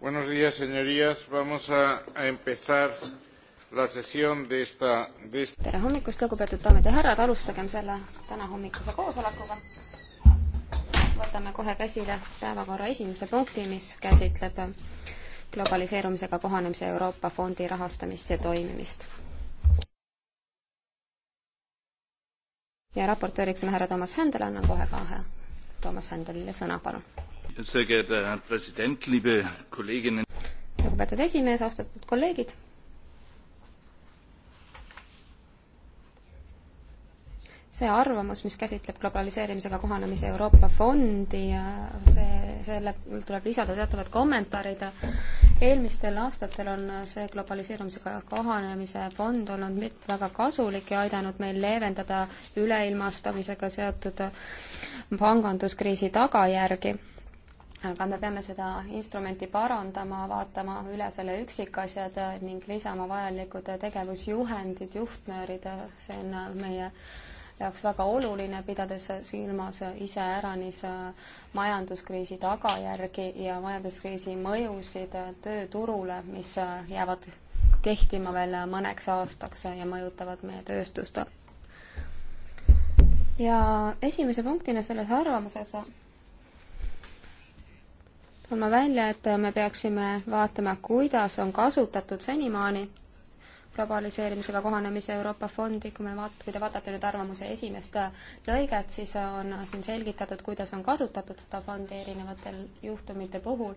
Buenos días, señorías. Vamos a, a empezar la sesión de esta, de esta... tere hommikust, lugupeetud daamid ja härrad, alustagem selle tänahommikuse koosolekuga. võtame kohe käsile päevakorra esimese punkti, mis käsitleb globaliseerumisega kohanemise Euroopa Fondi rahastamist ja toimimist. ja raportööriks on härra Toomas Händel, annan kohe ka Toomas Händelile sõna, palun lugupeetud esimees, austatud kolleegid. see arvamus, mis käsitleb globaliseerimisega kohanemise Euroopa fondi ja see, selle tuleb lisada teatavad kommentaarid. eelmistel aastatel on see globaliseerumisega kohanemise fond olnud väga kasulik ja aidanud meil leevendada üleilmastamisega seotud panganduskriisi tagajärgi aga me peame seda instrumenti parandama, vaatama üle selle üksikasjad ning lisama vajalikud tegevusjuhendid, juhtnöörid, see on meie jaoks väga oluline, pidades silmas iseäranis majanduskriisi tagajärgi ja majanduskriisi mõjusid tööturule, mis jäävad kehtima veel mõneks aastaks ja mõjutavad meie tööstust. ja esimese punktina selles arvamuses tulma välja, et me peaksime vaatama, kuidas on kasutatud senimaani globaliseerimisega kohanemise Euroopa fondi, kui me vaat-, kui te vaatate nüüd arvamuse esimest lõiget, siis on siin selgitatud, kuidas on kasutatud seda fondi erinevatel juhtumite puhul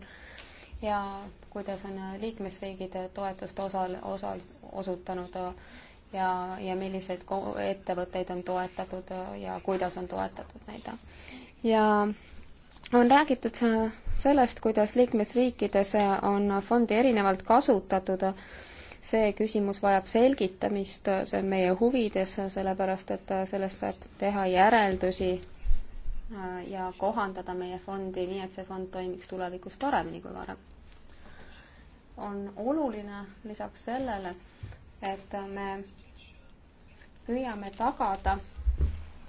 ja kuidas on liikmesriigid toetust osal, osal osutanud ja, ja milliseid ettevõtteid on toetatud ja kuidas on toetatud neid. ja on räägitud sellest, kuidas liikmesriikides äh, on fondi erinevalt kasutatud. see küsimus vajab selgitamist, äh, see on meie huvides, äh, sellepärast et sellest saab teha järeldusi ja kohandada meie fondi nii, et see fond toimiks tulevikus paremini kui varem. on oluline lisaks sellele, et me püüame tagada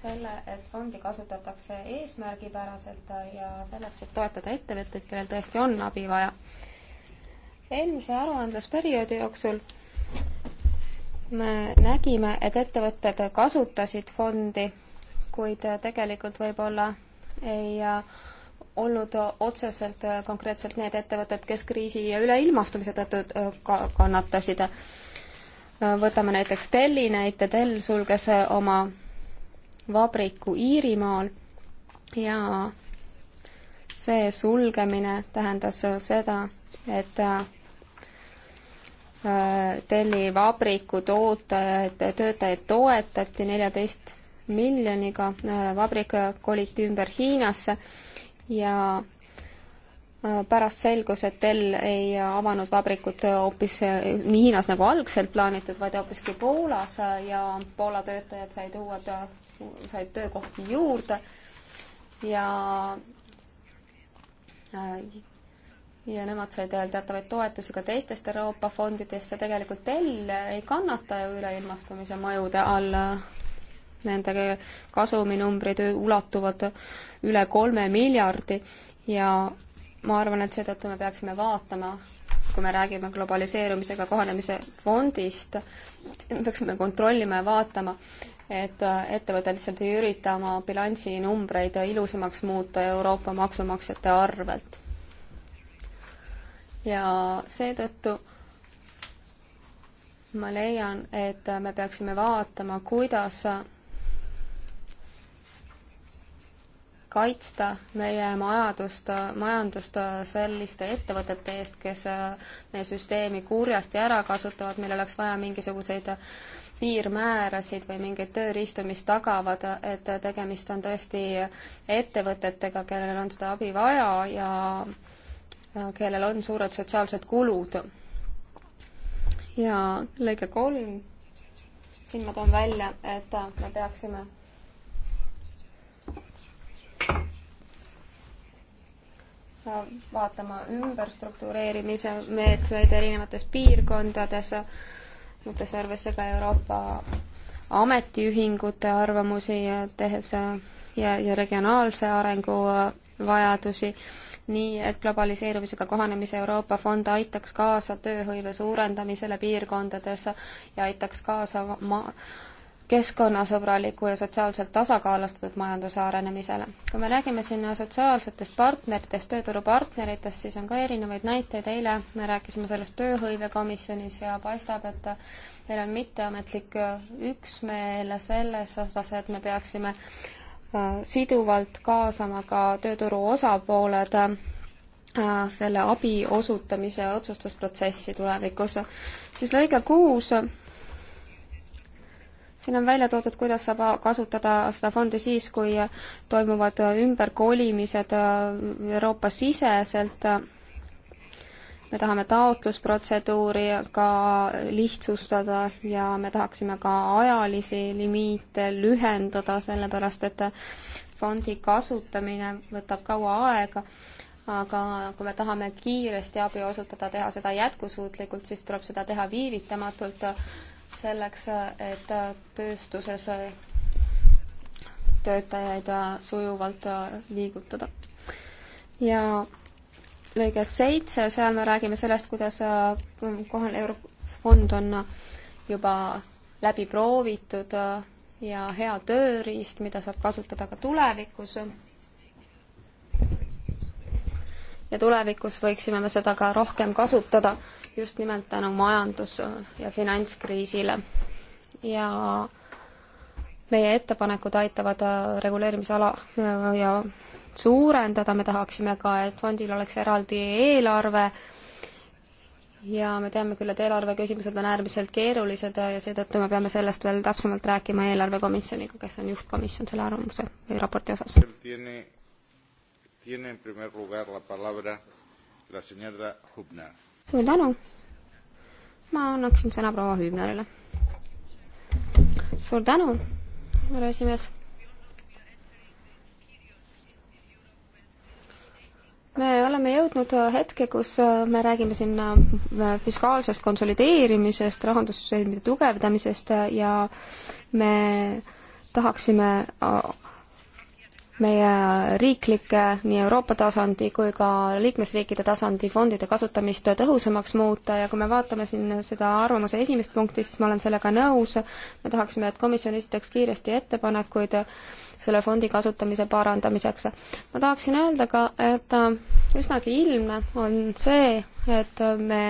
selle, et fondi kasutatakse eesmärgipäraselt ja selleks, et toetada ettevõtteid, kellel tõesti on abi vaja. eelmise aruandlusperioodi jooksul me nägime, et ettevõtted kasutasid fondi, kuid tegelikult võib-olla ei olnud otseselt konkreetselt need ettevõtted, kes kriisi ja üleilmastumise tõttu kannatasid. võtame näiteks Telli näite, Tell sulges oma vabriku Iirimaal ja see sulgemine tähendas seda, et Telli äh, vabriku tootajaid, töötajaid toetati neljateist miljoniga, äh, vabrik koliti ümber Hiinasse ja äh, pärast selgus, et Dell ei avanud vabrikut hoopis nii Hiinas, nagu algselt plaanitud, vaid hoopiski Poolas ja Poola töötajad said uued said töökohti juurde ja äh, ja nemad said teatavaid toetusi ka teistest Euroopa fondidest ja tegelikult Dell ei kannata ju üleilmastumise mõjude all. Nende kasuminumbrid ulatuvad üle kolme miljardi ja ma arvan, et seetõttu me peaksime vaatama, kui me räägime globaliseerumisega kohanemise fondist, peaksime kontrollima ja vaatama, et äh, ettevõte lihtsalt ei ürita oma bilansinumbreid ilusamaks muuta Euroopa maksumaksjate arvelt. ja seetõttu ma leian, et me peaksime vaatama, kuidas kaitsta meie majadust, majandust selliste ettevõtete eest, kes meie süsteemi kurjasti ära kasutavad, meil oleks vaja mingisuguseid piirmäärasid või mingeid tööriistu, mis tagavad, et tegemist on tõesti ettevõtetega, kellel on seda abi vaja ja kellel on suured sotsiaalsed kulud. ja lõige kolm, siin ma toon välja, et me peaksime vaatama ümberstruktureerimise meetmeid erinevates piirkondades võttes arvesse ka Euroopa ametiühingute arvamusi ja tehes äh, ja, ja regionaalse arengu äh, vajadusi, nii et globaliseerumisega kohanemise Euroopa fond aitaks kaasa tööhõive suurendamisele piirkondades ja aitaks kaasa ma-, keskkonnasõbraliku ja sotsiaalselt tasakaalustatud majanduse arenemisele. kui me räägime siin sotsiaalsetest partneritest, tööturupartneritest, siis on ka erinevaid näiteid, eile me rääkisime sellest tööhõivekomisjonis ja paistab, et meil on mitteametlik üksmeel selles osas, et me peaksime äh, siduvalt kaasama ka tööturu osapooled äh, selle abi osutamise otsustusprotsessi tulevikus. siis lõige kuus siin on välja toodud, kuidas saab kasutada seda fondi siis, kui toimuvad ümberkolimised äh, Euroopa siseselt. me tahame taotlusprotseduuri ka lihtsustada ja me tahaksime ka ajalisi limiite lühendada, sellepärast et fondi kasutamine võtab kaua aega aga kui me tahame kiiresti abi osutada, teha seda jätkusuutlikult, siis tuleb seda teha viivitamatult selleks, et tööstuses töötajaid sujuvalt liigutada. ja lõige seitse, seal me räägime sellest, kuidas kohal eurofond on juba läbi proovitud ja hea tööriist, mida saab kasutada ka tulevikus ja tulevikus võiksime me seda ka rohkem kasutada just nimelt tänu majandus- ja finantskriisile. ja meie ettepanekud aitavad äh, reguleerimisala äh, ja suurendada, me tahaksime ka, et fondil oleks eraldi eelarve ja me teame küll, et eelarve küsimused on äärmiselt keerulised äh, ja seetõttu me peame sellest veel täpsemalt rääkima eelarvekomisjoniga, kes on juhtkomisjon selle arvamuse või raporti osas. Tiene en primer lugar la palabra la señora Hübner. suur tänu. ma annaksin sõna proua Hübnerile. suur tänu, härra esimees. me oleme jõudnud hetke, kus me räägime siin äh, fiskaalsest konsolideerimisest, rahandussüsteemide tugevdamisest ja me tahaksime äh, meie riiklike, nii Euroopa tasandi kui ka liikmesriikide tasandi fondide kasutamist tõhusamaks muuta ja kui me vaatame siin seda arvamuse esimest punkti, siis ma olen sellega nõus. me tahaksime, et komisjon esitaks kiiresti ettepanekuid selle fondi kasutamise parandamiseks. ma tahaksin öelda ka, et üsnagi ilmne on see, et me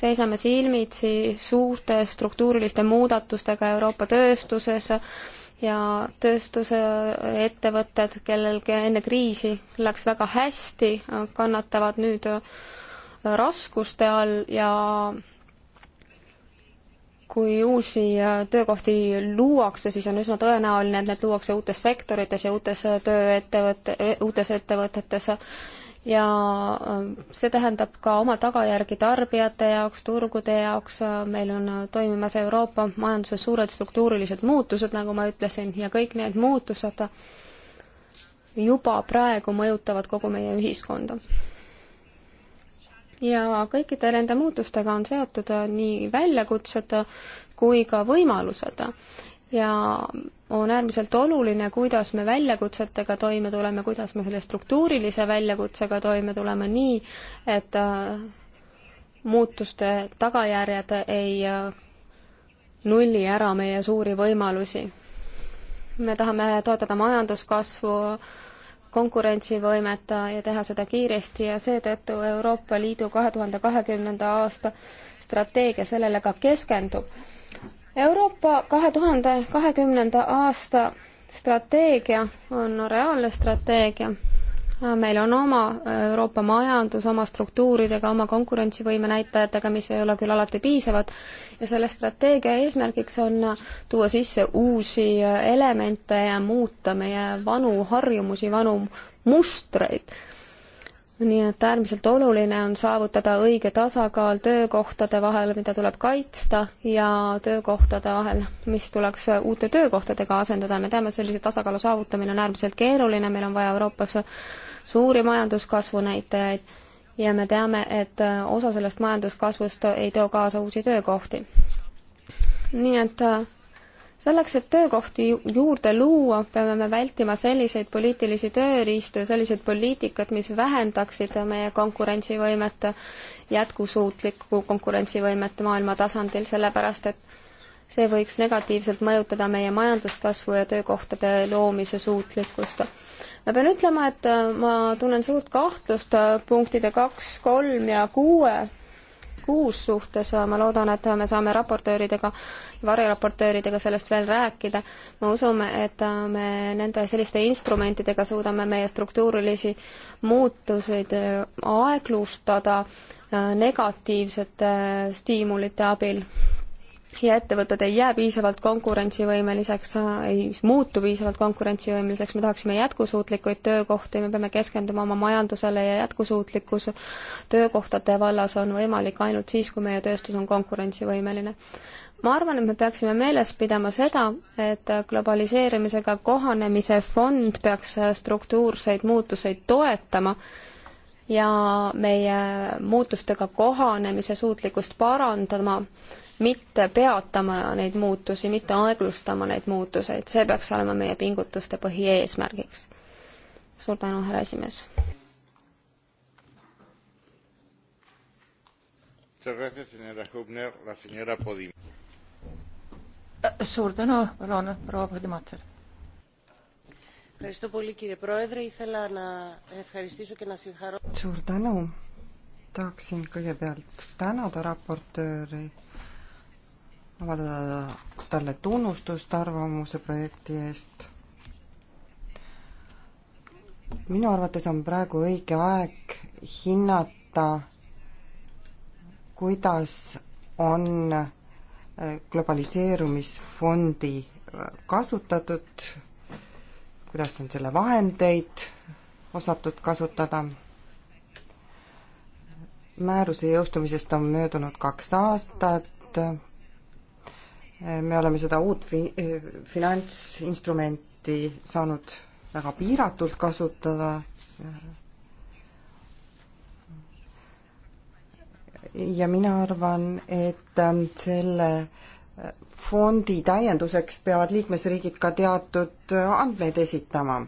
seisame silmitsi suurte struktuuriliste muudatustega Euroopa tööstuses ja tööstusettevõtted, kellel enne kriisi läks väga hästi, kannatavad nüüd äh, raskuste all ja kui uusi äh, töökohti luuakse, siis on üsna tõenäoline, et need luuakse uutes sektorites ja uutes äh, tööettevõtte, uutes ettevõtetes ja ähm, see tähendab ka oma tagajärgi tarbijate jaoks, turgude jaoks, meil on äh, toimimas Euroopa majanduses suured struktuurilised muutused, nagu ma ütlesin, ja kõik need muutused juba praegu mõjutavad kogu meie ühiskonda. ja kõikide nende muutustega on seotud äh, nii väljakutsed kui ka võimalused ja on äärmiselt oluline, kuidas me väljakutsetega toime tuleme, kuidas me selle struktuurilise väljakutsega toime tuleme nii, et äh, muutuste tagajärjed ei äh, nulli ära meie suuri võimalusi. me tahame toetada majanduskasvu, konkurentsivõimet ja teha seda kiiresti ja seetõttu Euroopa Liidu kahe tuhande kahekümnenda aasta strateegia sellele ka keskendub Euroopa kahe tuhande kahekümnenda aasta strateegia on reaalne strateegia. meil on oma äh, Euroopa majandus oma struktuuridega, oma konkurentsivõime näitajatega, mis ei ole küll alati piisavad, ja selle strateegia eesmärgiks on äh, tuua sisse uusi äh, elemente ja muuta meie vanu harjumusi, vanu mustreid nii et äärmiselt oluline on saavutada õige tasakaal töökohtade vahel, mida tuleb kaitsta, ja töökohtade vahel, mis tuleks uute töökohtadega asendada. me teame, et sellise tasakaalu saavutamine on äärmiselt keeruline, meil on vaja Euroopas suuri majanduskasvu näitajaid ja me teame, et osa sellest majanduskasvust ei too kaasa uusi töökohti. nii et selleks, et töökohti juurde luua, peame me vältima selliseid poliitilisi tööriistu ja selliseid poliitikat, mis vähendaksid meie konkurentsivõimet, jätkusuutlikku konkurentsivõimet maailma tasandil, sellepärast et see võiks negatiivselt mõjutada meie majanduskasvu ja töökohtade loomise suutlikkust. ma pean ütlema, et ma tunnen suurt kahtlust punktide kaks, kolm ja kuue kuus suhtes, ma loodan, et me saame raportööridega, variraportööridega sellest veel rääkida. me usume, et me nende selliste instrumentidega suudame meie struktuurilisi muutuseid aeglustada negatiivsete stiimulite abil ja ettevõtted ei jää piisavalt konkurentsivõimeliseks, ei muutu piisavalt konkurentsivõimeliseks, me tahaksime jätkusuutlikuid töökohti, me peame keskenduma oma majandusele ja jätkusuutlikkus töökohtade vallas on võimalik ainult siis, kui meie tööstus on konkurentsivõimeline. ma arvan, et me peaksime meeles pidama seda, et globaliseerimisega kohanemise fond peaks struktuurseid muutuseid toetama ja meie muutustega kohanemise suutlikkust parandama mitte peatama neid muutusi, mitte aeglustama neid muutuseid, see peaks olema meie pingutuste põhieesmärgiks. suur tänu, härra esimees! suur tänu, palun, proua Podimater! suur tänu! tahaksin kõigepealt tänada raportööri avaldada talle tunnustust arvamuse projekti eest. minu arvates on praegu õige aeg hinnata, kuidas on äh, globaliseerumisfondi äh, kasutatud, kuidas on selle vahendeid osatud kasutada määruse jõustumisest on möödunud kaks aastat, me oleme seda uut fi-, finantsinstrumenti saanud väga piiratult kasutada, ja mina arvan, et ähm, selle äh, fondi täienduseks peavad liikmesriigid ka teatud äh, andmeid esitama.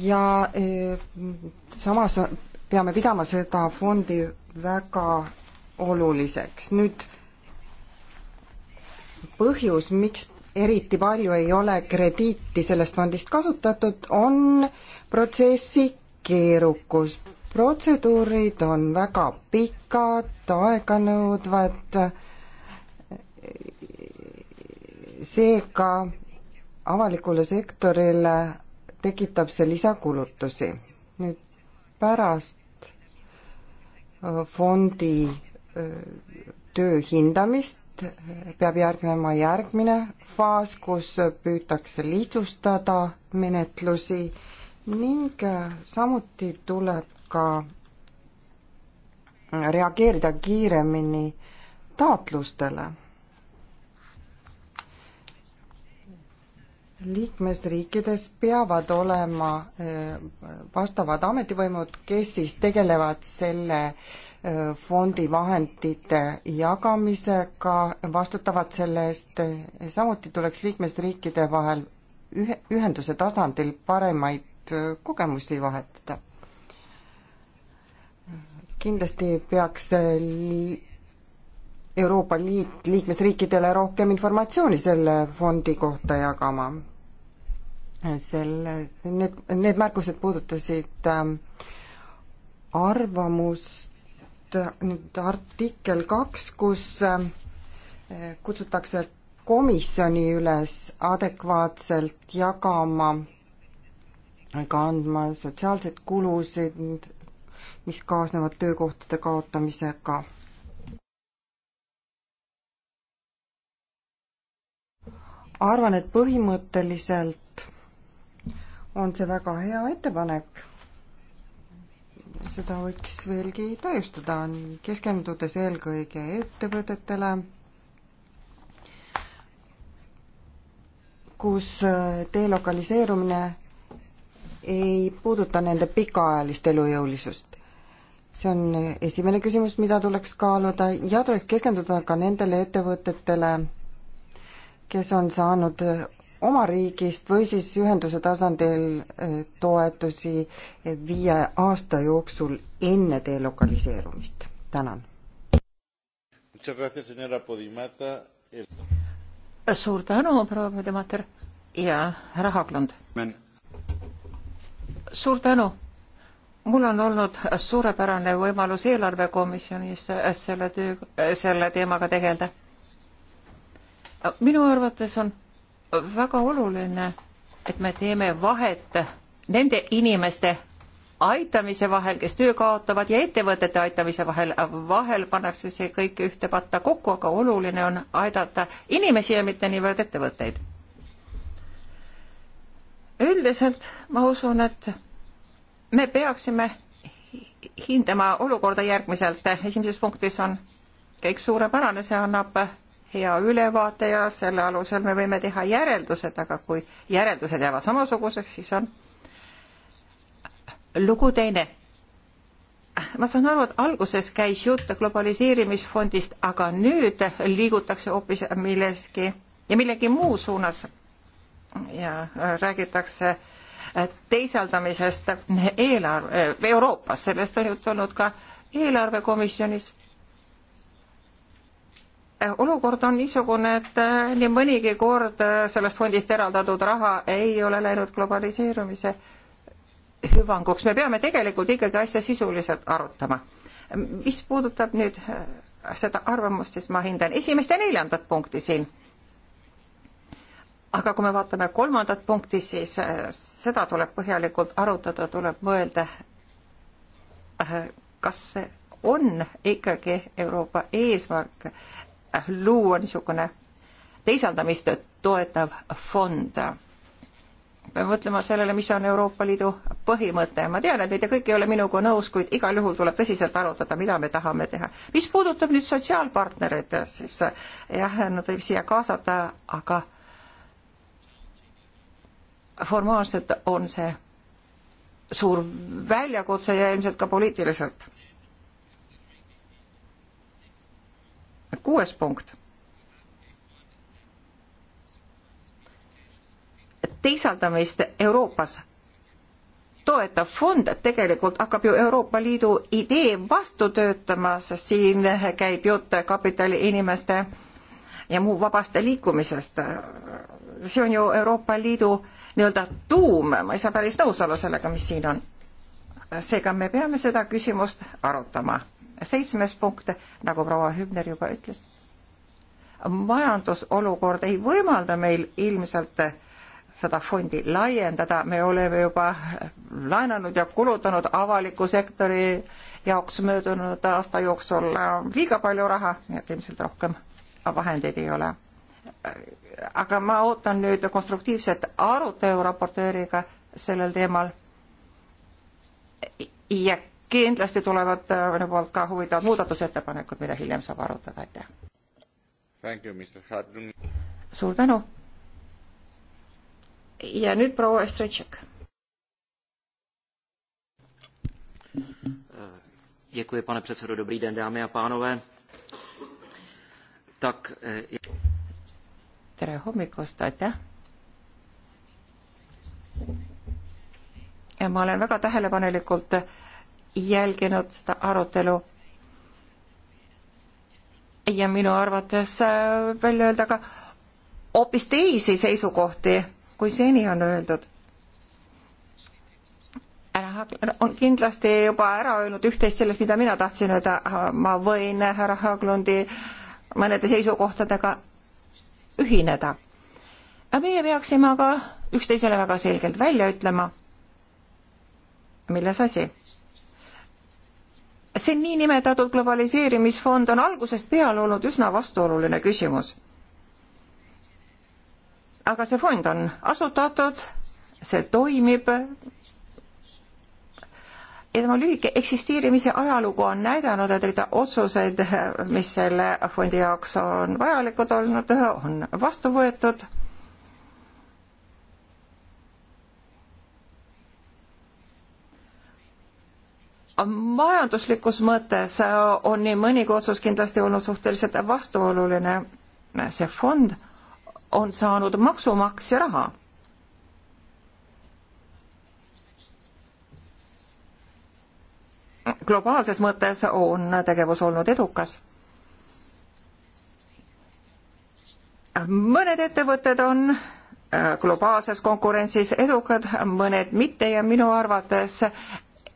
ja äh, samas peame pidama seda fondi väga oluliseks. nüüd põhjus, miks eriti palju ei ole krediiti sellest fondist kasutatud, on protsessi keerukus. protseduurid on väga pikad, aeganõudvad, seega avalikule sektorile tekitab see lisakulutusi. nüüd pärast fondi töö hindamist, peab järgnema järgmine faas, kus püütakse lihtsustada menetlusi ning samuti tuleb ka reageerida kiiremini taotlustele liikmesriikides peavad olema eh, vastavad ametivõimud, kes siis tegelevad selle eh, fondi vahendite jagamisega, vastutavad selle eest, samuti tuleks liikmesriikide vahel ühe, ühenduse tasandil paremaid eh, kogemusi vahetada kindlasti peaks Euroopa Liit liikmesriikidele rohkem informatsiooni selle fondi kohta jagama. selle, need, need märkused puudutasid ähm, arvamust nüüd artikkel kaks, kus ähm, kutsutakse komisjoni üles adekvaatselt jagama kandma sotsiaalseid kulusid, mis kaasnevad töökohtade kaotamisega ka arvan, et põhimõtteliselt on see väga hea ettepanek. seda võiks veelgi täiustada, keskendudes eelkõige ettevõtetele, kus äh, delokaliseerumine ei puuduta nende pikaajalist elujõulisust see on esimene küsimus, mida tuleks kaaluda ja tuleks keskenduda ka nendele ettevõtetele, kes on saanud äh, oma riigist või siis ühenduse tasandil äh, toetusi äh, viie aasta jooksul enne delokaliseerumist. tänan. suur tänu, proua Podemater ja härra Haaglund. suur tänu mul on olnud suurepärane võimalus eelarvekomisjonis selle töö, selle teemaga tegeleda minu arvates on väga oluline, et me teeme vahet nende inimeste aitamise vahel, kes töö kaotavad ja ettevõtete aitamise vahel, vahel pannakse see kõik ühte patta kokku, aga oluline on aidata inimesi ja mitte niivõrd ettevõtteid. üldiselt ma usun, et me peaksime hindama olukorda järgmiselt, esimeses punktis on kõik suurepärane, see annab hea ülevaate ja selle alusel me võime teha järeldused, aga kui järeldused jäävad samasuguseks, siis on lugu teine. ma saan aru, et alguses käis jutt globaliseerimisfondist, aga nüüd liigutakse hoopis milleski ja millegi muu suunas ja äh, räägitakse äh, teisaldamisest eelarve, Euroopas, sellest on juttu olnud ka eelarvekomisjonis olukord on niisugune, et äh, nii mõnigi kord äh, sellest fondist eraldatud raha ei ole läinud globaliseerumise hüvanguks. me peame tegelikult ikkagi asja sisuliselt arutama. mis puudutab nüüd äh, seda arvamust, siis ma hindan esimest ja neljandat punkti siin. aga kui me vaatame kolmandat punkti, siis seda tuleb põhjalikult arutada, tuleb mõelda, kas see on ikkagi Euroopa eesmärk luua niisugune teisaldamist toetav fond. peame mõtlema sellele, mis on Euroopa Liidu põhimõte. ma tean, et mitte kõik ei ole minuga nõus, kuid igal juhul tuleb tõsiselt arutada, mida me tahame teha. mis puudutab nüüd sotsiaalpartnereid, siis jah, nad võib siia kaasata, aga formaalselt on see suur väljakutse ja ilmselt ka poliitiliselt kuues punkt. teisaldamist Euroopas toetav fond tegelikult hakkab ju Euroopa Liidu idee vastu töötama, sest siin käib jutt kapitali inimeste ja muu vabast liikumisest. see on ju Euroopa Liidu nii-öelda tuum, ma ei saa päris nõus olla sellega, mis siin on. seega me peame seda küsimust arutama seitsmes punkt, nagu proua Hübner juba ütles, majandusolukord ei võimalda meil ilmselt seda fondi laiendada, me oleme juba laenanud ja kulutanud avaliku sektori jaoks möödunud aasta jooksul liiga palju raha, nii et ilmselt rohkem vahendeid ei ole. aga ma ootan nüüd konstruktiivset arutelu raportööriga sellel teemal ja kindlasti tulevad äh, minu poolt ka huvitavad muudatusettepanekud, mida hiljem saab arutada, aitäh. suur tänu. ja nüüd proua Estretšek. Děkuji, pane předsedo. Dobrý den, dámy a pánové. Tak... Eh, Tere hommikust, aitäh. ja ma olen väga tähelepanelikult jälginud seda arutelu. ja minu arvates äh, välja öelda ka hoopis teisi seisukohti, kui seni on öeldud. härra Hagler on kindlasti juba ära öelnud üht-teist sellest, mida mina tahtsin öelda, ma võin härra Haglundi mõnede seisukohtadega ühineda. aga meie peaksime aga üksteisele väga selgelt välja ütlema, milles asi see niinimetatud globaliseerimisfond on algusest peale olnud üsna vastuoluline küsimus. aga see fond on asutatud, see toimib. ja tema lühike eksisteerimise ajalugu on näidanud, et rida otsuseid, mis selle fondi jaoks on vajalikud olnud, on vastu võetud majanduslikus mõttes on nii mõnigi otsus kindlasti olnud suhteliselt vastuoluline. see fond on saanud maksumaksja raha. globaalses mõttes on tegevus olnud edukas. mõned ettevõtted on äh, globaalses konkurentsis edukad, mõned mitte ja minu arvates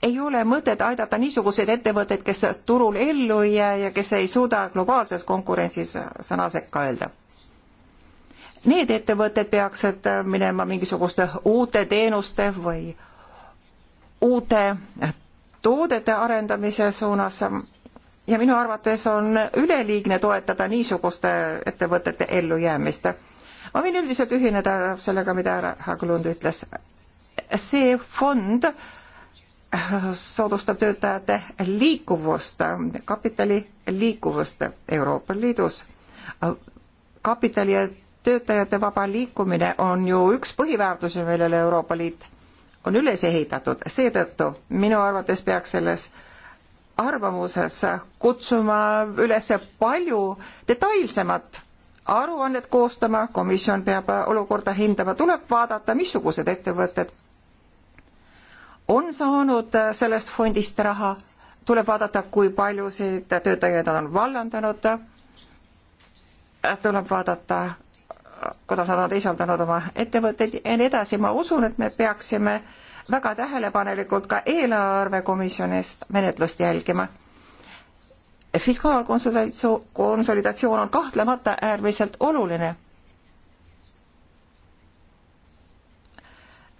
ei ole mõtet aidata niisuguseid ettevõtteid, kes turul ellu ei jää ja kes ei suuda globaalses konkurentsis sõna sekka öelda. Need ettevõtted peaksid minema mingisuguste uute teenuste või uute toodete arendamise suunas ja minu arvates on üleliigne toetada niisuguste ettevõtete ellujäämist. ma võin üldiselt ühineda sellega, mida härra Haglund ütles. see fond äh, soodustab töötajate liikuvust, kapitali liikuvust Euroopa Liidus. kapitali ja töötajate vaba liikumine on ju üks põhiväärtusi, millele Euroopa Liit on üles ehitatud, seetõttu minu arvates peaks selles arvamuses kutsuma üles palju detailsemat aruannet koostama, komisjon peab olukorda hindama, tuleb vaadata, missugused ettevõtted on saanud äh, sellest fondist raha, tuleb vaadata, kui paljusid töötajaid on vallandanud, äh, tuleb vaadata, kuidas nad on teisaldanud oma ettevõtteid ja nii edasi, ma usun, et me peaksime väga tähelepanelikult ka eelarvekomisjonist menetlust jälgima. fiskaalkonsolidatsioon on kahtlemata äärmiselt oluline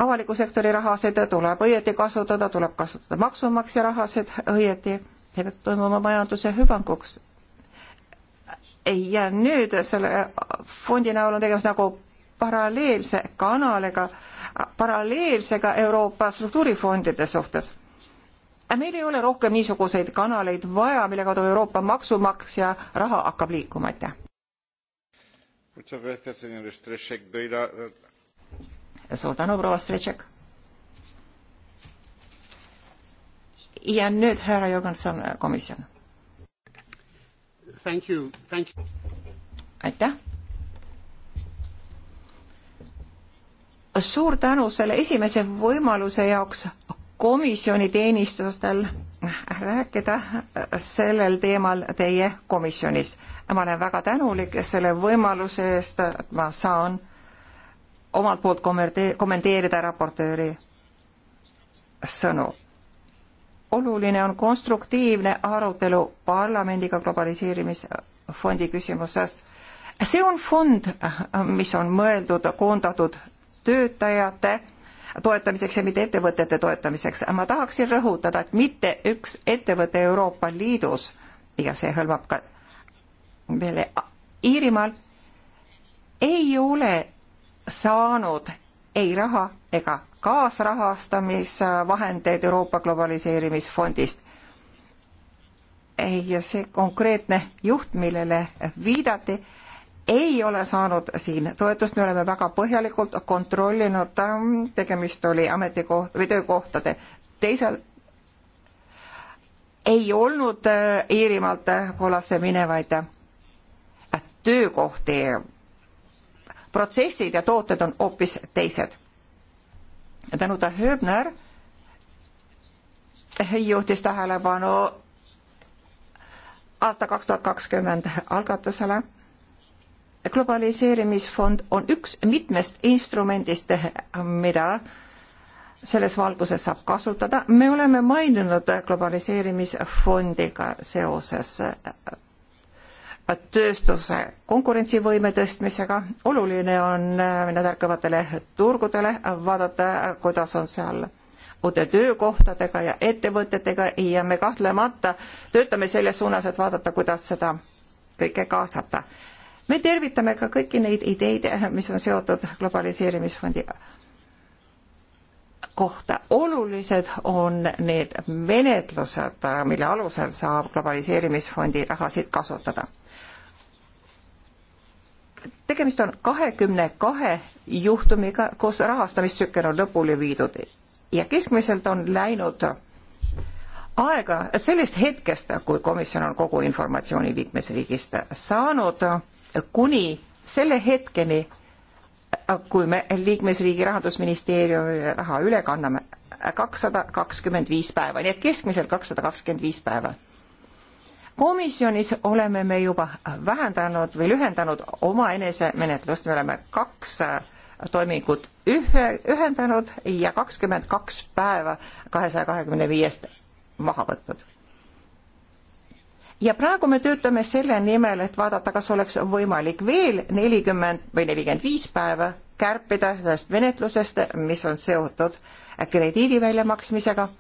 avaliku sektori rahasid tuleb õieti kasutada, tuleb kasutada maksumaksja rahasid õieti, see peab toimuma majanduse hüvanguks. ja nüüd selle fondi näol on tegemist nagu paralleelse kanaliga, paralleelsega Euroopa struktuurifondide suhtes. meil ei ole rohkem niisuguseid kanaleid vaja, mille kaudu Euroopa maksumaksja raha hakkab liikuma, aitäh suur tänu, proua Stretšek. ja nüüd härra Jürgenson, äh, komisjon. aitäh. suur tänu selle esimese võimaluse jaoks komisjoni teenistustel rääkida sellel teemal teie komisjonis. ma olen väga tänulik selle võimaluse eest, et ma saan omalt poolt kommenteerida raportööri sõnu. oluline on konstruktiivne arutelu parlamendiga globaliseerimisfondi küsimuses. see on fond, mis on mõeldud koondatud töötajate toetamiseks ja mitte ettevõtete toetamiseks. ma tahaksin rõhutada, et mitte üks ettevõte Euroopa Liidus ja see hõlmab ka veel Iirimaal, ei ole saanud ei raha ega kaasrahastamisvahendeid Euroopa Globaliseerimisfondist. ja see konkreetne juht, millele viidati, ei ole saanud siin toetust, me oleme väga põhjalikult kontrollinud, ähm, tegemist oli ametikoht- või töökohtade teisel, ei olnud äh, Iirimaalt Polasse minevaid äh, töökohti protsessid ja tooted on hoopis teised. Danuta Höbner juhtis tähelepanu aasta kaks tuhat kakskümmend algatusele. globaliseerimisfond on üks mitmest instrumendist, mida selles valguses saab kasutada. me oleme maininud globaliseerimisfondiga seoses tööstuse konkurentsivõime tõstmisega. oluline on äh, minna tärkavatele turgudele, vaadata, kuidas on seal uute töökohtadega ja ettevõtetega ja me kahtlemata töötame selles suunas, et vaadata, kuidas seda kõike kaasata. me tervitame ka kõiki neid ideid, mis on seotud globaliseerimisfondiga kohta. olulised on need menetlused, mille alusel saab globaliseerimisfondi rahasid kasutada tegemist on kahekümne kahe juhtumiga, kus rahastamistsükkel on lõpule viidud ja keskmiselt on läinud aega sellest hetkest, kui komisjon on kogu informatsiooni liikmesriigist saanud, kuni selle hetkeni, kui me liikmesriigi rahandusministeeriumile raha üle kanname, kakssada kakskümmend viis päeva, nii et keskmiselt kakssada kakskümmend viis päeva komisjonis oleme me juba vähendanud või lühendanud omaenese menetlust, me oleme kaks äh, toimingut ühe, ühendanud ja kakskümmend kaks päeva kahesaja kahekümne viiest maha võtnud. ja praegu me töötame selle nimel, et vaadata, kas oleks võimalik veel nelikümmend või nelikümmend viis päeva kärpida sellest menetlusest, mis on seotud krediidi väljamaksmisega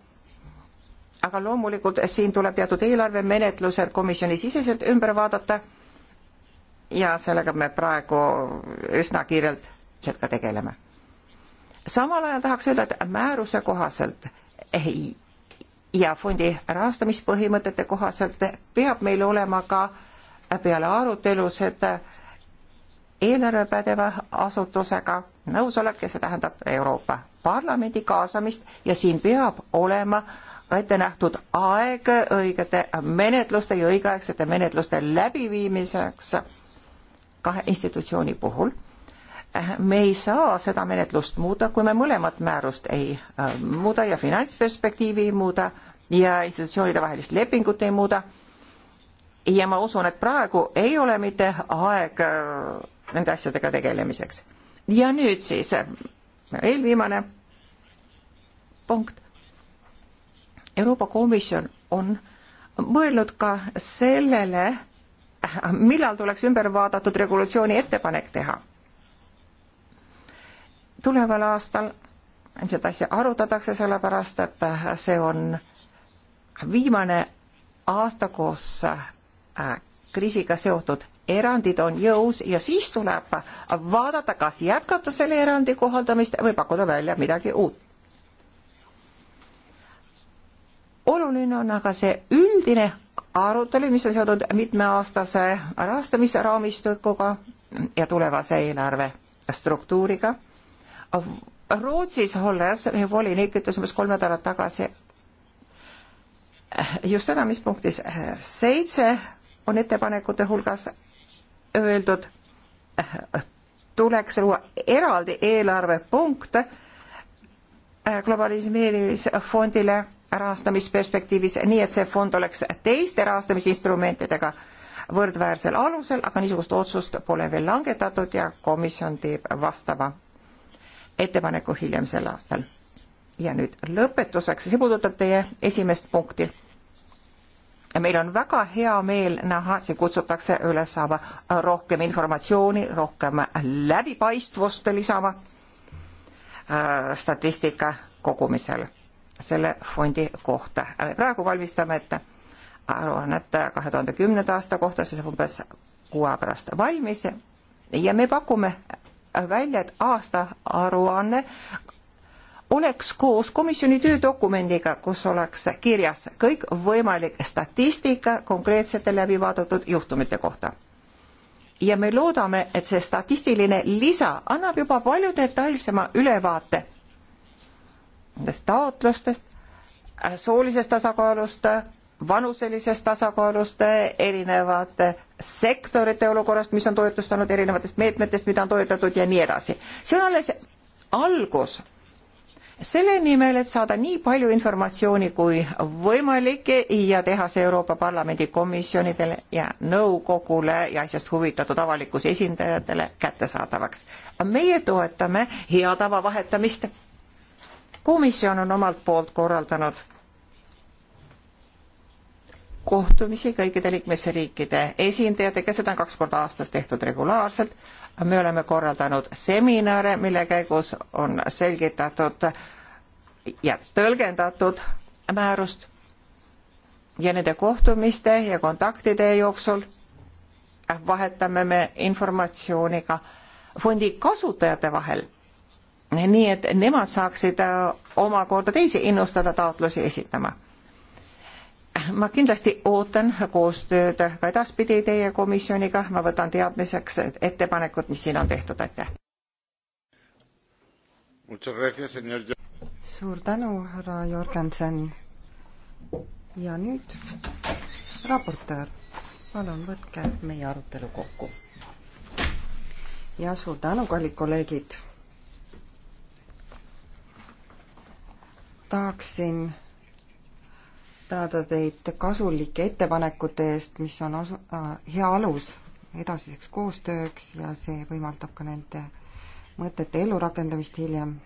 aga loomulikult siin tuleb teatud eelarvemenetlused komisjonisiseselt ümber vaadata ja sellega me praegu üsna kiirelt ka tegeleme. samal ajal tahaks öelda, et määruse kohaselt ei, ja fondi rahastamispõhimõtete kohaselt peab meil olema ka peale arutelusid eelarvepädeva asutusega nõusolek ja see tähendab Euroopa Parlamendi kaasamist ja siin peab olema ette nähtud aeg õigete menetluste ja õigeaegsete menetluste läbiviimiseks kahe institutsiooni puhul. me ei saa seda menetlust muuta, kui me mõlemat määrust ei äh, muuda ja finantsperspektiivi ei muuda ja institutsioonide vahelist lepingut ei muuda. ja ma usun, et praegu ei ole mitte aeg äh, nende asjadega tegelemiseks. ja nüüd siis äh, eelviimane punkt Euroopa Komisjon on mõelnud ka sellele, millal tuleks ümber vaadatud regulatsiooni ettepanek teha. tuleval aastal seda asja arutatakse, sellepärast et see on viimane aasta, kus äh, kriisiga seotud erandid on jõus ja siis tuleb vaadata, kas jätkata selle erandi kohaldamist või pakkuda välja midagi uut oluline on aga see üldine arutelu, mis on seotud mitmeaastase rahastamisraamistikuga ja tulevase eelarve struktuuriga. Rootsis olles volinik ütles umbes kolm nädalat tagasi just seda, mis punktis seitse on ettepanekute hulgas öeldud, tuleks luua eraldi eelarvepunkt globaliseerimisfondile rahastamisperspektiivis, nii et see fond oleks teiste rahastamisinstrumentidega võrdväärsel alusel, aga niisugust otsust pole veel langetatud ja komisjon teeb vastava ettepaneku hiljem sel aastal. ja nüüd lõpetuseks, see puudutab teie esimest punkti. ja meil on väga hea meel näha, siin kutsutakse üles saama rohkem informatsiooni, rohkem läbipaistvust lisama äh, statistika kogumisel selle fondi kohta. me praegu valmistame ette aruannet kahe tuhande kümnenda aasta kohta, see saab umbes kuu aja pärast valmis ja me pakume välja, et aastaaruanne oleks koos komisjoni töödokumendiga, kus oleks kirjas kõikvõimalik statistika konkreetsete läbi vaadatud juhtumite kohta. ja me loodame, et see statistiline lisa annab juba palju detailsema ülevaate nendest taotlustest, äh, soolisest tasakaalust, vanuselisest tasakaalust, erinevate sektorite olukorrast, mis on toetust saanud, erinevatest meetmetest, mida on toetatud ja nii edasi. see on alles algus. selle nimel, et saada nii palju informatsiooni kui võimalik ja teha see Euroopa Parlamendi komisjonidele ja nõukogule ja asjast huvitatud avalikkuse esindajatele kättesaadavaks. meie toetame hea tava vahetamist komisjon on omalt poolt korraldanud kohtumisi kõikide liikmesriikide esindajatega, seda on kaks korda aastas tehtud regulaarselt. me oleme korraldanud seminare, mille käigus on selgitatud ja tõlgendatud määrust ja nende kohtumiste ja kontaktide jooksul vahetame me informatsiooni ka fondi kasutajate vahel nii et nemad saaksid äh, omakorda teisi innustada taotlusi esitama. ma kindlasti ootan koostööd ka edaspidi teie komisjoniga, ma võtan teadmiseks ettepanekud, mis siin on tehtud, aitäh. suur tänu, härra Jorgensen. ja nüüd raportöör, palun võtke meie arutelu kokku. ja suur tänu, kallid kolleegid tahaksin tänada teid kasulike ettepanekute eest, mis on asu- äh,, hea alus edasiseks koostööks ja see võimaldab ka nende mõtete ellurakendamist hiljem.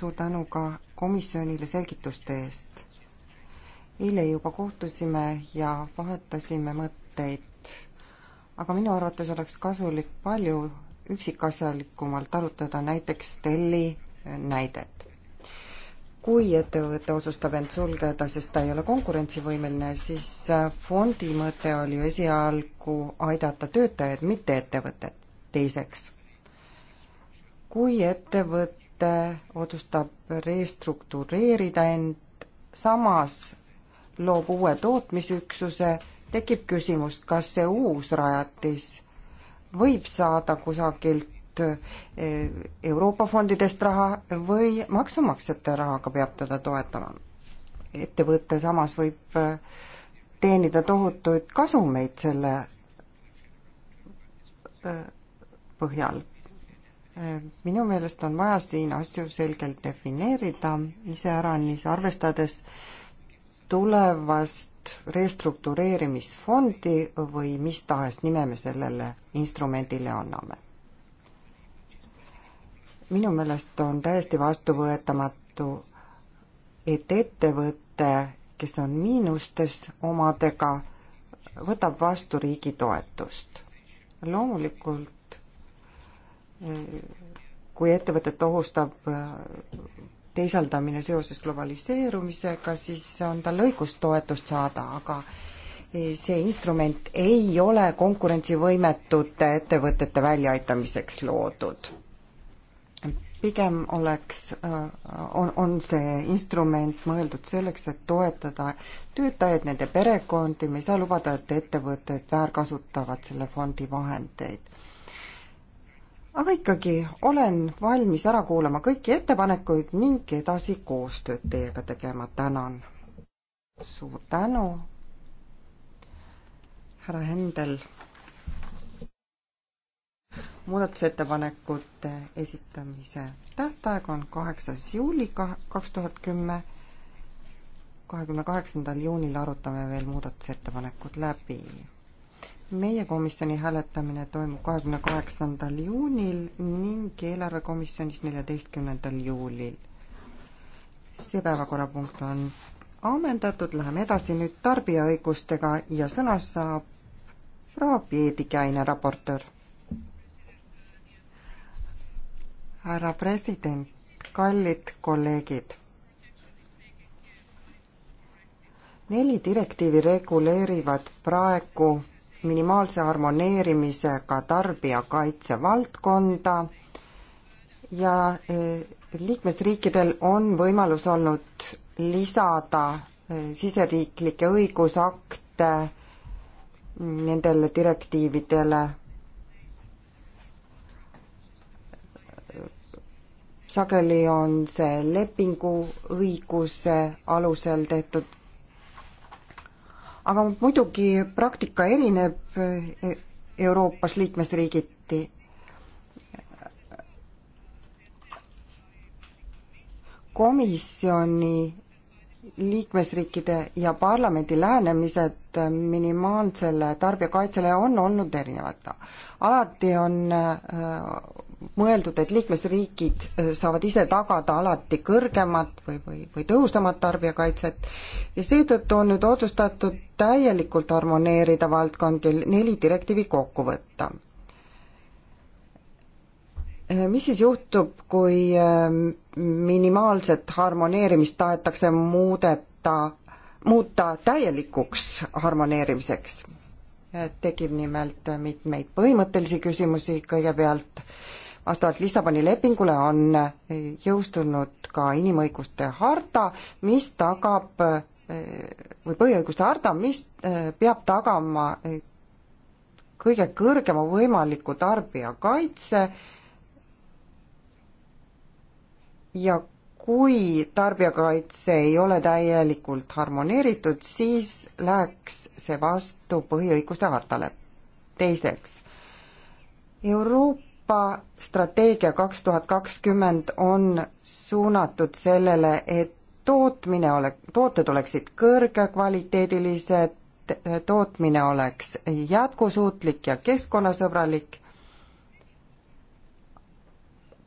suur tänu ka komisjonile selgituste eest. eile juba kohtusime ja vahetasime mõtteid, aga minu arvates oleks kasulik palju üksikasjalikumalt arutada näiteks Stelli näidet kui ettevõte otsustab end sulgeda, sest ta ei ole konkurentsivõimeline, siis äh, fondi mõte oli ju esialgu aidata töötajaid, mitte ettevõtet. teiseks, kui ettevõte otsustab restruktureerida end, samas loob uue tootmisüksuse, tekib küsimus, kas see uus rajatis võib saada kusagilt E, Euroopa fondidest raha või maksumaksjate rahaga peab teda toetama. ettevõte samas võib e, teenida tohutuid kasumeid selle e, põhjal. minu meelest on vaja siin asju selgelt defineerida, iseäranis arvestades tulevast restruktureerimisfondi või mis tahes nime me sellele instrumendile anname minu meelest on täiesti vastuvõetamatu, et ettevõte, kes on miinustes omadega, võtab vastu riigi toetust. loomulikult eh, kui ettevõtet ohustab eh, teisaldamine seoses globaliseerumisega, siis on tal õigus toetust saada, aga eh, see instrument ei ole konkurentsivõimetute ettevõtete väljaaitamiseks loodud pigem oleks, äh, on, on see instrument mõeldud selleks, et toetada töötajaid, nende perekondi, me ei saa lubada, et ettevõtted väärkasutavad selle fondi vahendeid. aga ikkagi olen valmis ära kuulama kõiki ettepanekuid ning edasi koostööd teiega tegema, tänan. suur tänu, härra Hendel muudatusettepanekute esitamise tähtaeg on kaheksas juuli kaks tuhat kümme. kahekümne kaheksandal juunil arutame veel muudatusettepanekud läbi. meie komisjoni hääletamine toimub kahekümne kaheksandal juunil ning eelarvekomisjonis neljateistkümnendal juulil. see päevakorrapunkt on ammendatud, läheme edasi nüüd tarbijaõigustega ja sõna saab proua Piedikäine, raportöör härra president, kallid kolleegid. neli direktiivi reguleerivad praegu minimaalse harmoneerimisega tarbijakaitse valdkonda ja eh, liikmesriikidel on võimalus olnud lisada eh, siseriiklikke õigusakte mm, nendele direktiividele sageli on see lepinguõiguse alusel tehtud. aga muidugi praktika erineb Euroopas liikmesriigiti. komisjoni liikmesriikide ja parlamendi lähenemised minimaalsele tarbijakaitsele on olnud erinevad. alati on äh, mõeldud, et liikmesriigid äh, saavad ise tagada alati kõrgemat või, või, või tõhusamat tarbijakaitset ja seetõttu on nüüd otsustatud täielikult harmoneerida valdkondi, neli direktiivi kokku võtta. Äh, mis siis juhtub, kui äh, minimaalset harmoneerimist tahetakse muudeta, muuta täielikuks harmoneerimiseks? tekib nimelt mitmeid põhimõttelisi küsimusi kõigepealt äh, vastavalt Lissaboni lepingule on eh, jõustunud ka inimõiguste harta, mis tagab eh, või põhiõiguste harta, mis eh, peab tagama kõige kõrgema võimaliku tarbijakaitse ja kui tarbijakaitse ei ole täielikult harmoneeritud, siis läheks see vastu põhiõiguste hartale. teiseks, Euroopa Euroopa strateegia kaks tuhat kakskümmend on suunatud sellele, et tootmine ole, tooted oleksid kõrgekvaliteedilised, tootmine oleks jätkusuutlik ja keskkonnasõbralik.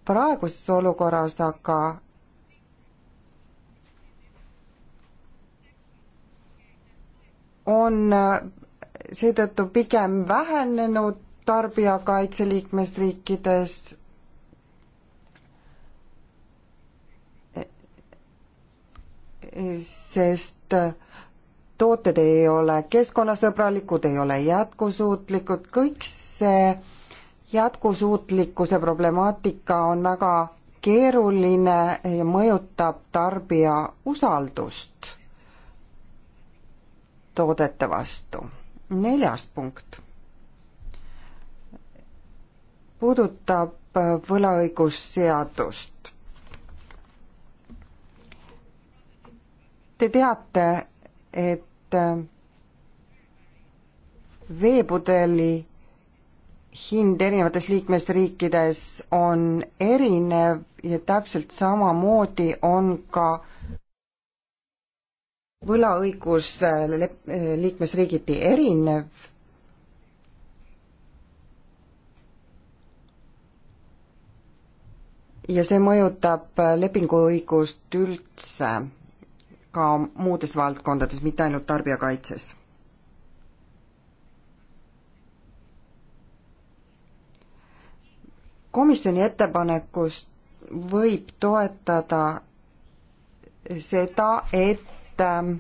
praeguses olukorras aga on seetõttu pigem vähenenud tarbijakaitse liikmesriikides sest tooted ei ole keskkonnasõbralikud, ei ole jätkusuutlikud, kõik see jätkusuutlikkuse problemaatika on väga keeruline ja mõjutab tarbija usaldust toodete vastu. neljas punkt puudutab äh, võlaõigusseadust. Te teate, et äh, veepudeli hind erinevates liikmesriikides on erinev ja täpselt samamoodi on ka võlaõigus äh, liikmesriigiti erinev ja see mõjutab lepinguõigust üldse ka muudes valdkondades, mitte ainult tarbijakaitses. komisjoni ettepanekust võib toetada seda, et ähm,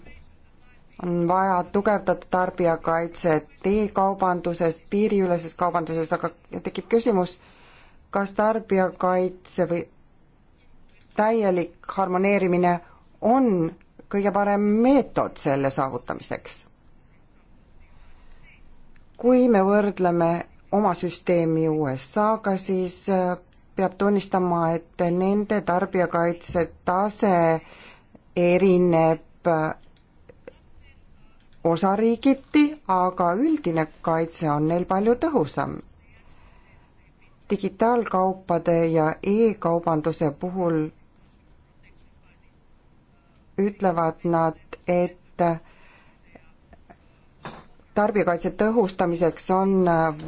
on vaja tugevdada tarbijakaitset e-kaubanduses, piiriüleses kaubanduses, aga tekib küsimus, kas tarbijakaitse või täielik harmoneerimine on kõige parem meetod selle saavutamiseks. kui me võrdleme oma süsteemi USA-ga, siis äh, peab tunnistama, et nende tarbijakaitse tase erineb äh, osariigiti, aga üldine kaitse on neil palju tõhusam digitaalkaupade ja e-kaubanduse puhul ütlevad nad, et tarbijakaitse tõhustamiseks on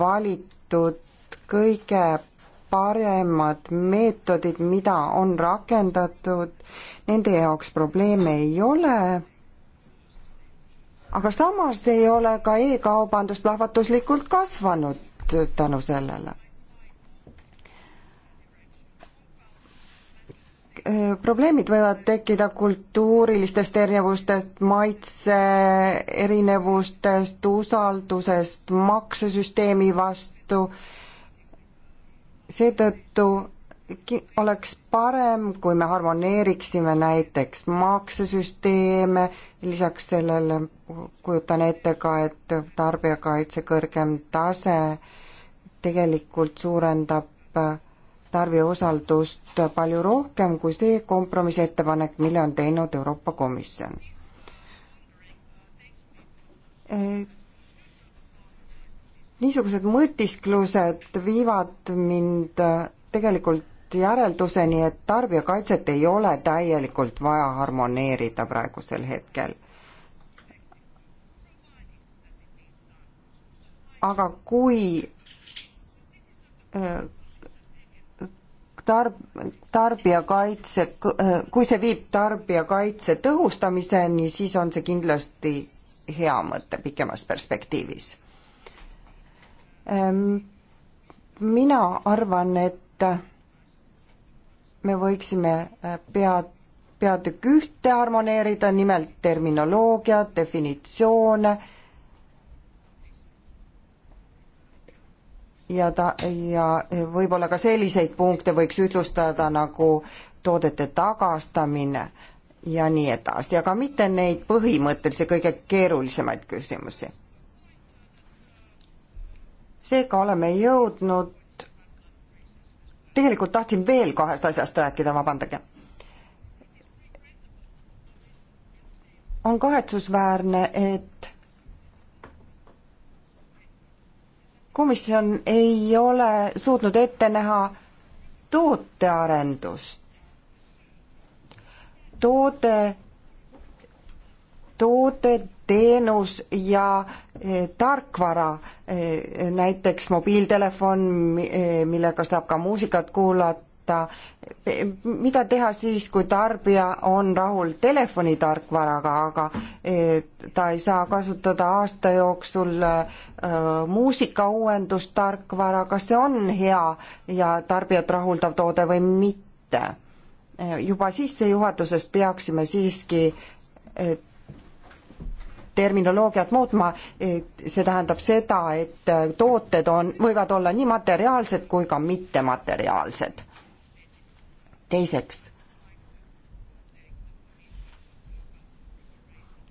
valitud kõige paremad meetodid, mida on rakendatud, nende jaoks probleeme ei ole, aga samas ei ole ka e-kaubandus plahvatuslikult kasvanud tänu sellele probleemid võivad tekkida kultuurilistest erinevustest, maitse erinevustest, usaldusest maksesüsteemi vastu. seetõttu oleks parem, kui me harmoneeriksime näiteks maksesüsteeme, lisaks sellele kujutan ette ka, et tarbijakaitse kõrgem tase tegelikult suurendab tarbija usaldust palju rohkem kui see kompromissettepanek, mille on teinud Euroopa Komisjon. niisugused mõtisklused viivad mind tegelikult järelduseni, et tarbijakaitset ei ole täielikult vaja harmoneerida praegusel hetkel aga kui tarb-, tarbijakaitse, kui see viib tarbijakaitse tõhustamiseni, siis on see kindlasti hea mõte pikemas perspektiivis. Ehm, mina arvan, et me võiksime eh, pead, peatükk ühte harmoneerida, nimelt terminoloogia, definitsioone ja ta, ja võib-olla ka selliseid punkte võiks ühtlustada nagu toodete tagastamine ja nii edasi, aga mitte neid põhimõttelisi, kõige keerulisemaid küsimusi. seega oleme jõudnud, tegelikult tahtsin veel kahest asjast rääkida, vabandage. on kahetsusväärne, et komisjon ei ole suutnud ette näha tootearendust. toode, toode, teenus ja e, tarkvara e,, näiteks mobiiltelefon e,, millega saab ka muusikat kuulata, kohta, mida teha siis, kui tarbija on rahul telefonitarkvaraga, aga eh, ta ei saa kasutada aasta jooksul eh, muusika uuendustarkvara, kas see on hea ja tarbijat rahuldav toode või mitte? Eh, juba sissejuhatusest peaksime siiski terminoloogiat muutma, see tähendab seda, et tooted on, võivad olla nii materiaalsed kui ka mittemateriaalsed teiseks,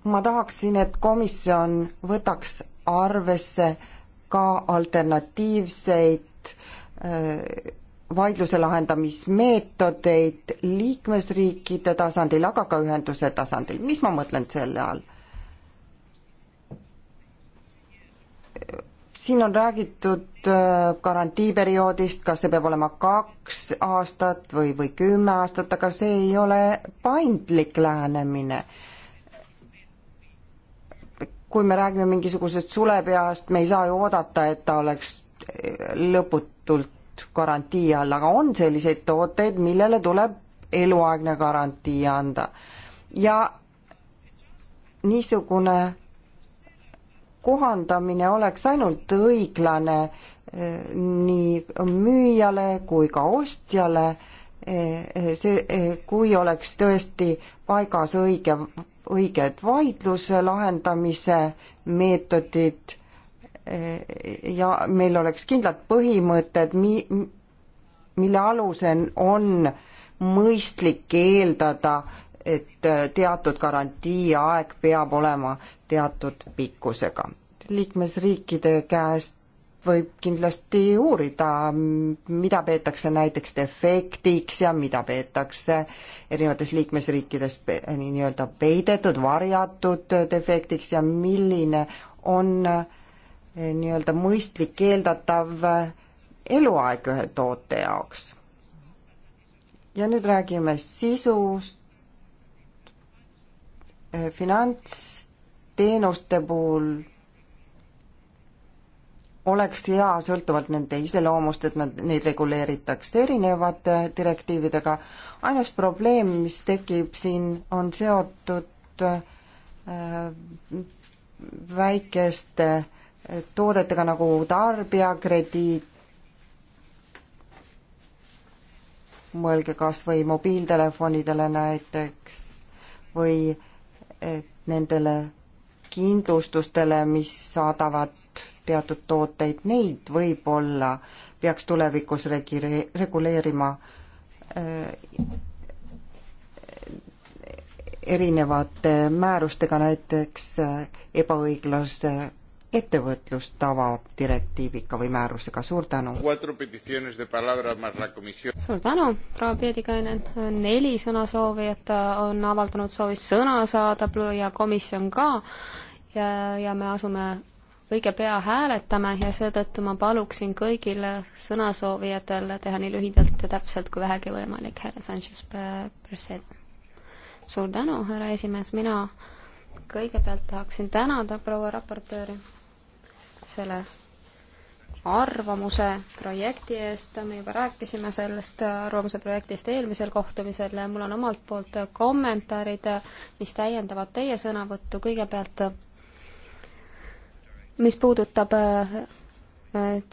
ma tahaksin, et komisjon võtaks arvesse ka alternatiivseid äh, vaidluse lahendamismeetodeid liikmesriikide tasandil, aga ka ühenduse tasandil, mis ma mõtlen selle all? siin on räägitud äh, garantiiperioodist, kas see peab olema kaks aastat või, või kümme aastat, aga see ei ole paindlik lähenemine. kui me räägime mingisugusest sulepeast, me ei saa ju oodata, et ta oleks äh, lõputult garantii all, aga on selliseid tooteid, millele tuleb eluaegne garantii anda. ja niisugune kohandamine oleks ainult õiglane eh, nii müüjale kui ka ostjale, eh, eh, see, kui oleks tõesti paigas õige, õiged vaidluse lahendamise meetodid ja meil oleks kindlad põhimõtted, mi-, mille alusel on mõistlik eeldada et äh, teatud garantiiaeg peab olema teatud pikkusega. liikmesriikide käest võib kindlasti uurida, mida peetakse näiteks defektiks ja mida peetakse erinevates liikmesriikides nii-öelda peidetud, varjatud defektiks ja milline on äh, nii-öelda mõistlik eeldatav äh, eluaeg ühe toote jaoks. ja nüüd räägime sisust, Eh, finantsteenuste puhul oleks hea, sõltuvalt nende iseloomust, et nad, neid reguleeritakse erinevate direktiividega, ainus probleem, mis tekib siin, on seotud eh, väikeste eh, toodetega nagu tarbijakrediit, mõelge kas või mobiiltelefonidele näiteks, või et nendele kindlustustele, mis saadavad teatud tooteid, neid võib-olla peaks tulevikus regi-, reguleerima äh, erinevate määrustega, näiteks äh, ebaõiglase ettevõtlust tava direktiiviga või määrusega, suur tänu! suur tänu, proua Piedikainen, neli sõnasoovijat äh, on avaldanud soovi sõna saada ja komisjon ka ja, ja me asume õige pea hääletame ja seetõttu ma paluksin kõigil sõnasoovijatel teha nii lühidalt ja täpselt kui vähegi võimalik, härra Sanchez Preseda. suur tänu, härra esimees, mina kõigepealt tahaksin tänada proua raportööri selle arvamuse projekti eest, me juba rääkisime sellest arvamuse projektist eelmisel kohtumisel, mul on omalt poolt kommentaarid, mis täiendavad teie sõnavõttu, kõigepealt mis puudutab äh,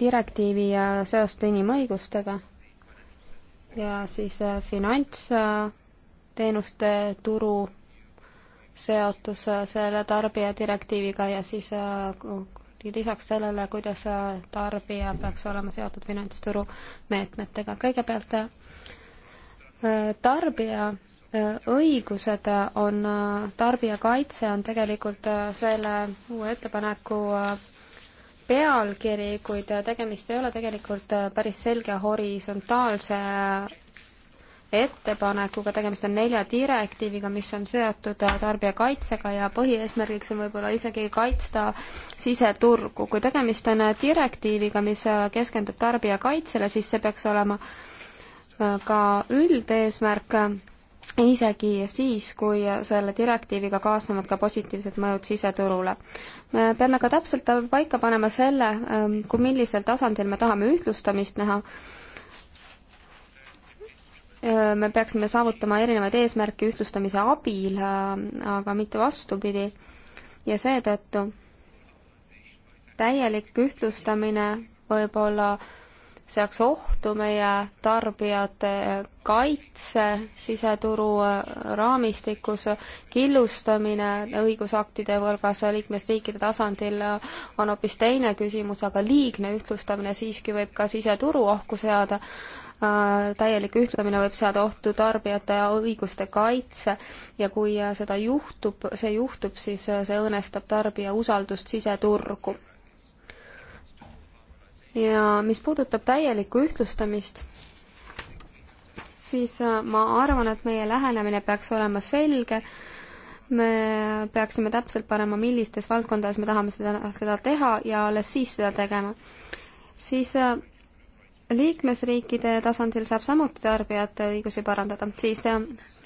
direktiivi ja seost inimõigustega ja siis äh, finantsteenuste turu seotus äh, selle tarbijadirektiiviga ja siis lisaks sellele, kuidas tarbija peaks olema seotud finantsturu meetmetega. kõigepealt äh, tarbija äh, õigused on, äh, tarbijakaitse on tegelikult selle uue ettepaneku pealkiri, kuid tegemist ei ole tegelikult päris selge horisontaalse ettepanekuga, tegemist on nelja direktiiviga, mis on seotud tarbijakaitsega ja põhieesmärgiks on võib-olla isegi kaitsta siseturgu. kui tegemist on direktiiviga, mis keskendub tarbijakaitsele, siis see peaks olema ka üldeesmärk, isegi siis, kui selle direktiiviga kaasnevad ka positiivsed mõjud siseturule. me peame ka täpselt paika panema selle, kui millisel tasandil me tahame ühtlustamist näha Äh, me peaksime saavutama erinevaid eesmärke ühtlustamise abil, äh, aga mitte vastupidi. ja seetõttu täielik ühtlustamine võib-olla seaks ohtu meie tarbijate kaitse siseturu äh, raamistikus, killustamine õigusaktide võlgas liikmesriikide tasandil on hoopis teine küsimus, aga liigne ühtlustamine siiski võib ka siseturu ohku seada Äh, täielik ühtlemine võib seada ohtu tarbijate õiguste kaitse ja kui äh, seda juhtub, see juhtub, siis äh, see õõnestab tarbija usaldust siseturgu. ja mis puudutab täielikku ühtlustamist, siis ma arvan, et meie lähenemine peaks olema selge, me peaksime täpselt panema, millistes valdkondades me tahame seda, seda teha ja alles siis seda tegema. siis liikmesriikide tasandil saab samuti tarbijate õigusi parandada, siis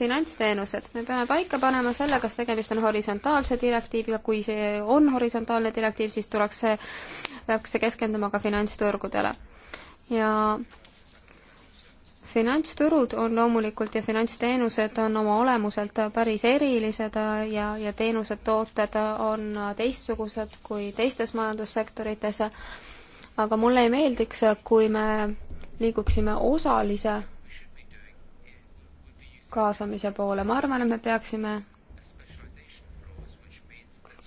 finantsteenused. me peame paika panema selle, kas tegemist on horisontaalse direktiiviga, kui see on horisontaalne direktiiv, siis tuleks see, peaks see keskenduma ka finantsturgudele. ja finantsturud on loomulikult ja finantsteenused on oma olemuselt päris erilised ja, ja teenused, tooted on teistsugused kui teistes majandussektorites aga mulle ei meeldiks, kui me liiguksime osalise kaasamise poole, ma arvan, et me peaksime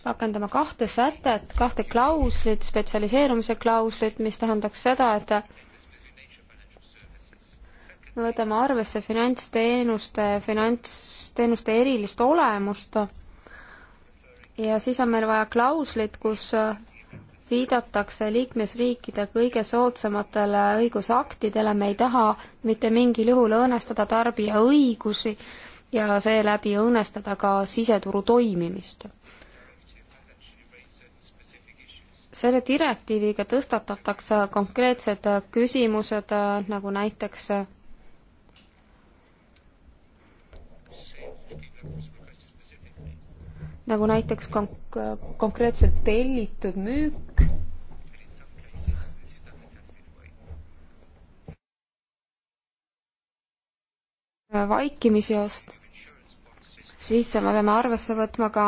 rakendama kahte sätet, kahte klauslit, spetsialiseerumise klauslit, mis tähendaks seda, et me võtame arvesse finantsteenuste, finantsteenuste erilist olemust ja siis on meil vaja klauslit, kus viidatakse liikmesriikide kõige soodsamatele õigusaktidele, me ei taha mitte mingil juhul õõnestada tarbija õigusi ja seeläbi õõnestada ka siseturu toimimist. selle direktiiviga tõstatatakse konkreetsed küsimused, nagu näiteks nagu näiteks konk-, konkreetselt tellitud müük, vaikimisjoost, siis me peame arvesse võtma ka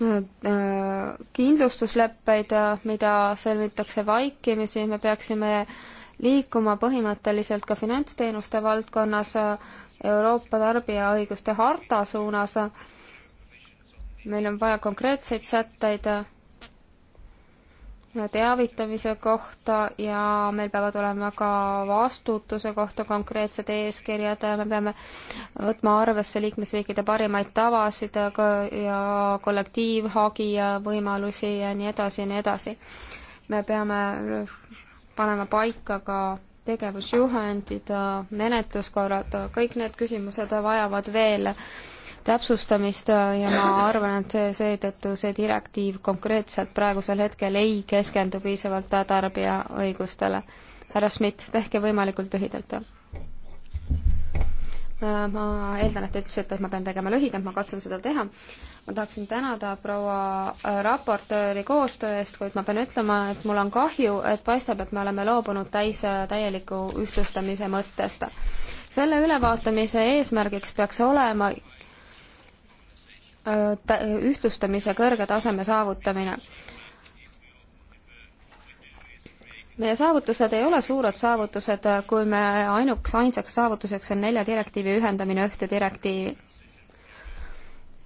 äh, kindlustusleppeid, mida sõlmitakse vaikimisi, me peaksime liikuma põhimõtteliselt ka finantsteenuste valdkonnas äh, Euroopa tarbijaõiguste harta suunas meil on vaja konkreetseid sätteid äh, teavitamise kohta ja meil peavad olema ka vastutuse kohta konkreetsed eeskirjad, me peame võtma arvesse liikmesriikide parimaid tavasid ja kollektiivhagi ja võimalusi ja nii edasi ja nii edasi. me peame panema paika ka tegevusjuhendid, äh, menetluskorrad, kõik need küsimused vajavad veel täpsustamist äh, ja ma arvan, et see, seetõttu see direktiiv konkreetselt praegusel hetkel ei keskendu piisavalt tarbija õigustele. härra Schmidt, tehke võimalikult lühidalt. Äh, ma eeldan, et te ütlesite, et ma pean tegema lühidalt, ma katsun seda teha ma tahaksin tänada proua äh, raportööri koostöö eest, kuid ma pean ütlema, et mul on kahju, et paistab, et me oleme loobunud täis täieliku ühtlustamise mõttest. selle ülevaatamise eesmärgiks peaks olema Äh, ühtlustamise kõrge taseme saavutamine. meie saavutused ei ole suured saavutused, kui me ainuks, ainsaks saavutuseks on nelja direktiivi ühendamine ühte direktiivi.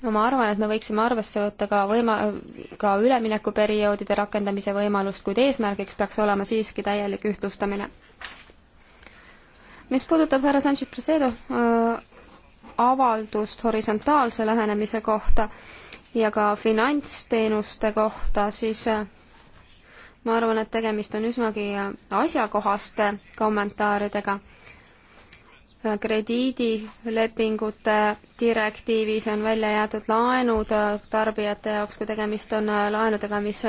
no ma arvan, et me võiksime arvesse võtta ka võima-, ka üleminekuperioodide rakendamise võimalust, kuid eesmärgiks peaks olema siiski täielik ühtlustamine. mis puudutab härra Sanchez-Presedo äh, avaldust horisontaalse lähenemise kohta ja ka finantsteenuste kohta, siis äh, ma arvan, et tegemist on üsnagi äh, asjakohaste kommentaaridega. Äh, krediidilepingute direktiivis on välja jäetud laenud tarbijate jaoks, kui tegemist on laenudega, mis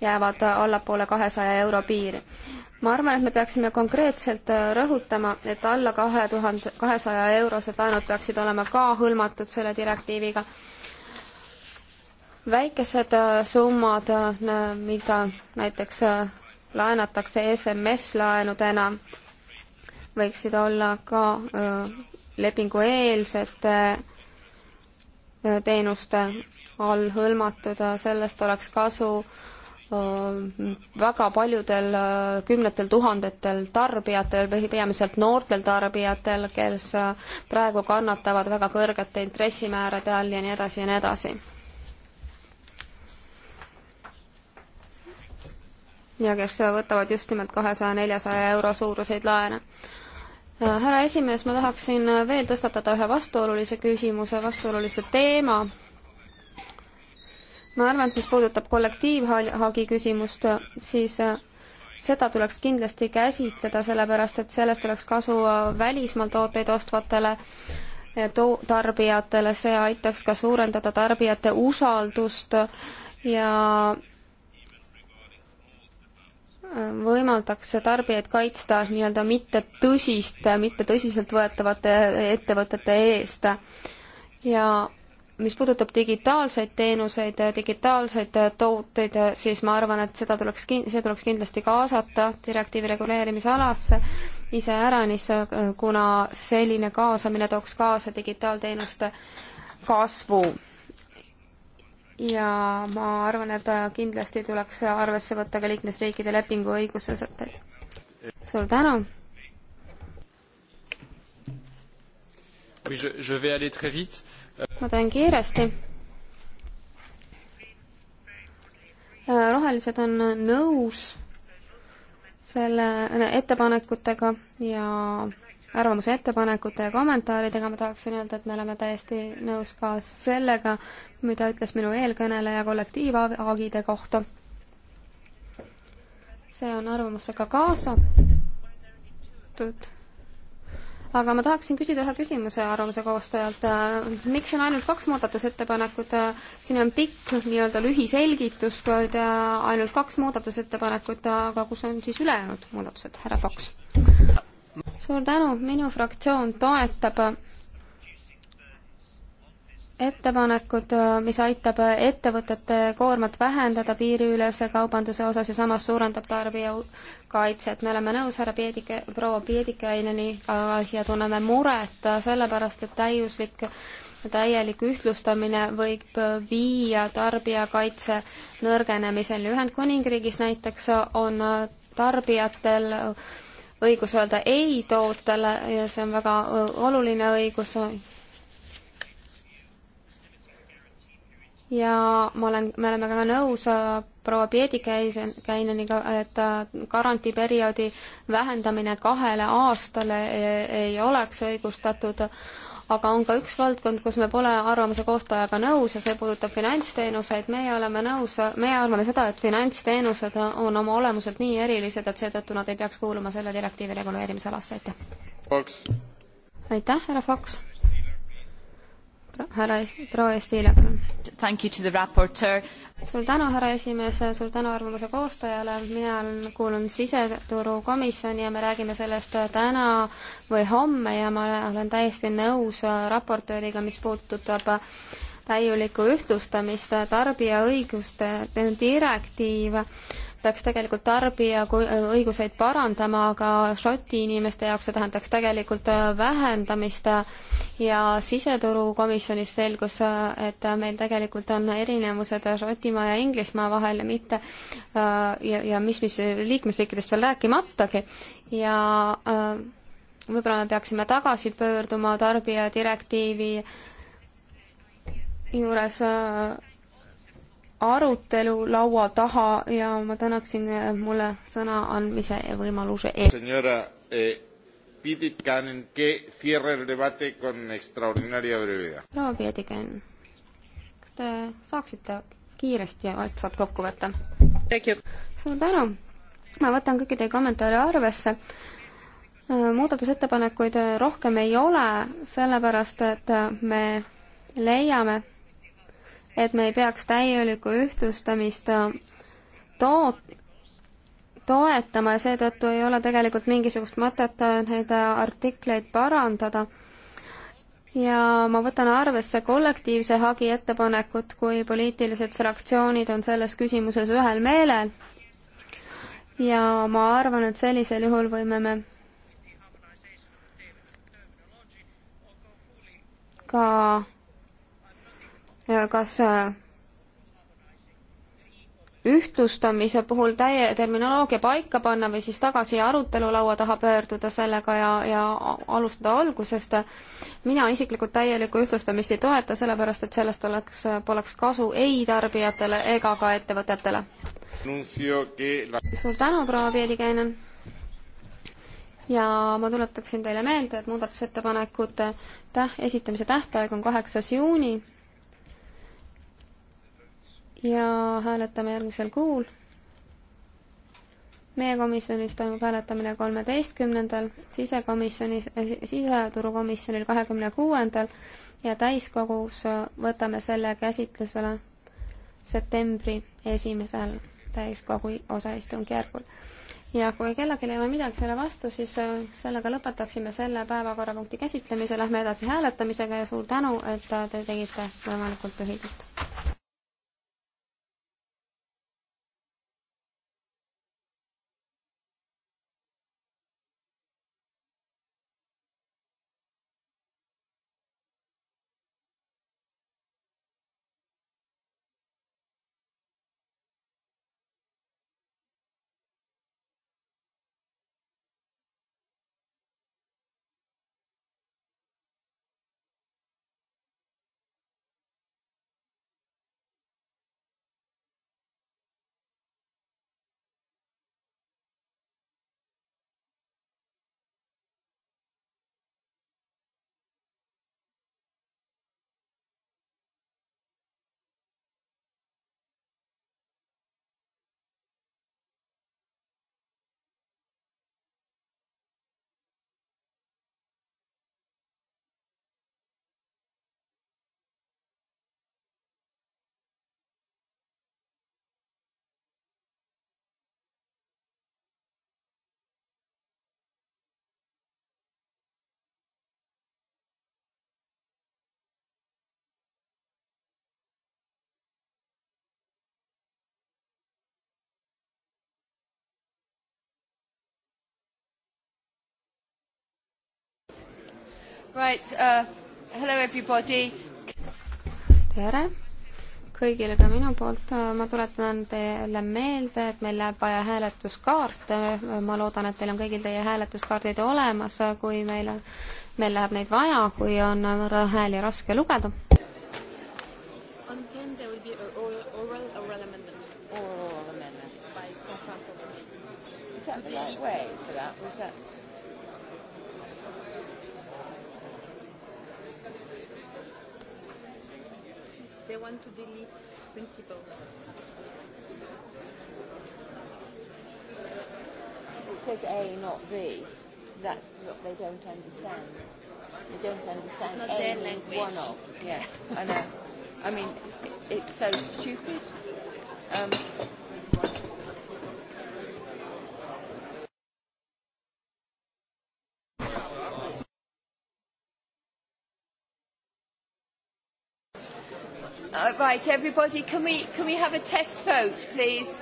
jäävad allapoole kahesaja euro piiri ma arvan, et me peaksime konkreetselt äh, rõhutama, et alla kahe tuhande kahesaja eurosed laenud peaksid olema ka hõlmatud selle direktiiviga. väikesed äh, summad, äh, mida näiteks laenatakse SMS-laenudena, võiksid olla ka lepingueelsete teenuste all hõlmatud, sellest oleks kasu Äh, väga paljudel äh, kümnetel tuhandetel tarbijatel, peamiselt noortel tarbijatel, kes äh, praegu kannatavad väga kõrgete intressimäärade all ja nii edasi ja nii edasi. ja kes võtavad just nimelt kahesaja, neljasaja euro suuruseid laene. härra esimees, ma tahaksin veel tõstatada ühe vastuolulise küsimuse, vastuolulise teema ma arvan, et mis puudutab kollektiivhagi küsimust, siis äh, seda tuleks kindlasti käsitleda, sellepärast et sellest oleks kasu äh, välismaal tooteid ostvatele äh, to-, tarbijatele, see aitaks ka suurendada tarbijate usaldust ja võimaldaks tarbijaid kaitsta nii-öelda mitte tõsiste, mitte tõsiseltvõetavate ettevõtete eest ja mis puudutab digitaalseid teenuseid, digitaalseid tooteid, siis ma arvan, et seda tuleks, see tuleks kindlasti kaasata direktiivi reguleerimisalasse iseäranis, kuna selline kaasamine tooks kaasa digitaalteenuste kasvu. ja ma arvan, et kindlasti tuleks arvesse võtta ka liikmesriikide lepingu õigussätteid. suur tänu! Oui, je, je vais aller très vite. Euh, ma teen kiiresti. Äh, rohelised on nõus selle äh, ettepanekutega ja arvamuse ettepanekute ja kommentaaridega ma tahaksin öelda, et me oleme täiesti nõus ka sellega, mida ütles minu eelkõneleja kollektiivagide kohta. see on arvamusse ka kaasatud aga ma tahaksin küsida ühe küsimuse arvamuse koostajalt. Äh, miks on ainult kaks muudatusettepanekut? Äh, siin on pikk nii-öelda lühiselgitus, äh, ainult kaks muudatusettepanekut, aga kus on siis ülejäänud muudatused, härra Fox? suur tänu, minu fraktsioon toetab ettepanekud, äh, mis aitab ettevõtete koormat vähendada piiriülese kaubanduse osas ja samas suurendab tarbijakaitset. me oleme nõus härra Piedike, proua Piedikaineni äh, ja tunneme muret äh, sellepärast, et täiuslik täielik ühtlustamine võib viia tarbijakaitse nõrgenemiseni. Ühendkuningriigis näiteks on tarbijatel õigus öelda ei tootele ja see on väga oluline õigus ja ma olen, me oleme ka nõus äh, proua Piedikäineniga, et äh, garantiiperioodi vähendamine kahele aastale e-, ei oleks õigustatud, aga on ka üks valdkond, kus me pole arvamuse koostajaga nõus ja see puudutab finantsteenuseid. meie oleme nõus, meie arvame seda, et finantsteenused on oma olemuselt nii erilised, et seetõttu nad ei peaks kuuluma selle direktiivi reguleerimisalasse, aitäh. aitäh, härra Fox härra, proua Estile, palun. Thank you to the raporteur. suur tänu, härra esimees, suur tänu arvamuse koostajale, mina kuulun siseturukomisjoni ja me räägime sellest täna või homme ja ma olen täiesti nõus raportööriga, mis puudutab täielikku ühtlustamist, tarbija õiguste direktiiv peaks tegelikult tarbija õiguseid parandama, aga Šoti inimeste jaoks see tähendaks tegelikult äh, vähendamist ja siseturukomisjonis selgus, äh, et meil tegelikult on erinevused Šotimaa ja Inglismaa vahel ja mitte äh, ja, ja mis, mis liikmesriikidest veel rääkimatagi ja võib-olla me peaksime tagasi pöörduma tarbijadirektiivi juures arutelu laua taha ja ma tänaksin eh, mulle sõna andmise võimaluse eest. Eh, proua Pietikäen, kas te saaksite kiiresti ja otsad kokku võtta? suur tänu, ma võtan kõiki teie kommentaare arvesse eh, muudatusettepanekuid rohkem ei ole, sellepärast et me leiame, et me ei peaks täielikku ühtlustamist äh, toot-, toetama ja seetõttu ei ole tegelikult mingisugust mõtet äh, neid äh, artikleid parandada. ja ma võtan arvesse kollektiivse hagi ettepanekut, kui poliitilised fraktsioonid on selles küsimuses ühel meelel. ja ma arvan, et sellisel juhul võime me ka kas äh, ühtlustamise puhul täie terminoloogia paika panna või siis tagasi arutelulaua taha pöörduda sellega ja, ja alustada algusest. mina isiklikult täielikku ühtlustamist ei toeta, sellepärast et sellest oleks, poleks kasu ei tarbijatele ega ka ettevõtetele. suur tänu, proua Piedikäinen! ja ma tuletaksin teile meelde, et muudatusettepanekute täh-, esitamise tähtaeg on kaheksas juuni ja hääletame järgmisel kuul. meie komisjonis toimub hääletamine kolmeteistkümnendal, sisekomisjonis, siseturukomisjonil kahekümne kuuendal ja täiskogus võtame selle käsitlusele septembri esimesel täiskogu osaistungjärgul. ja kui kellelgi ei ole midagi selle vastu, siis äh, sellega lõpetaksime selle päevakorrapunkti käsitlemise, lähme edasi hääletamisega ja suur tänu, et äh, te tegite võimalikult lühidalt. Right, uh, hello everybody. tere kõigile ka minu poolt. Uh, ma tuletan teile meelde, et meil läheb vaja hääletuskaarte. Uh, ma loodan, et teil on kõigil teie hääletuskaardid olemas, uh, kui meil on, meil läheb neid vaja, kui on hääli raske lugeda. On ten there will be oral, oral, oral amendment. Oral amendment. By Is that the right way for that? Was that? they want to delete principle. It says A, not B. That's what they don't understand. They don't understand. It's not A their means language. one of. Yeah, I know. I mean, it's so stupid. Um, Uh, right, everybody, can we, can we have a test vote, please?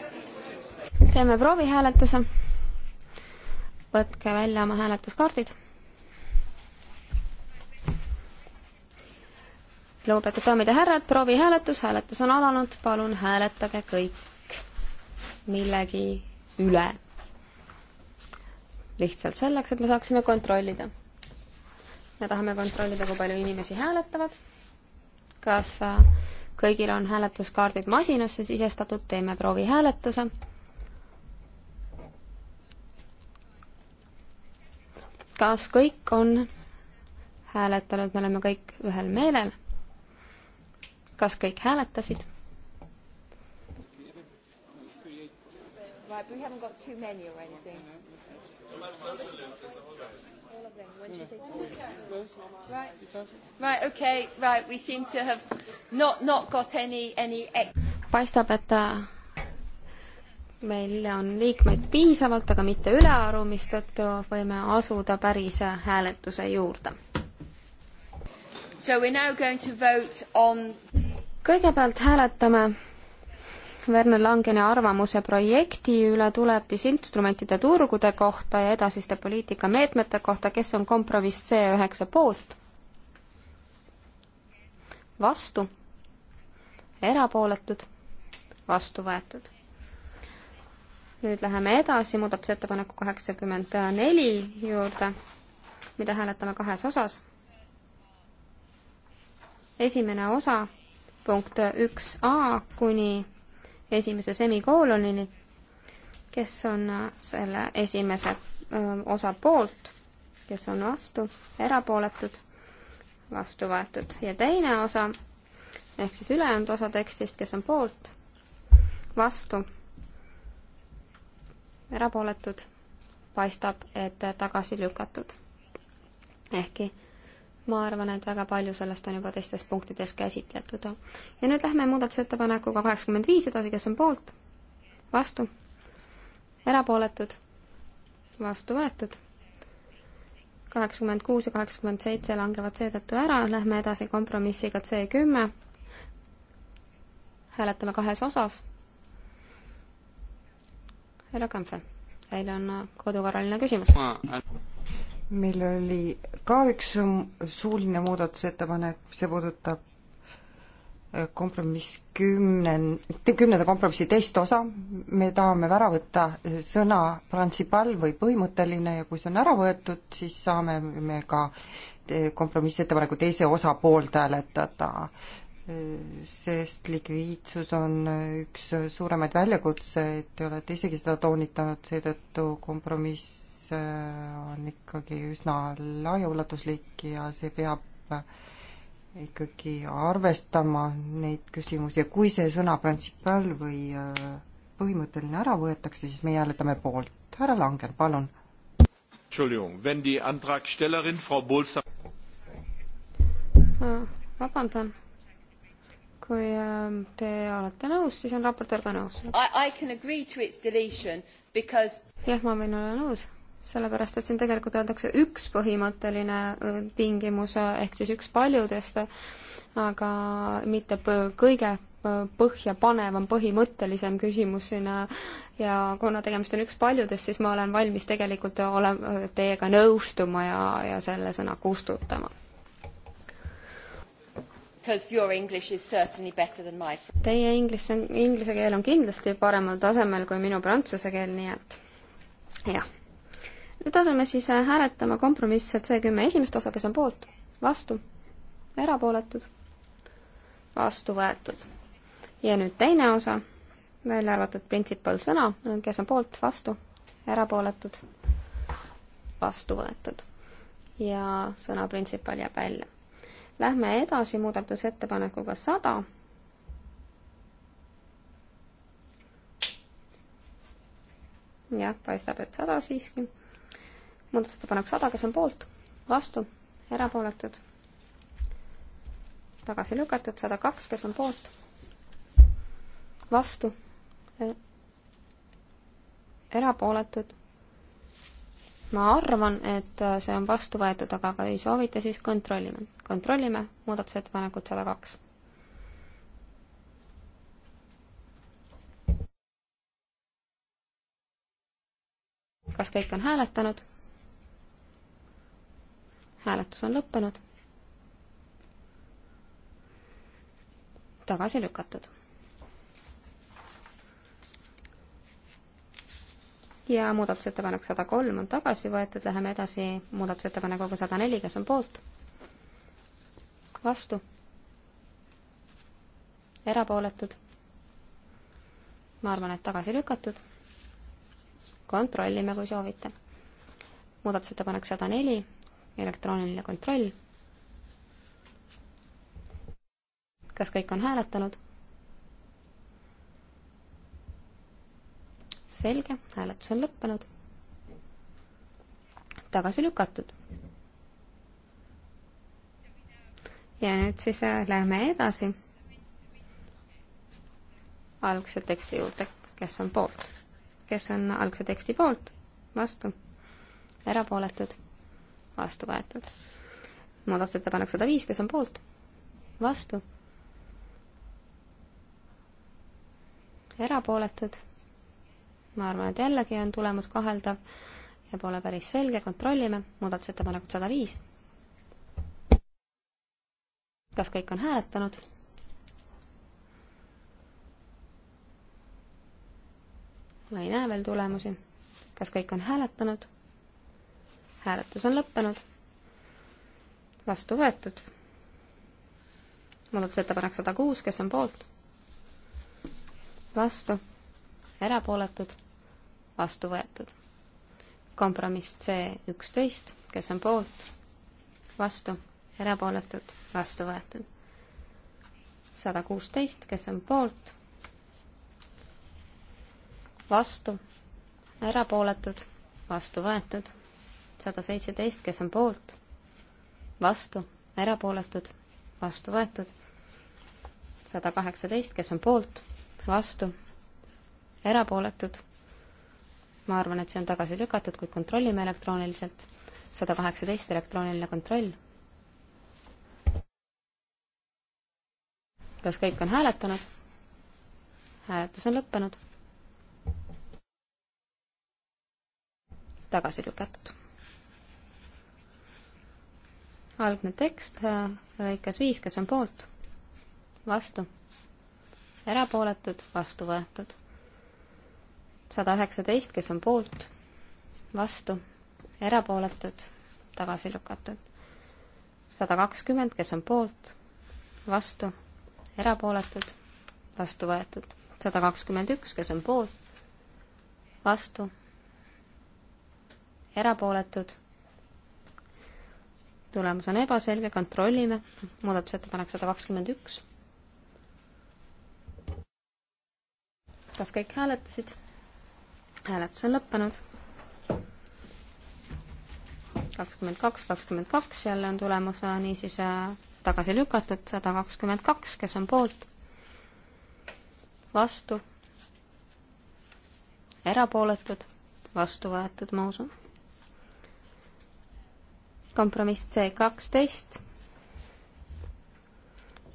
teeme proovihääletuse. võtke välja oma hääletuskaardid. lugupeetud daamid ja härrad, proovihääletus, hääletus on alanud, palun hääletage kõik millegi üle. lihtsalt selleks, et me saaksime kontrollida. me tahame kontrollida, kui palju inimesi hääletavad. kas äh, kõigil on hääletuskaardid masinasse sisestatud, teeme proovihääletuse. kas kõik on hääletanud, me oleme kõik ühel meelel? kas kõik hääletasid? Right, we haven't got too many or anything. Well, thing when she says right right okay right we seem to have not not got any any paistab et äh, meil on liikmeid piisavalt, aga mitte ülearu, mistõttu võime asuda päris äh, hääletuse juurde. So we are now going to vote on kõigepealt hääletame Werner Langeni arvamuse projekti üle tuletisinstrumentide turgude kohta ja edasiste poliitikameetmete kohta, kes on kompromiss C üheksa poolt? vastu? erapooletud? vastu võetud. nüüd läheme edasi muudatusettepaneku kaheksakümmend neli juurde, mida hääletame kahes osas. esimene osa punkt üks A kuni esimese semikoolonini, kes on äh, selle esimese osa poolt, kes on vastu, erapooletud, vastu võetud ja teine osa ehk siis ülejäänud osa tekstist, kes on poolt, vastu, erapooletud, paistab, et äh, tagasi lükatud. ehkki ma arvan, et väga palju sellest on juba teistes punktides käsitletud. ja nüüd lähme muudatusettepanekuga kaheksakümmend viis edasi, kes on poolt, vastu, erapooletud, vastu võetud, kaheksakümmend kuus ja kaheksakümmend seitse langevad seetõttu ära, lähme edasi kompromissiga C kümme, hääletame kahes osas, härra Kämpfe teil on kodukorraline küsimus meil oli ka üks suuline muudatusettepanek, see puudutab äh, kompromiss kümnen-, kümnenda kompromissi teist osa, me tahame ära võtta sõna printsipaal või põhimõtteline ja kui see on ära võetud, siis saame me ka äh, kompromissettepaneku teise osa poolt hääletada. Äh, sest likviidsus on üks suuremaid väljakutseid, te olete isegi seda toonitanud, seetõttu kompromiss on ikkagi üsna laiaulatuslik ja see peab ikkagi arvestama neid küsimusi ja kui see sõna principal või äh, põhimõtteline ära võetakse, siis me hääletame poolt. härra Langen, palun. vabandan kui ähm, te olete nõus, siis on raportöör ka nõus. jah, ma võin olla nõus sellepärast et siin tegelikult öeldakse üks põhimõtteline tingimus, ehk siis üks paljudest, aga mitte kõige põhjapanevam, põhimõttelisem küsimus siin ja kuna tegemist on üks paljudest, siis ma olen valmis tegelikult ole-, teiega nõustuma ja, ja selle sõna kustutama. Teie inglis on, inglise keel on kindlasti paremal tasemel kui minu prantsuse keel, nii et jah nüüd asume siis äh, hääletama kompromisse C kümme esimest osa, kes on poolt, vastu, erapooletud, vastu võetud. ja nüüd teine osa, välja arvatud printsipalsõna, kes on poolt, vastu, erapooletud, vastu võetud. ja sõna printsipal jääb välja. Lähme edasi muudatusettepanekuga sada jah, paistab, et sada siiski muudatusettepanek sada, kes on poolt, vastu, erapooletud, tagasi lükatud, sada kaks, kes on poolt, vastu, e- erapooletud. ma arvan, et äh, see on vastu võetud, aga kui ei soovita, siis kontrollime. kontrollime muudatusettepanekut sada kaks. kas kõik on hääletanud? hääletus on lõppenud. tagasi lükatud. ja muudatusettepanek sada kolm on tagasi võetud, läheme edasi muudatusettepanekuga sada neli, kes on poolt? vastu? erapooletud? ma arvan, et tagasi lükatud. kontrollime, kui soovite. muudatusettepanek sada neli elektrooniline kontroll. kas kõik on hääletanud? selge, hääletus on lõppenud. tagasi lükatud. ja nüüd siis äh, lähme edasi algse teksti juurde, kes on poolt, kes on algse teksti poolt, vastu, erapooletud vastu võetud. muudatusettepanek sada viis, kes on poolt? vastu. erapooletud. ma arvan, et jällegi on tulemus kaheldav ja pole päris selge, kontrollime, muudatusettepanekut sada viis. kas kõik on hääletanud? ma ei näe veel tulemusi. kas kõik on hääletanud? hääletus on lõppenud. vastu võetud. muudatusettepanek sada kuus, kes on poolt? vastu, erapooletud, vastu võetud. kompromiss C üksteist, kes on poolt? vastu, erapooletud, vastu võetud. sada kuusteist, kes on poolt? vastu, erapooletud, vastu võetud sada seitseteist, kes on poolt, vastu, erapooletud, vastu võetud, sada kaheksateist, kes on poolt, vastu, erapooletud, ma arvan, et see on tagasi lükatud, kuid kontrollime elektrooniliselt, sada kaheksateist elektrooniline kontroll. kas kõik on hääletanud? hääletus on lõppenud tagasi lükatud algne tekst äh, lõikes viis, kes on poolt, vastu, erapooletud, vastu võetud. sada üheksateist, kes on poolt, vastu, erapooletud, tagasi lükatud. sada kakskümmend, kes on poolt, vastu, erapooletud, vastu võetud. sada kakskümmend üks, kes on poolt, vastu, erapooletud tulemus on ebaselge, kontrollime, muudatusettepanek sada kakskümmend üks. kas kõik hääletasid? hääletus on lõppenud. kakskümmend kaks, kakskümmend kaks, jälle on tulemus äh, niisiis äh, tagasi lükatud, sada kakskümmend kaks, kes on poolt? vastu? erapooletud? vastu võetud, ma usun kompromiss C kaksteist,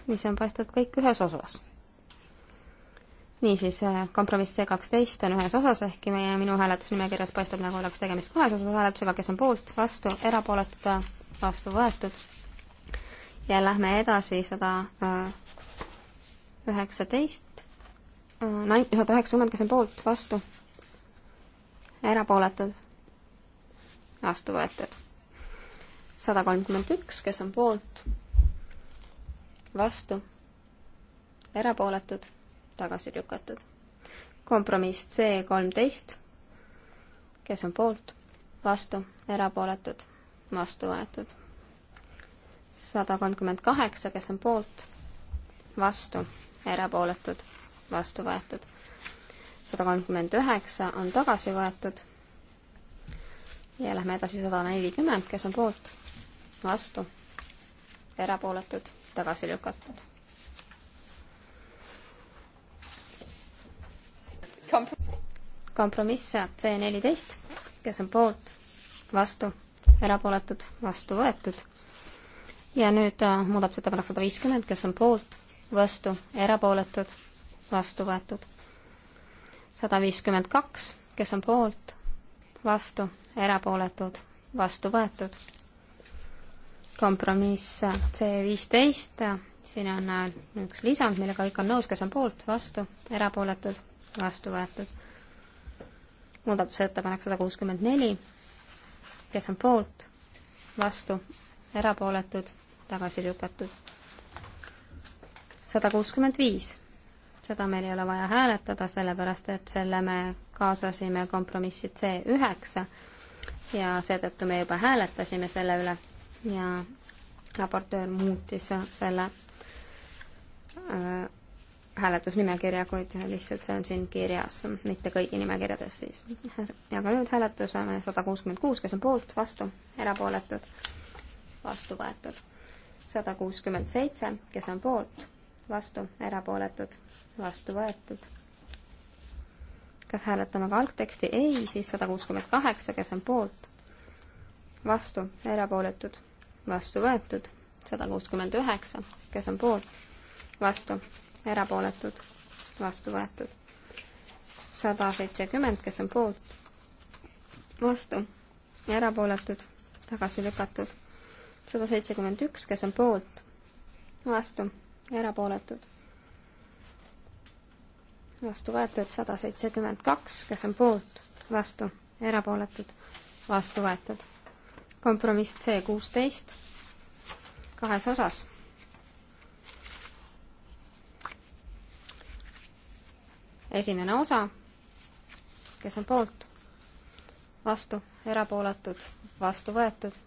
mis on, paistab kõik ühes osas. niisiis, äh, kompromiss C kaksteist on ühes osas, ehkki meie, minu hääletusnimekirjas paistab, nagu oleks tegemist kahes osas hääletusega, kes on poolt, vastu, erapooletud, vastu võetud. ja lähme edasi sada äh, üheksateist, äh, sada üheksakümmend, kes on poolt, vastu, erapooletud, vastu võetud sada kolmkümmend üks, kes on poolt, vastu, erapooletud, tagasi lükatud. kompromiss C kolmteist, kes on poolt, vastu, erapooletud, vastu võetud. sada kolmkümmend kaheksa, kes on poolt, vastu, erapooletud, vastu võetud. sada kolmkümmend üheksa on tagasi võetud ja lähme edasi sada nelikümmend, kes on poolt vastu, erapooletud, tagasi lükatud. kompromiss C neliteist, kes on poolt, vastu, erapooletud, vastu võetud. ja nüüd äh, muudatusettepanek sada viiskümmend, kes on poolt, vastu, erapooletud, vastu võetud. sada viiskümmend kaks, kes on poolt, vastu, erapooletud, vastu võetud kompromiss C viisteist, siin on äh, üks lisand, millega kõik on nõus, kes on poolt, vastu, erapooletud, vastu võetud. muudatusettepanek sada kuuskümmend neli, kes on poolt, vastu, erapooletud, tagasi lükatud. sada kuuskümmend viis, seda meil ei ole vaja hääletada, sellepärast et selle me kaasasime kompromissi C üheksa ja seetõttu me juba hääletasime selle üle ja raportöör muutis selle äh, hääletusnimekirja, kuid lihtsalt see on siin kirjas, mitte kõigi nimekirjades siis. ja ka nüüd hääletusame sada kuuskümmend kuus, kes on poolt, vastu, erapooletud, vastu võetud. sada kuuskümmend seitse, kes on poolt, vastu, erapooletud, vastu võetud. kas hääletame ka algteksti? ei, siis sada kuuskümmend kaheksa, kes on poolt, vastu, erapooletud vastu võetud, sada kuuskümmend üheksa, kes on poolt, vastu, erapooletud, vastu võetud. sada seitsekümmend, kes on poolt, vastu, erapooletud, tagasi lükatud. sada seitsekümmend üks, kes on poolt, vastu, erapooletud, vastu võetud, sada seitsekümmend kaks, kes on poolt, vastu, erapooletud, vastu võetud kompromiss C kuusteist kahes osas. esimene osa, kes on poolt, vastu, erapooletud, vastu võetud.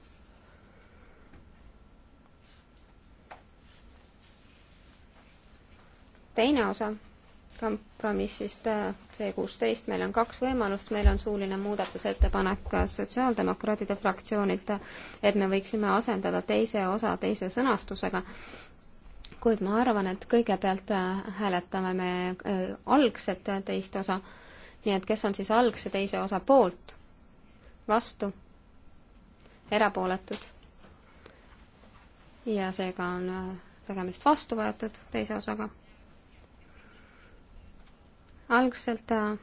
teine osa kompromissist äh, C kuusteist, meil on kaks võimalust, meil on suuline muudatusettepanek Sotsiaaldemokraatide fraktsioonilt, et me võiksime asendada teise osa teise sõnastusega, kuid ma arvan, et kõigepealt äh, hääletame me äh, algset teist osa, nii et kes on siis algse teise osa poolt, vastu, erapooletud ja seega on tegemist vastu võetud teise osaga algselt äh,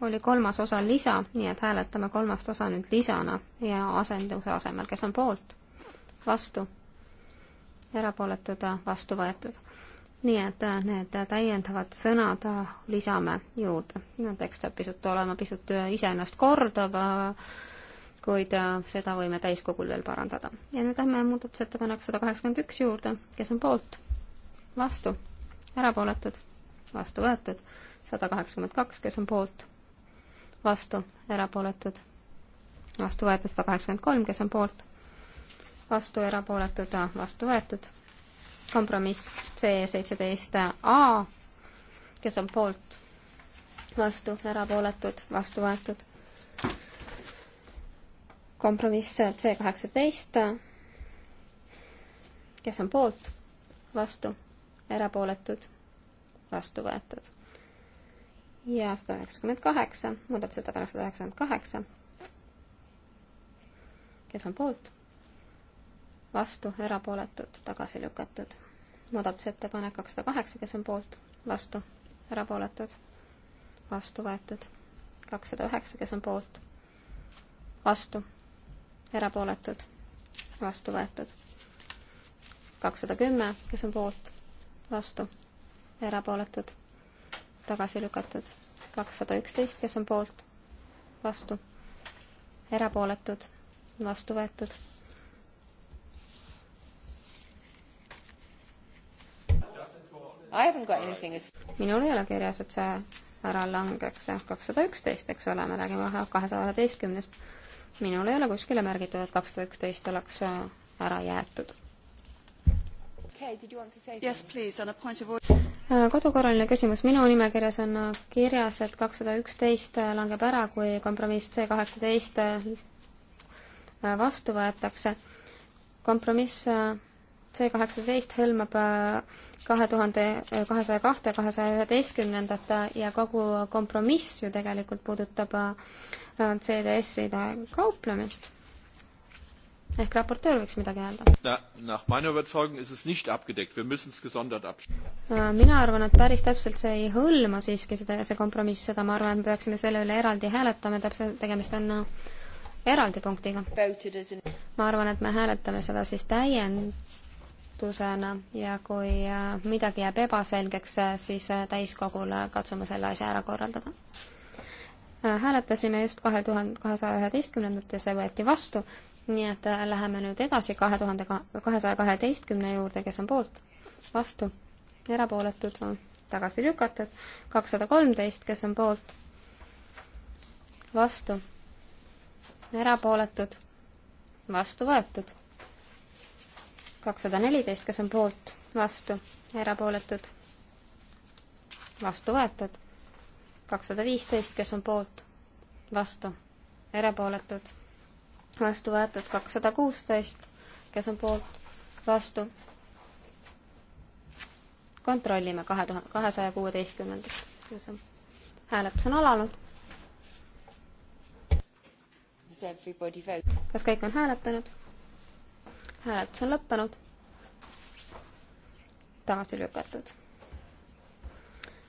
oli kolmas osa lisa, nii et hääletame kolmast osa nüüd lisana ja asenduse asemel, kes on poolt, vastu, erapooletud, äh, vastu võetud. nii et äh, need täiendavad sõnad lisame juurde. no tekst saab pisut olema pisut iseennast kordav, kuid seda võime täiskogul veel parandada. ja nüüd lähme muudatusettepaneku sada kaheksakümmend üks juurde, kes on poolt, vastu, erapooletud vastu võetud, sada kaheksakümmend kaks, kes on poolt, vastu, erapooletud, vastu võetud sada kaheksakümmend kolm, kes on poolt, vastu, erapooletud, vastu võetud, kompromiss C seitseteist A, kes on poolt, vastu, erapooletud, vastu võetud, kompromiss C kaheksateist, kes on poolt, vastu, erapooletud vastu võetud. ja sada üheksakümmend kaheksa, muudatusettepanek sada üheksakümmend kaheksa. kes on poolt? vastu, erapooletud, tagasi lükatud. muudatusettepanek kakssada kaheksa, kes on poolt? vastu, erapooletud, vastu võetud. kakssada üheksa, kes on poolt? vastu, erapooletud, vastu võetud kakssada kümme, kes on poolt, vastu, erapooletud, tagasi lükatud. kakssada üksteist, kes on poolt, vastu, erapooletud, vastu võetud. minul ei ole kirjas, et see ära langeks, kakssada üksteist, eks ole, me räägime kahesaja üheteistkümnest. minul ei ole kuskile märgitud, et kakssada üksteist oleks äh, ära jäetud. Yes, please, on a point of order. Äh, kodukorraline küsimus minu nimekirjas on äh, kirjas, et kakssada üksteist äh, langeb ära, kui kompromiss C kaheksateist vastu võetakse. kompromiss C kaheksateist hõlmab kahe tuhande kahesaja kahte, kahesaja üheteistkümnendat ja kogu kompromiss ju tegelikult puudutab CDS-ide kauplemist ehk raportöör võiks midagi öelda. Äh, mina arvan, et päris täpselt see ei hõlma siiski seda, see kompromiss, seda ma arvan, peaksime selle üle eraldi hääletama, täpselt tegemist on noh, eraldi punktiga. ma arvan, et me hääletame seda siis täiendusena ja kui äh, midagi jääb ebaselgeks, äh, siis täiskogul katsume selle asja ära korraldada hääletasime just kahe tuhande kahesaja üheteistkümnendat ja see võeti vastu nii et äh, läheme nüüd edasi kahe tuhande kahesaja kaheteistkümne juurde, kes on poolt, vastu, erapooletud, tagasi lükatud, kakssada kolmteist, kes on poolt, vastu, erapooletud, vastu võetud, kakssada neliteist, kes on poolt, vastu, erapooletud, vastu võetud, kakssada viisteist, kes on poolt, vastu, erapooletud vastu võetud kakssada kuusteist, kes on poolt, vastu. kontrollime kahe tuhande, kahesaja kuueteistkümnendat, kes on, hääletus on alanud. kas kõik on hääletanud? hääletus on lõppenud. tagasi lükatud.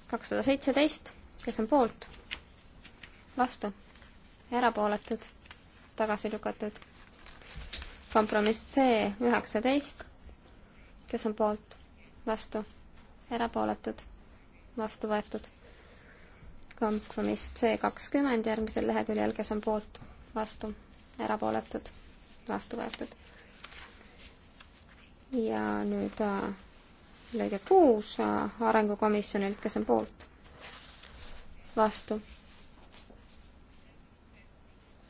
kakssada seitseteist, kes on poolt, vastu, erapooletud tagasi lükatud. kompromiss C üheksateist, kes on poolt, vastu, erapooletud, vastu võetud. kompromiss C kakskümmend järgmisel leheküljel, kes on poolt, vastu, erapooletud, vastu võetud. ja nüüd äh, lõige kuus äh, arengukomisjonilt, kes on poolt, vastu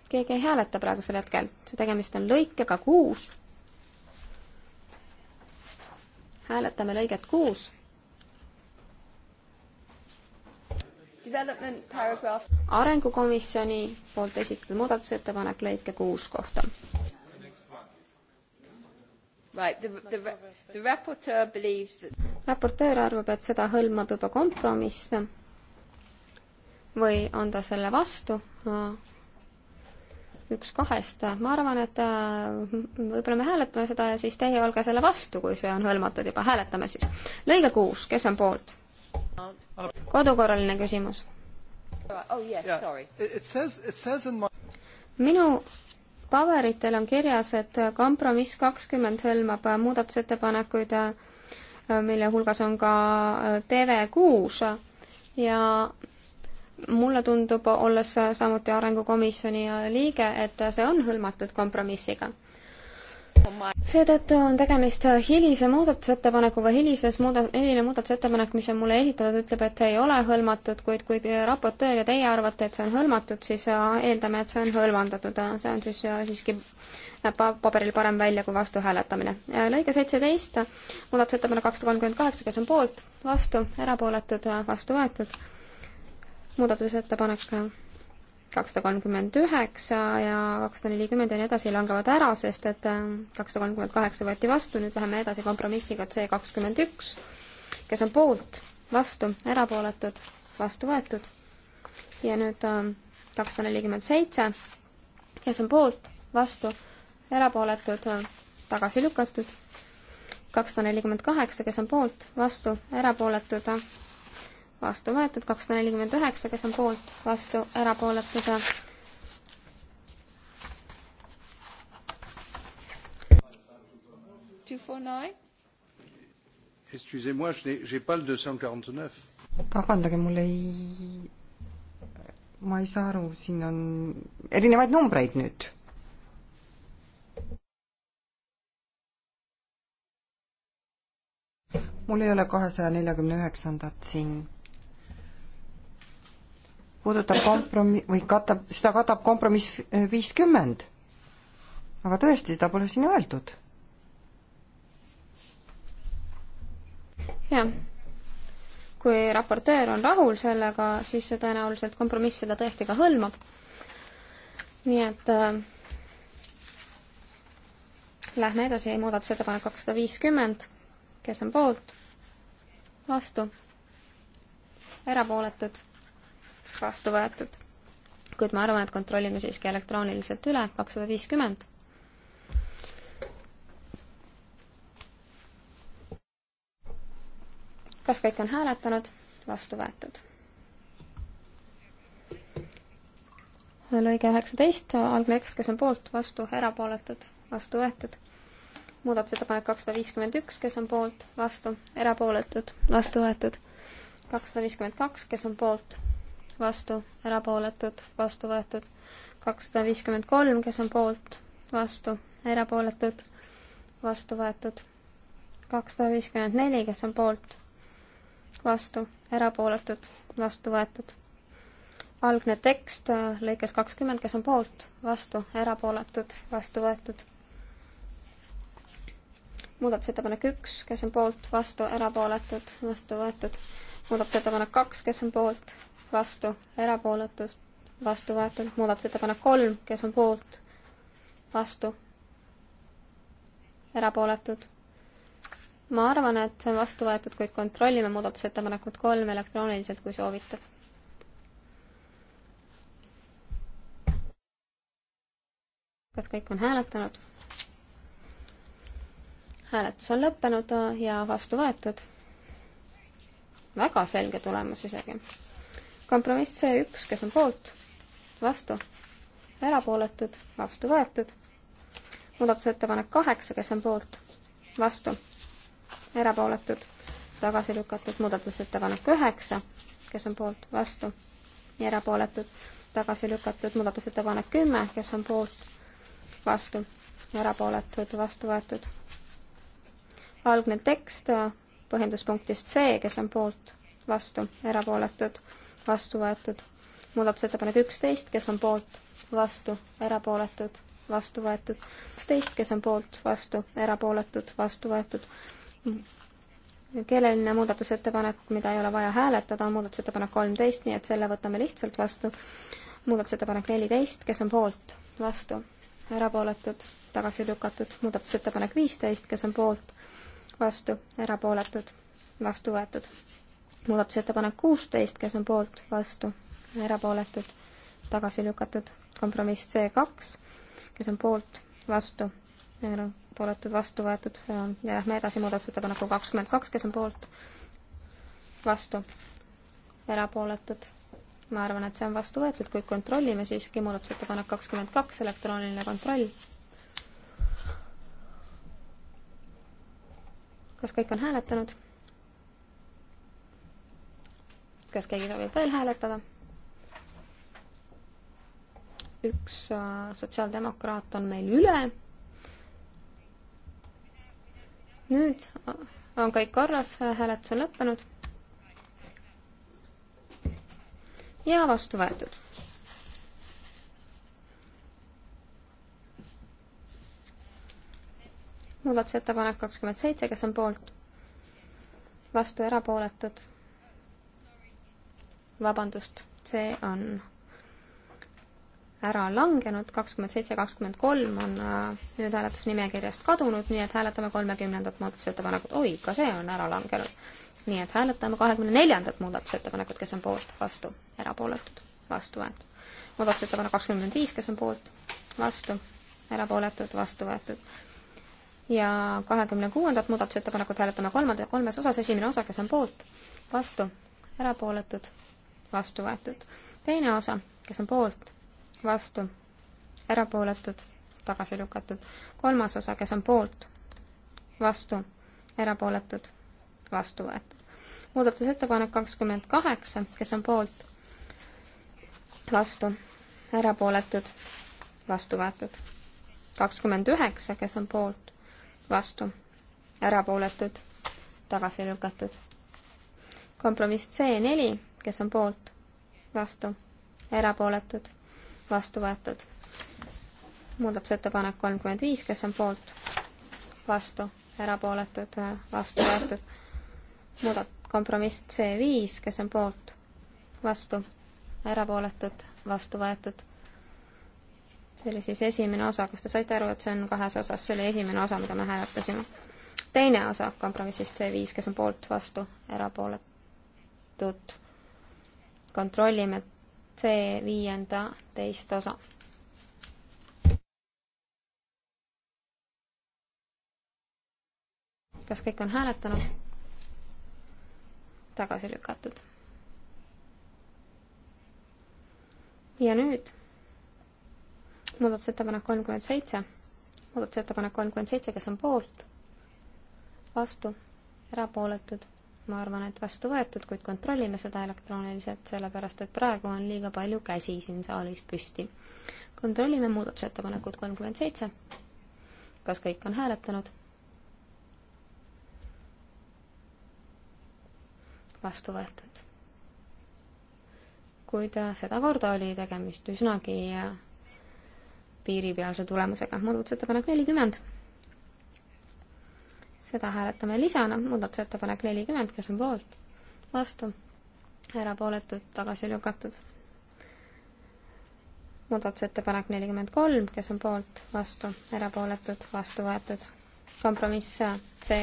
keegi ei hääleta praegusel hetkel, see tegemist on lõikega kuus. hääletame lõiget kuus. arengukomisjoni poolt esitatud muudatusettepanek lõike kuus kohta. Right, the, the, the raportöör that... arvab, et seda hõlmab juba kompromiss või on ta selle vastu no.? üks kahest, ma arvan, et äh, võib-olla me hääletame seda ja siis teie olge selle vastu, kui see on hõlmatud juba, hääletame siis. lõige kuus, kes on poolt? kodukorraline küsimus. Oh, minu paberitel on kirjas, et kompromiss kakskümmend hõlmab muudatusettepanekuid, äh, mille hulgas on ka äh, TV6 ja mulle tundub, olles samuti Arengukomisjoni liige, et see on hõlmatud kompromissiga. seetõttu on tegemist hilise muudatusettepanekuga, hilises muuda-, hiline muudatusettepanek, mis on mulle esitatud, ütleb, et see ei ole hõlmatud, kuid kui raportöör ja teie arvate, et see on hõlmatud, siis äh, eeldame, et see on hõlmandatud, see on siis äh, siiski näeb äh, paberil parem välja kui vastu hääletamine. lõige seitseteist, muudatusettepanek kakssada kolmkümmend kaheksa, kes on poolt, vastu, erapooletud, vastu võetud muudatusettepanek kakssada kolmkümmend üheksa ja kakssada nelikümmend ja nii edasi langevad ära, sest et äh, kakssada kolmkümmend kaheksa võeti vastu, nüüd läheme edasi kompromissiga C kakskümmend üks, kes on poolt, vastu, erapooletud, vastu võetud. ja nüüd äh, kakssada nelikümmend seitse, kes on poolt, vastu, erapooletud, tagasi lükatud. kakssada nelikümmend kaheksa, kes on poolt, vastu, erapooletud, vastu võetud, kakssada nelikümmend üheksa, kes on poolt, vastu, erapooletud. vabandage, mul ei, ma ei saa aru, siin on erinevaid numbreid nüüd mul ei ole kahesaja neljakümne üheksandat siin puudutab kompromi- või katab, seda katab kompromiss viiskümmend. aga tõesti, seda pole siin öeldud. jah, kui raportöör on rahul sellega, siis see tõenäoliselt kompromiss seda tõesti ka hõlmab. nii et äh, lähme edasi, muudatusettepanek kakssada viiskümmend, kes on poolt, vastu, erapooletud vastu võetud. kuid ma arvan, et kontrollime siiski elektrooniliselt üle, kakssada viiskümmend. kas kõik on hääletanud? vastu võetud. lõige üheksateist, algne tekst, kes on poolt, vastu, erapooletud, vastu võetud muudatusettepanek kakssada viiskümmend üks, kes on poolt, vastu, erapooletud, vastu võetud. kakssada viiskümmend kaks, kes on poolt, vastu, erapooletud, vastu võetud. kakssada viiskümmend kolm, kes on poolt, vastu, erapooletud, vastu võetud. kakssada viiskümmend neli, kes on poolt, vastu, erapooletud, vastu võetud. algne tekst lõikes kakskümmend, kes on poolt, vastu, erapooletud, vastu võetud. muudatusettepanek üks, kes on poolt, vastu, erapooletud, vastu võetud muudatusettepanek kaks, kes on poolt, vastu, erapooletud, vastu võetud, muudatusettepanek kolm, kes on poolt, vastu, erapooletud. ma arvan, et see on vastu võetud, kuid kontrollime muudatusettepanekut kolm elektrooniliselt, kui soovite. kas kõik on hääletanud? hääletus on lõppenud ja vastu võetud. väga selge tulemus isegi kompromiss C1, kes on poolt, vastu, erapooletud, vastu võetud. muudatusettepanek kaheksa, kes on poolt, vastu, erapooletud, tagasi lükatud. muudatusettepanek üheksa, kes on poolt, vastu, erapooletud, tagasi lükatud. muudatusettepanek kümme, kes on poolt, vastu, erapooletud, vastu võetud. algne tekst põhjenduspunktist C, kes on poolt, vastu, erapooletud vastu võetud. muudatusettepanek üksteist, kes on poolt, vastu, erapooletud, vastu võetud. kaksteist, kes on poolt, vastu, erapooletud, vastu võetud. keeleline muudatusettepanek, mida ei ole vaja hääletada, on muudatusettepanek kolmteist, nii et selle võtame lihtsalt vastu. muudatusettepanek neliteist, kes on poolt, vastu, erapooletud, tagasi lükatud. muudatusettepanek viisteist, kes on poolt, vastu, erapooletud, vastu võetud muudatusettepanek kuusteist, kes on poolt, vastu, erapooletud, tagasi lükatud. kompromiss C kaks, kes on poolt, vastu, erapooletud, vastu võetud ja, ja lähme edasi muudatusettepaneku kakskümmend kaks, kes on poolt, vastu, erapooletud. ma arvan, et see on vastu võetud, kuid kontrollime siiski muudatusettepanek kakskümmend kaks, elektrooniline kontroll. kas kõik on hääletanud? kas keegi soovib veel hääletada? üks äh, sotsiaaldemokraat on meil üle. nüüd äh, on kõik korras, hääletus on lõppenud. ja vastu võetud. muudatusettepanek kakskümmend seitse, kes on poolt? vastu erapooletud vabandust, see on ära langenud, kakskümmend seitse, kakskümmend kolm on äh, nüüd hääletusnimekirjast kadunud, nii et hääletame kolmekümnendat muudatusettepanekut, oi, ka see on ära langenud. nii et hääletame kahekümne neljandat muudatusettepanekut, kes on poolt, vastu, erapooletud, vastu võetud. muudatusettepanek kakskümmend viis, kes on poolt, vastu, erapooletud, vastu võetud. ja kahekümne kuuendat muudatusettepanekut hääletame kolmanda, kolmes osas, esimene osa, kes on poolt, vastu, erapooletud, vastu võetud. teine osa, kes on poolt, vastu, erapooletud, tagasi lükatud. kolmas osa, kes on poolt, vastu, erapooletud, vastu võetud. muudatusettepanek kakskümmend kaheksa, kes on poolt, vastu, erapooletud, vastu võetud. kakskümmend üheksa, kes on poolt, vastu, erapooletud, tagasi lükatud. kompromiss C neli kes on poolt, vastu, erapooletud, vastu võetud. muudatusettepanek kolmkümmend viis, kes on poolt, vastu, erapooletud, vastu võetud. muudat-, kompromiss C viis, kes on poolt, vastu, erapooletud, vastu võetud. see oli siis esimene osa, kas te saite aru, et see on kahes osas, see oli esimene osa, mida me hääletasime. teine osa kompromissist C viis, kes on poolt, vastu, erapooletud, kontrollime C viienda teist osa. kas kõik on hääletanud? tagasi lükatud. ja nüüd muudatusettepanek kolmkümmend seitse, muudatusettepanek kolmkümmend seitse, kes on poolt, vastu, erapooletud ma arvan, et vastu võetud, kuid kontrollime seda elektrooniliselt, sellepärast et praegu on liiga palju käsi siin saalis püsti. kontrollime muudatusettepanekut kolmkümmend seitse. kas kõik on hääletanud? vastu võetud. kuid äh, sedakorda oli tegemist üsnagi äh, piiripealse tulemusega. muudatusettepanek nelikümmend seda hääletame lisana, muudatusettepanek nelikümmend, kes on poolt, vastu, erapooletud, tagasi lükatud. muudatusettepanek nelikümmend kolm, kes on poolt, vastu, erapooletud, vastu võetud. kompromiss C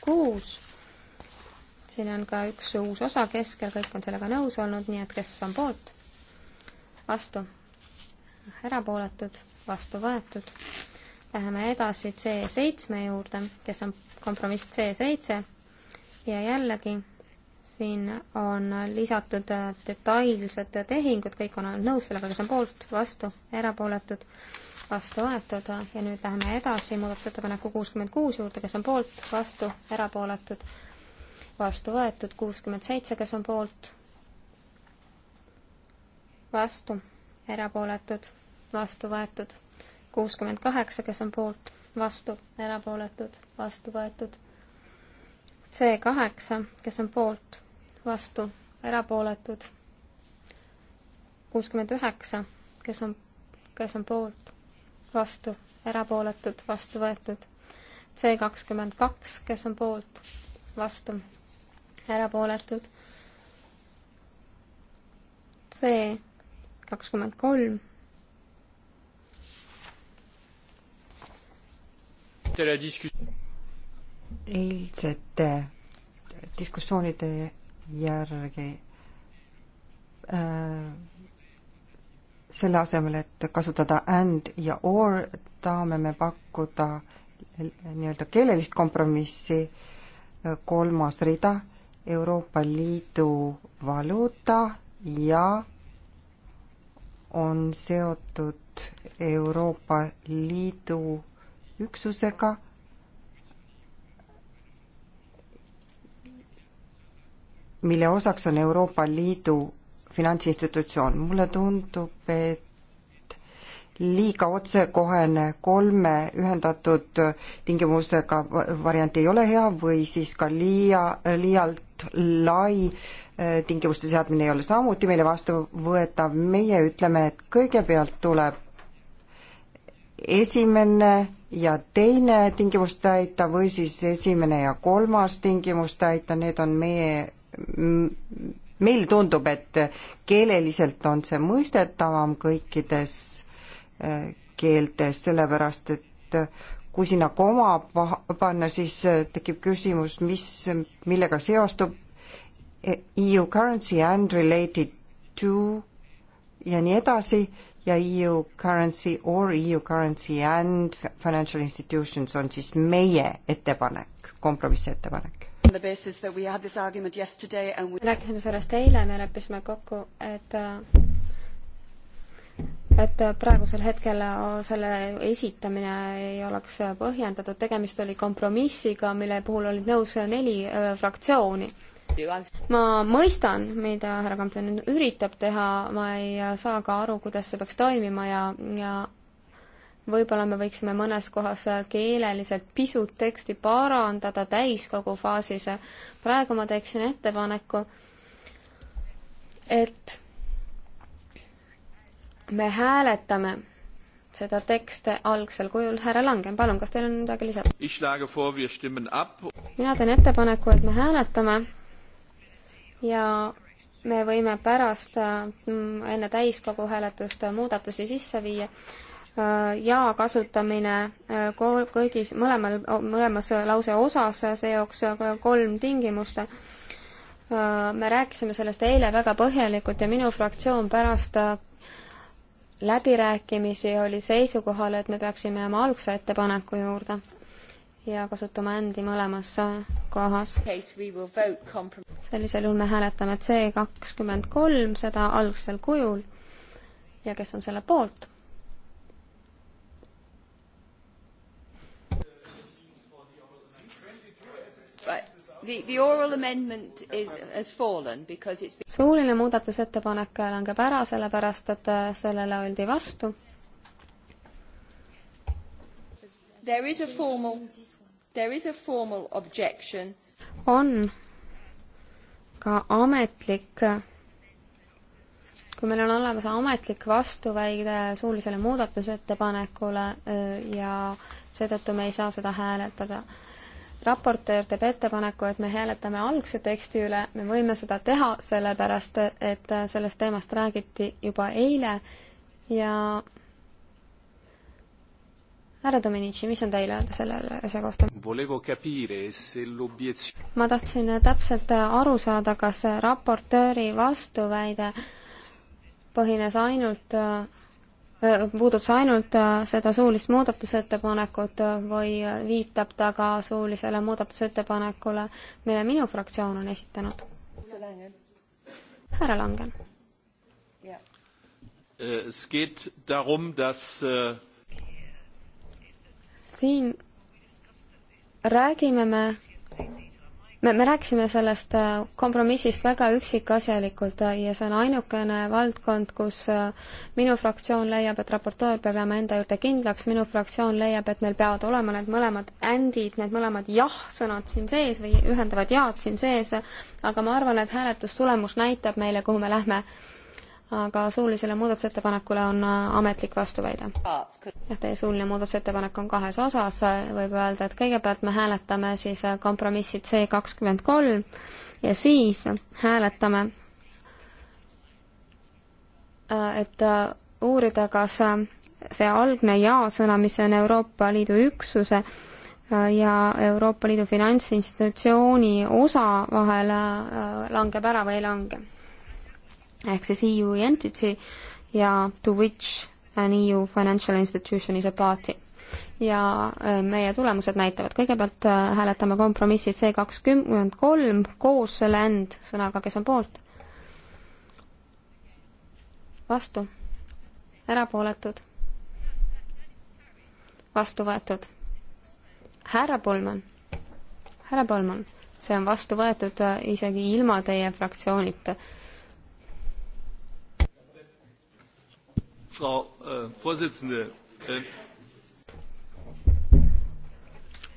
kuus, siin on ka üks uus osa keskel, kõik on sellega nõus olnud, nii et kes on poolt, vastu, erapooletud, vastu võetud Läheme edasi C7 juurde, kes on kompromiss C seitse ja jällegi siin on lisatud äh, detailsed tehingud, kõik on olnud nõus sellega, kes on poolt, vastu, erapooletud, vastu võetud ja nüüd läheme edasi muudatusettepaneku kuuskümmend kuus juurde, kes on poolt, vastu, erapooletud, vastu võetud, kuuskümmend seitse, kes on poolt, vastu, erapooletud, vastu võetud, kuuskümmend kaheksa, kes on poolt vastu, erapooletud, vastu võetud. C kaheksa, kes on poolt, vastu, erapooletud. kuuskümmend üheksa, kes on, kes on poolt, vastu, erapooletud, vastu võetud. C kakskümmend kaks, kes on poolt, vastu, erapooletud. C kakskümmend kolm eilsete diskussioonide järgi äh, selle asemel, et kasutada and ja or, tahame me pakkuda nii-öelda keelelist kompromissi, äh, kolmas rida, Euroopa Liidu valuuta ja on seotud Euroopa Liidu üksusega mille osaks on Euroopa Liidu finantsinstitutsioon. mulle tundub, et liiga otsekohene kolme ühendatud tingimusega variant ei ole hea või siis ka liia, liialt lai äh, tingimuste seadmine ei ole samuti meile vastuvõetav. meie ütleme, et kõigepealt tuleb esimene ja teine tingimus täita või siis esimene ja kolmas tingimus täita, need on meie, meile tundub, et keeleliselt on see mõistetavam kõikides äh, keeltes, sellepärast et kui sinna koma panna, siis äh, tekib küsimus, mis, millega seostub äh, EU currency and related to ja nii edasi, ja EU currency or EU currency and financial institutions on siis meie ettepanek, kompromissettepanek. me rääkisime sellest eile, me leppisime kokku, et et praegusel hetkel selle esitamine ei oleks põhjendatud, tegemist oli kompromissiga, mille puhul olid nõus neli äh, fraktsiooni ma mõistan, mida härra Kampen üritab teha, ma ei saa ka aru, kuidas see peaks toimima ja, ja võib-olla me võiksime mõnes kohas keeleliselt pisut teksti parandada täiskogu faasis. praegu ma teeksin ettepaneku, et me hääletame seda tekste algsel kujul. härra Langen, palun, kas teil on midagi lisada? mina teen ettepaneku, et me hääletame ja me võime pärast äh, mm, enne täiskogu hääletust muudatusi sisse viia äh, ja kasutamine äh, kõigis, mõlemal, mõlemas lause osas, see jooks kolm tingimust. me rääkisime sellest eile väga põhjalikult ja minu fraktsioon pärast läbirääkimisi oli seisukohal, et me peaksime jääma algse ettepaneku juurde ja kasutama and'i mõlemas kohas. sellisel juhul me hääletame C kakskümmend kolm, seda algsel kujul. ja kes on selle poolt? suuline muudatusettepanek langeb ära, sellepärast et sellele oldi vastu There is a formal, there is a formal objection. on ka ametlik, kui meil on olemas ametlik vastuväide suulisele muudatusettepanekule eh, ja seetõttu me ei saa seda hääletada raportöör teeb ettepaneku, et me hääletame algse teksti üle, me võime seda teha, sellepärast et sellest teemast räägiti juba eile ja härra Dominici, mis on teil öelda selle asja kohta? ma tahtsin täpselt aru saada, kas raportööri vastuväide põhines ainult äh, puudutas ainult äh, seda suulist muudatusettepanekut või viitab ta ka suulisele muudatusettepanekule, mille minu fraktsioon on esitanud? härra Langen. Äh, es geht darum, dass äh, siin räägime me me, me rääkisime sellest äh, kompromissist väga üksikasjalikult äh, ja see on ainukene valdkond, kus äh, minu fraktsioon leiab, et raportöör peab jääma enda juurde kindlaks, minu fraktsioon leiab, et meil peavad olema need mõlemad ändid, need mõlemad jah-sõnad siin sees või ühendavad jaad siin sees, aga ma arvan, et hääletustulemus näitab meile, kuhu me lähme aga suulisele muudatusettepanekule on äh, ametlik vastuväide. jah, teie suuline muudatusettepanek on kahes osas, võib öelda, et kõigepealt me hääletame siis äh, kompromissi C kakskümmend kolm ja siis hääletame, äh, et uurida, kas see algne ja-sõna, mis on Euroopa Liidu üksuse ja Euroopa Liidu finantsinstitutsiooni osa vahel langeb ära või ei lange ehk siis EU entity ja to which an EU financial institution is a party. ja äh, meie tulemused näitavad, kõigepealt äh, hääletame kompromissi C kakskümmend kolm koos selle and sõnaga, kes on poolt. vastu, erapooletud, vastu võetud. härra Pullmann, härra Pullmann, see on vastu võetud äh, isegi ilma teie fraktsioonita Frau äh, Vorsitzende. Äh,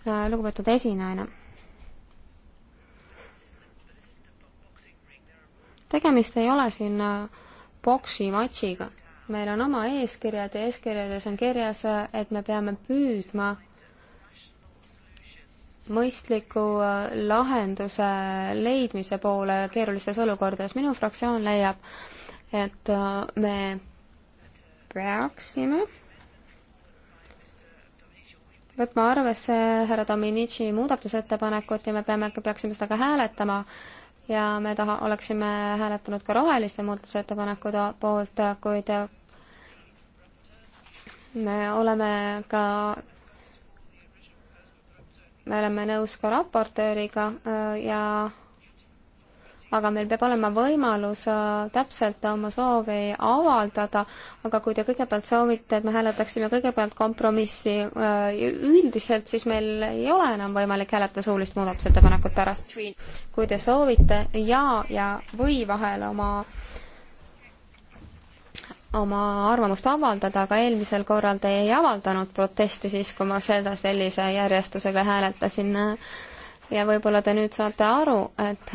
äh... lugupeetud esinaine. tegemist ei ole siin äh, boksi matšiga. meil on oma eeskirjad ja eeskirjades on kirjas, äh, et me peame püüdma mõistliku lahenduse leidmise poole keerulistes olukordades. minu fraktsioon leiab, et me peaksime võtma arvesse härra Dominici muudatusettepanekut ja me peame, peaksime seda ka hääletama ja me taha, oleksime hääletanud ka roheliste muudatusettepanekute poolt, kuid me oleme ka me oleme nõus ka raportööriga ja aga meil peab olema võimalus äh, täpselt oma soovi avaldada, aga kui te kõigepealt soovite, et me hääletaksime kõigepealt kompromissi äh, üldiselt, siis meil ei ole enam võimalik hääletada suulist muudatusettepanekut pärast. kui te soovite ja ja või vahel oma oma arvamust avaldada, aga eelmisel korral te ei avaldanud protesti siis, kui ma seda sellise järjestusega hääletasin. Äh, ja võib-olla te nüüd saate aru, et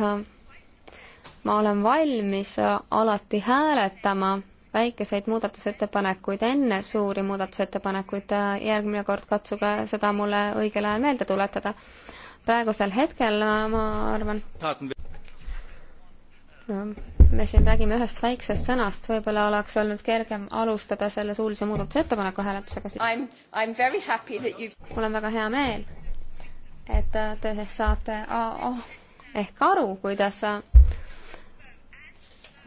ma olen valmis alati hääletama väikeseid muudatusettepanekuid enne suuri muudatusettepanekuid, järgmine kord katsuge seda mulle õigel ajal meelde tuletada. praegusel hetkel äh, ma arvan, me siin räägime ühest väiksest sõnast, võib-olla oleks olnud kergem alustada selle suulise muudatusettepaneku hääletusega. mul on väga hea meel, et äh, te saate oh, oh, ehk aru, kuidas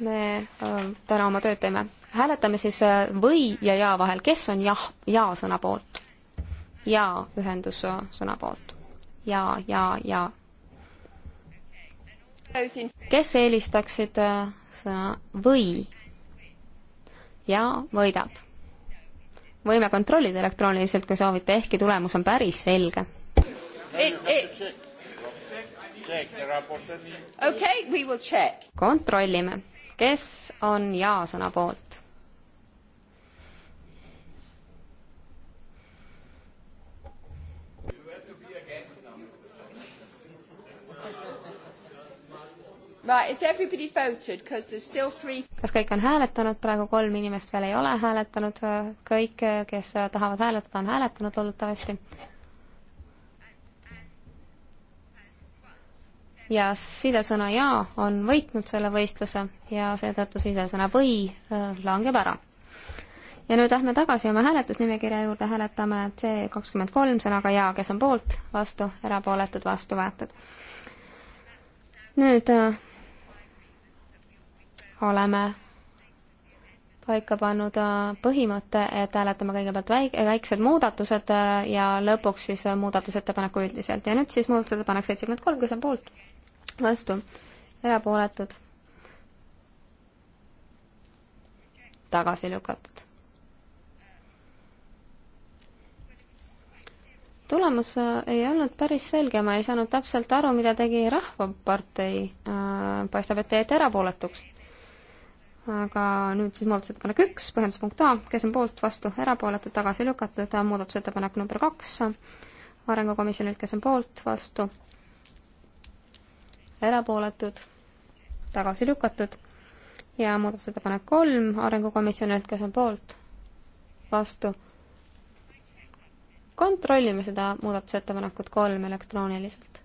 me äh, täna oma tööd teeme. hääletame siis äh, või ja ja vahel, kes on jah, ja sõna poolt? ja ühendussõna äh, poolt. ja, ja, ja. kes eelistaksid sõna või? ja võidab. võime kontrollida elektrooniliselt, kui soovite, ehkki tulemus on päris selge. Eh, eh. okei, kontrollime kes on jaa-sõna poolt? kas kõik on hääletanud, praegu kolm inimest veel ei ole hääletanud, kõik, kes tahavad hääletada, on hääletanud loodetavasti. ja sidesõna ja on võitnud selle võistluse ja seetõttu sidesõna või langeb ära. ja nüüd lähme tagasi oma hääletusnimekirja juurde, hääletame C kakskümmend kolm sõnaga ja, kes on poolt, vastu, erapooletud, vastu võetud. nüüd oleme paika pannud põhimõtte, et hääletame kõigepealt väik-, väiksed muudatused ja lõpuks siis muudatusettepaneku üldiselt. ja nüüd siis muudatusettepanek seitsekümmend kolm, kes on poolt, vastu, erapooletud, tagasi lükatud. tulemus äh, ei olnud päris selge, ma ei saanud täpselt aru, mida tegi Rahvapartei äh,, paistab, et jäeti erapooletuks. aga nüüd siis muudatusettepanek üks, põhjenduspunkt A, kes on poolt, vastu, erapooletud, tagasi lükatud, muudatusettepanek number kaks, arengukomisjonilt, kes on poolt, vastu, erapooletud, tagasi lükatud ja muudatusettepanek kolm arengukomisjonilt, kes on poolt, vastu. kontrollime seda muudatusettepanekut kolm elektrooniliselt.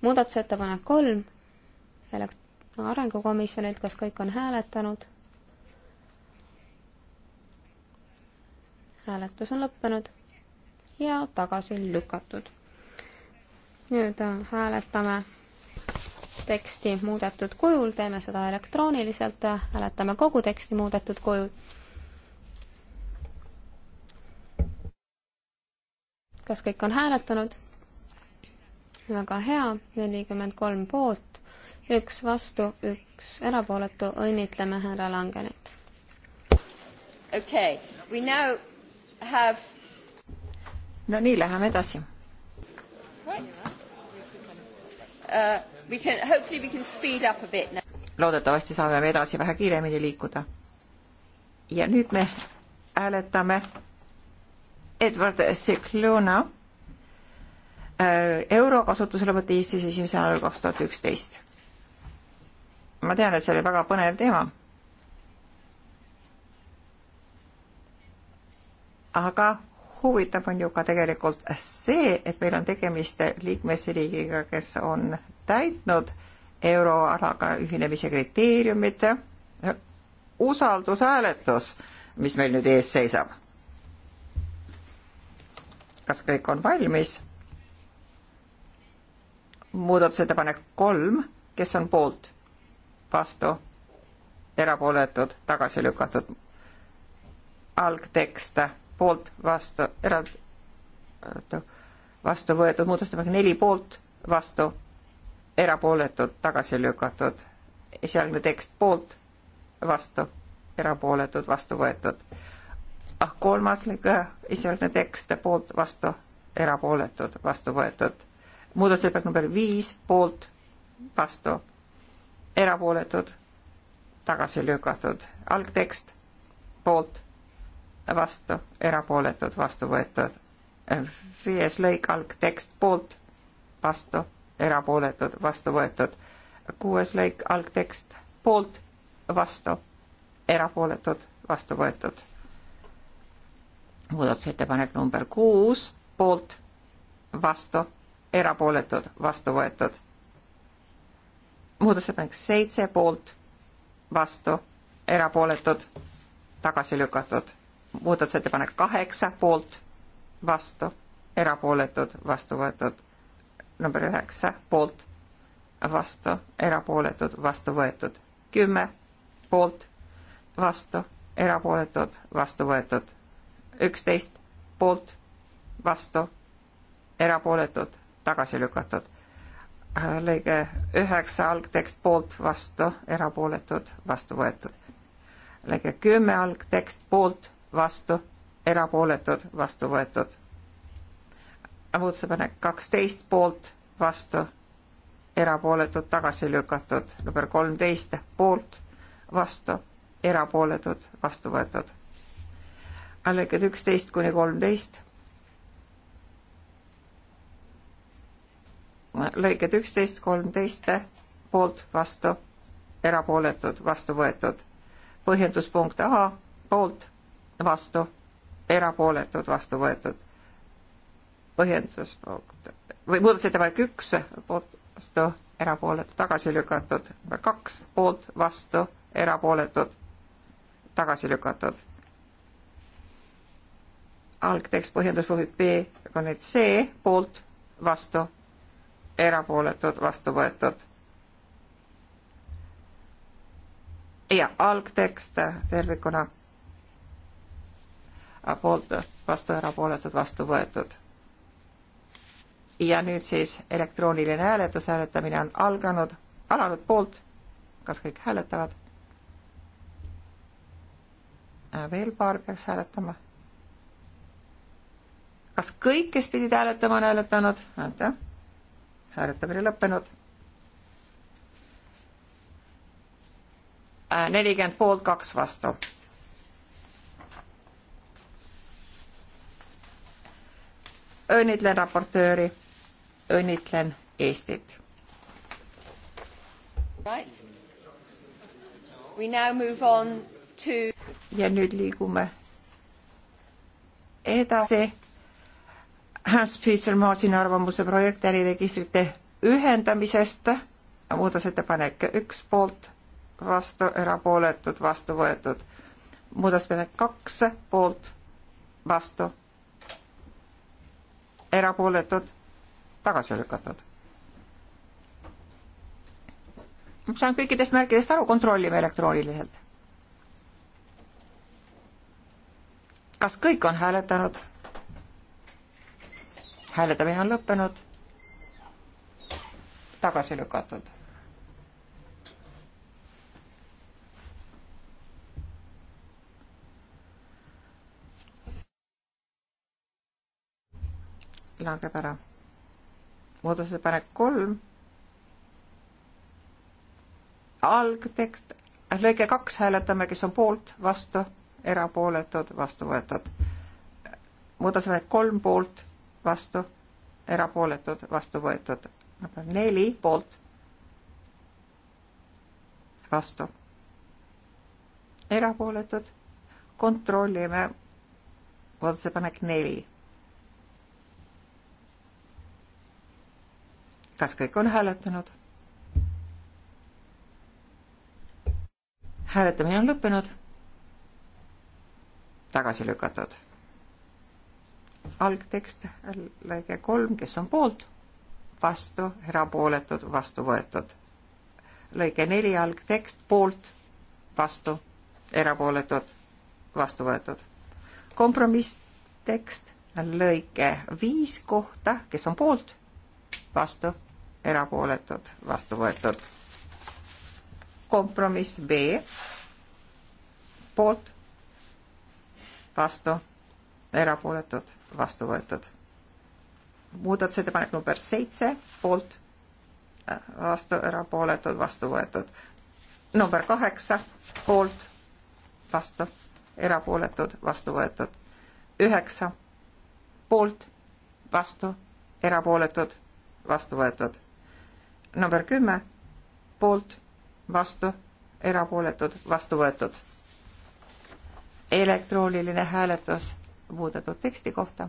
muudatusettepanek kolm elekt-, arengukomisjonilt, kas kõik on hääletanud? hääletus on lõppenud ja tagasi lükatud. nüüd äh, hääletame teksti muudetud kujul, teeme seda elektrooniliselt, hääletame kogu teksti muudetud kujul. kas kõik on hääletanud? väga hea, nelikümmend kolm poolt, üks vastu, üks erapooletu, õnnitleme härra Langenit. okei okay., we now have no nii, läheme edasi right.. Uh, We can, hopefully we can speed up a bit now. loodetavasti saame me edasi vähe kiiremini liikuda. ja nüüd me hääletame Edward Cicluna äh, euro kasutuselevõtt Eestis esimesel ajal kaks tuhat üksteist. ma tean, et see oli väga põnev teema. aga huvitav on ju ka tegelikult see, et meil on tegemist liikmesriigiga, kes on täitnud euroalaga ühinemise kriteeriumid, usaldushääletus, mis meil nüüd ees seisab. kas kõik on valmis? muudatusettepanek kolm, kes on poolt, vastu, erapooletud, tagasi lükatud. algtekst poolt, vastu, erand, vastu võetud, muudatusettepanek neli poolt, vastu erapooletud, tagasi lükatud. esialgne tekst poolt, vastu, erapooletud, vastu võetud. ah, kolmas lõige, esialgne tekst poolt, vastu, erapooletud, vastu võetud. muudatusettepanek number viis, poolt, vastu, erapooletud, tagasi lükatud. algtekst poolt, vastu, erapooletud, vastu võetud. viies lõik, algtekst poolt, vastu erapooletud, vastu võetud. kuues lõik, algtekst, poolt, vastu, erapooletud, vastu võetud. muudatusettepanek number kuus, poolt, vastu, erapooletud, vastu võetud. muudatusettepanek seitse, poolt, vastu, erapooletud, tagasi lükatud. muudatusettepanek kaheksa, poolt, vastu, erapooletud, vastu võetud number üheksa poolt, vastu, erapooletud, vastu võetud. kümme poolt, vastu, erapooletud, vastu võetud. üksteist poolt, vastu, erapooletud, tagasi lükatud. lõige üheksa algtekst poolt, vastu, erapooletud, vastu võetud. lõige kümme algtekst poolt, vastu, erapooletud, vastu võetud muudatusepanek kaksteist poolt, vastu, erapooletud, tagasi lükatud. number kolmteist poolt, vastu, erapooletud, vastu võetud. allakad üksteist kuni kolmteist. lõiked üksteist, kolmteist poolt, vastu, erapooletud, vastu võetud. põhjenduspunkt A poolt, vastu, erapooletud, vastu võetud põhjenduspunkt või muudatusettepanek üks poolt vastu, erapooletud, tagasi lükatud, kaks poolt vastu, erapooletud, tagasi lükatud. algtekst põhjenduspunkt B, aga nüüd C poolt vastu, erapooletud, vastu võetud. ja algtekst tervikuna poolt, vastu, erapooletud, vastu võetud ja nüüd siis elektrooniline hääletus, hääletamine on alganud, alanud poolt, kas kõik hääletavad? Äh, veel paar peaks hääletama. kas kõik, kes pidid hääletama, on hääletanud? aitäh. hääletamine lõppenud. Äh, nelikümmend poolt, kaks vastu õnnitlen raportööri õnnitlen Eestit. ja nüüd liigume edasi. Hans-Peter Maasini arvamuse projekt äriregistrite ühendamisest, muudatusettepanek üks poolt, vastu, erapooletud, vastu võetud. muudatusettepanek kaks poolt, vastu, erapooletud tagasi lükatud. ma saan kõikidest märkidest aru, kontrollime elektrooniliselt. kas kõik on hääletanud? hääletamine on lõppenud. tagasi lükatud. langeb ära muudatusettepanek kolm, algtekst, lõige kaks hääletame, kes on poolt, vastu, erapooletud, vastu võetud. muudatusettepanek kolm poolt, vastu, erapooletud, vastu võetud. neli poolt, vastu, erapooletud, kontrollime muudatusettepanek neli kas kõik on hääletanud? hääletamine on lõppenud. tagasi lükatud. algtekst, lõige kolm, kes on poolt, vastu, erapooletud, vastu võetud. lõige neli, algtekst, poolt, vastu, erapooletud, vastu võetud. kompromisstekst, lõike viis kohta, kes on poolt, vastu erapooletud, vastu võetud. kompromiss B, poolt, vastu, erapooletud, vastu võetud. muudatusettepanek number seitse, poolt, vastu, erapooletud, vastu võetud. number kaheksa, poolt, vastu, erapooletud, vastu võetud. üheksa, poolt, vastu, erapooletud, vastu võetud number kümme, poolt, vastu, erapooletud, vastu võetud. elektrooniline hääletus muudetud teksti kohta.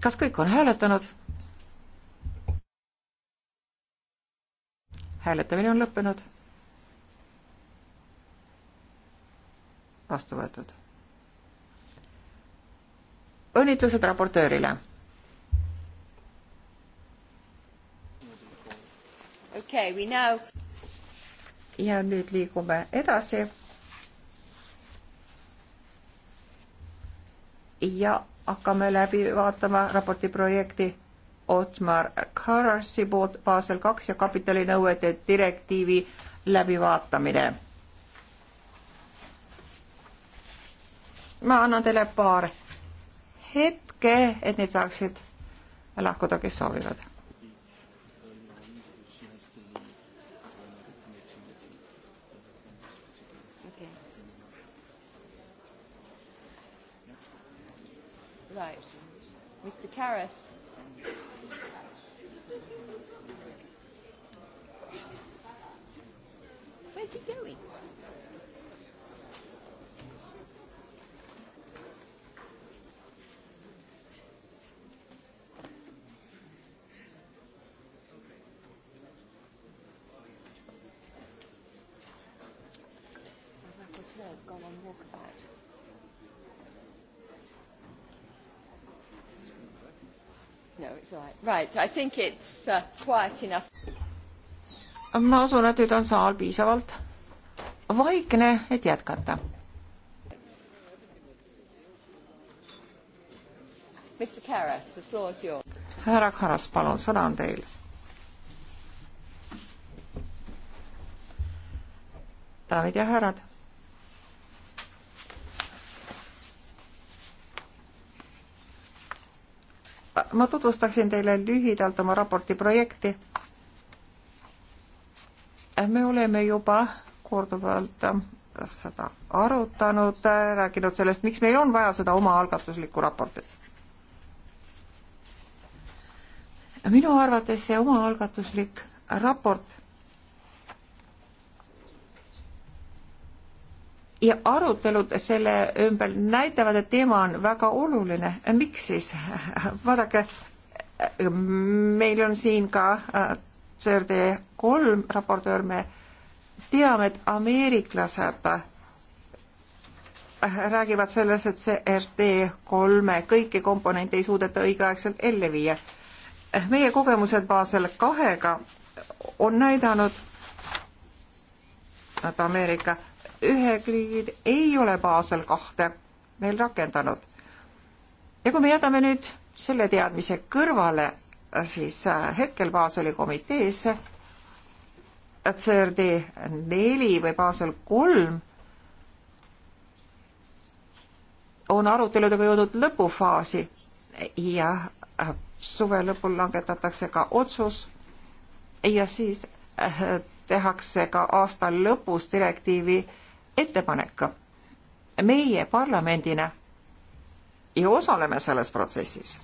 kas kõik on hääletanud? hääletamine on lõppenud. vastu võetud õnnitlused raportöörile. okei okay,, we now. ja nüüd liigume edasi. ja hakkame läbi vaatama raporti projekti Otmar Karasi poolt Basel kaks ja kapitalinõuete direktiivi läbivaatamine. ma annan teile paar hetke, et need saaksid lahkuda, kes soovivad. Right. Mr. Karras. Where's he going? Right, I think it's uh, quiet enough. ma usun, et nüüd on saal piisavalt vaikne, et jätkata. härra Karas, palun, sõna on teil. daamid ja härrad ma tutvustaksin teile lühidalt oma raporti projekti. me oleme juba korduvalt seda arutanud, rääkinud sellest, miks meil on vaja seda omaalgatuslikku raportit. minu arvates see omaalgatuslik raport ja arutelud selle ümber näitavad, et teema on väga oluline. miks siis? vaadake, meil on siin ka äh, CRD kolm raportöör, me teame, et ameeriklased äh, räägivad selles, et see RD kolme kõiki komponente ei suudeta õigeaegselt ellu viia. meie kogemused baasel kahega on näidanud, et Ameerika ühekliigid ei ole Basel kahte veel rakendanud. ja kui me jätame nüüd selle teadmise kõrvale, äh, siis äh, hetkel Baseli komitees äh, CRD neli või Basel kolm on aruteludega jõudnud lõpufaasi ja suve lõpul langetatakse ka otsus ja siis tehakse ka aasta lõpus direktiivi äh, ettepanek. meie parlamendina ju osaleme selles protsessis.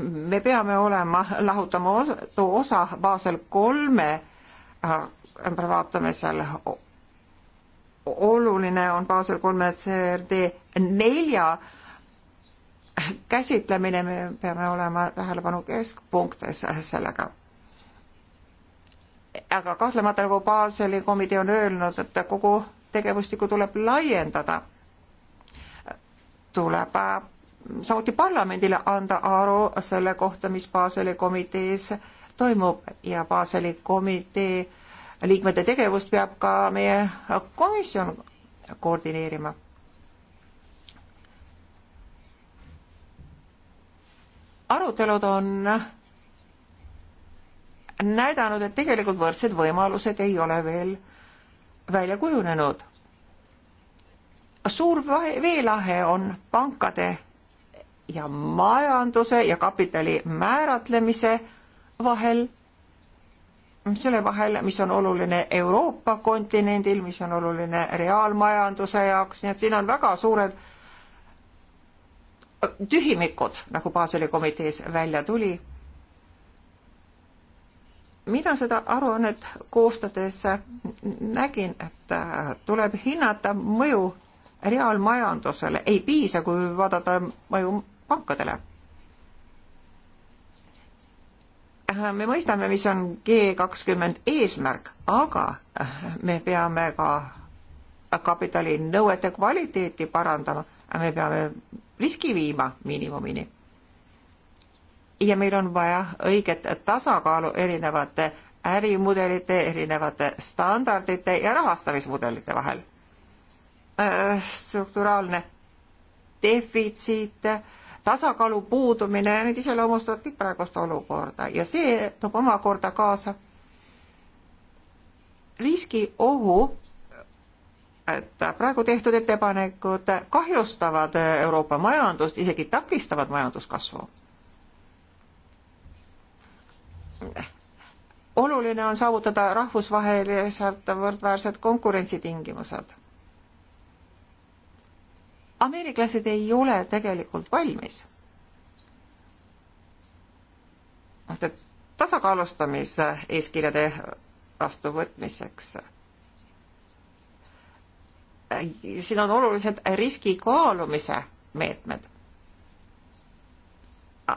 me peame olema, lahutama osa baasel kolme, äh, me vaatame seal, oluline on baasel kolme CRD nelja käsitlemine, me peame olema tähelepanu keskpunktis sellega aga kahtlemata nagu Baseli komitee on öelnud, et kogu tegevustikku tuleb laiendada, tuleb äh, samuti parlamendile anda aru selle kohta, mis Baseli komitees toimub ja Baseli komitee liikmete tegevust peab ka meie komisjon koordineerima. arutelud on näidanud, et tegelikult võrdsed võimalused ei ole veel välja kujunenud. suur veelahe on pankade ja majanduse ja kapitali määratlemise vahel, selle vahel, mis on oluline Euroopa kontinendil, mis on oluline reaalmajanduse jaoks, nii et siin on väga suured tühimikud, nagu Baseli komitees välja tuli mina seda aruannet koostades nägin, et äh, tuleb hinnata mõju reaalmajandusele, ei piisa, kui vaadata mõju pankadele. Äh, me mõistame, mis on G kakskümmend eesmärk, aga äh, me peame ka kapitali nõuete kvaliteeti parandama, me peame riski viima miinimumini ja meil on vaja õiget tasakaalu erinevate ärimudelite, erinevate standardite ja rahastamismudelite vahel. Äh, strukturaalne defitsiit, tasakaalu puudumine, need iseloomustavad kõik praegust olukorda ja see toob omakorda kaasa riskiohu, et praegu tehtud ettepanekud kahjustavad Euroopa majandust, isegi takistavad majanduskasvu oluline on saavutada rahvusvaheliselt võrdväärsed konkurentsitingimused. ameeriklased ei ole tegelikult valmis. tasakaalustamise eeskirjade vastuvõtmiseks. siin on olulised riski kaalumise meetmed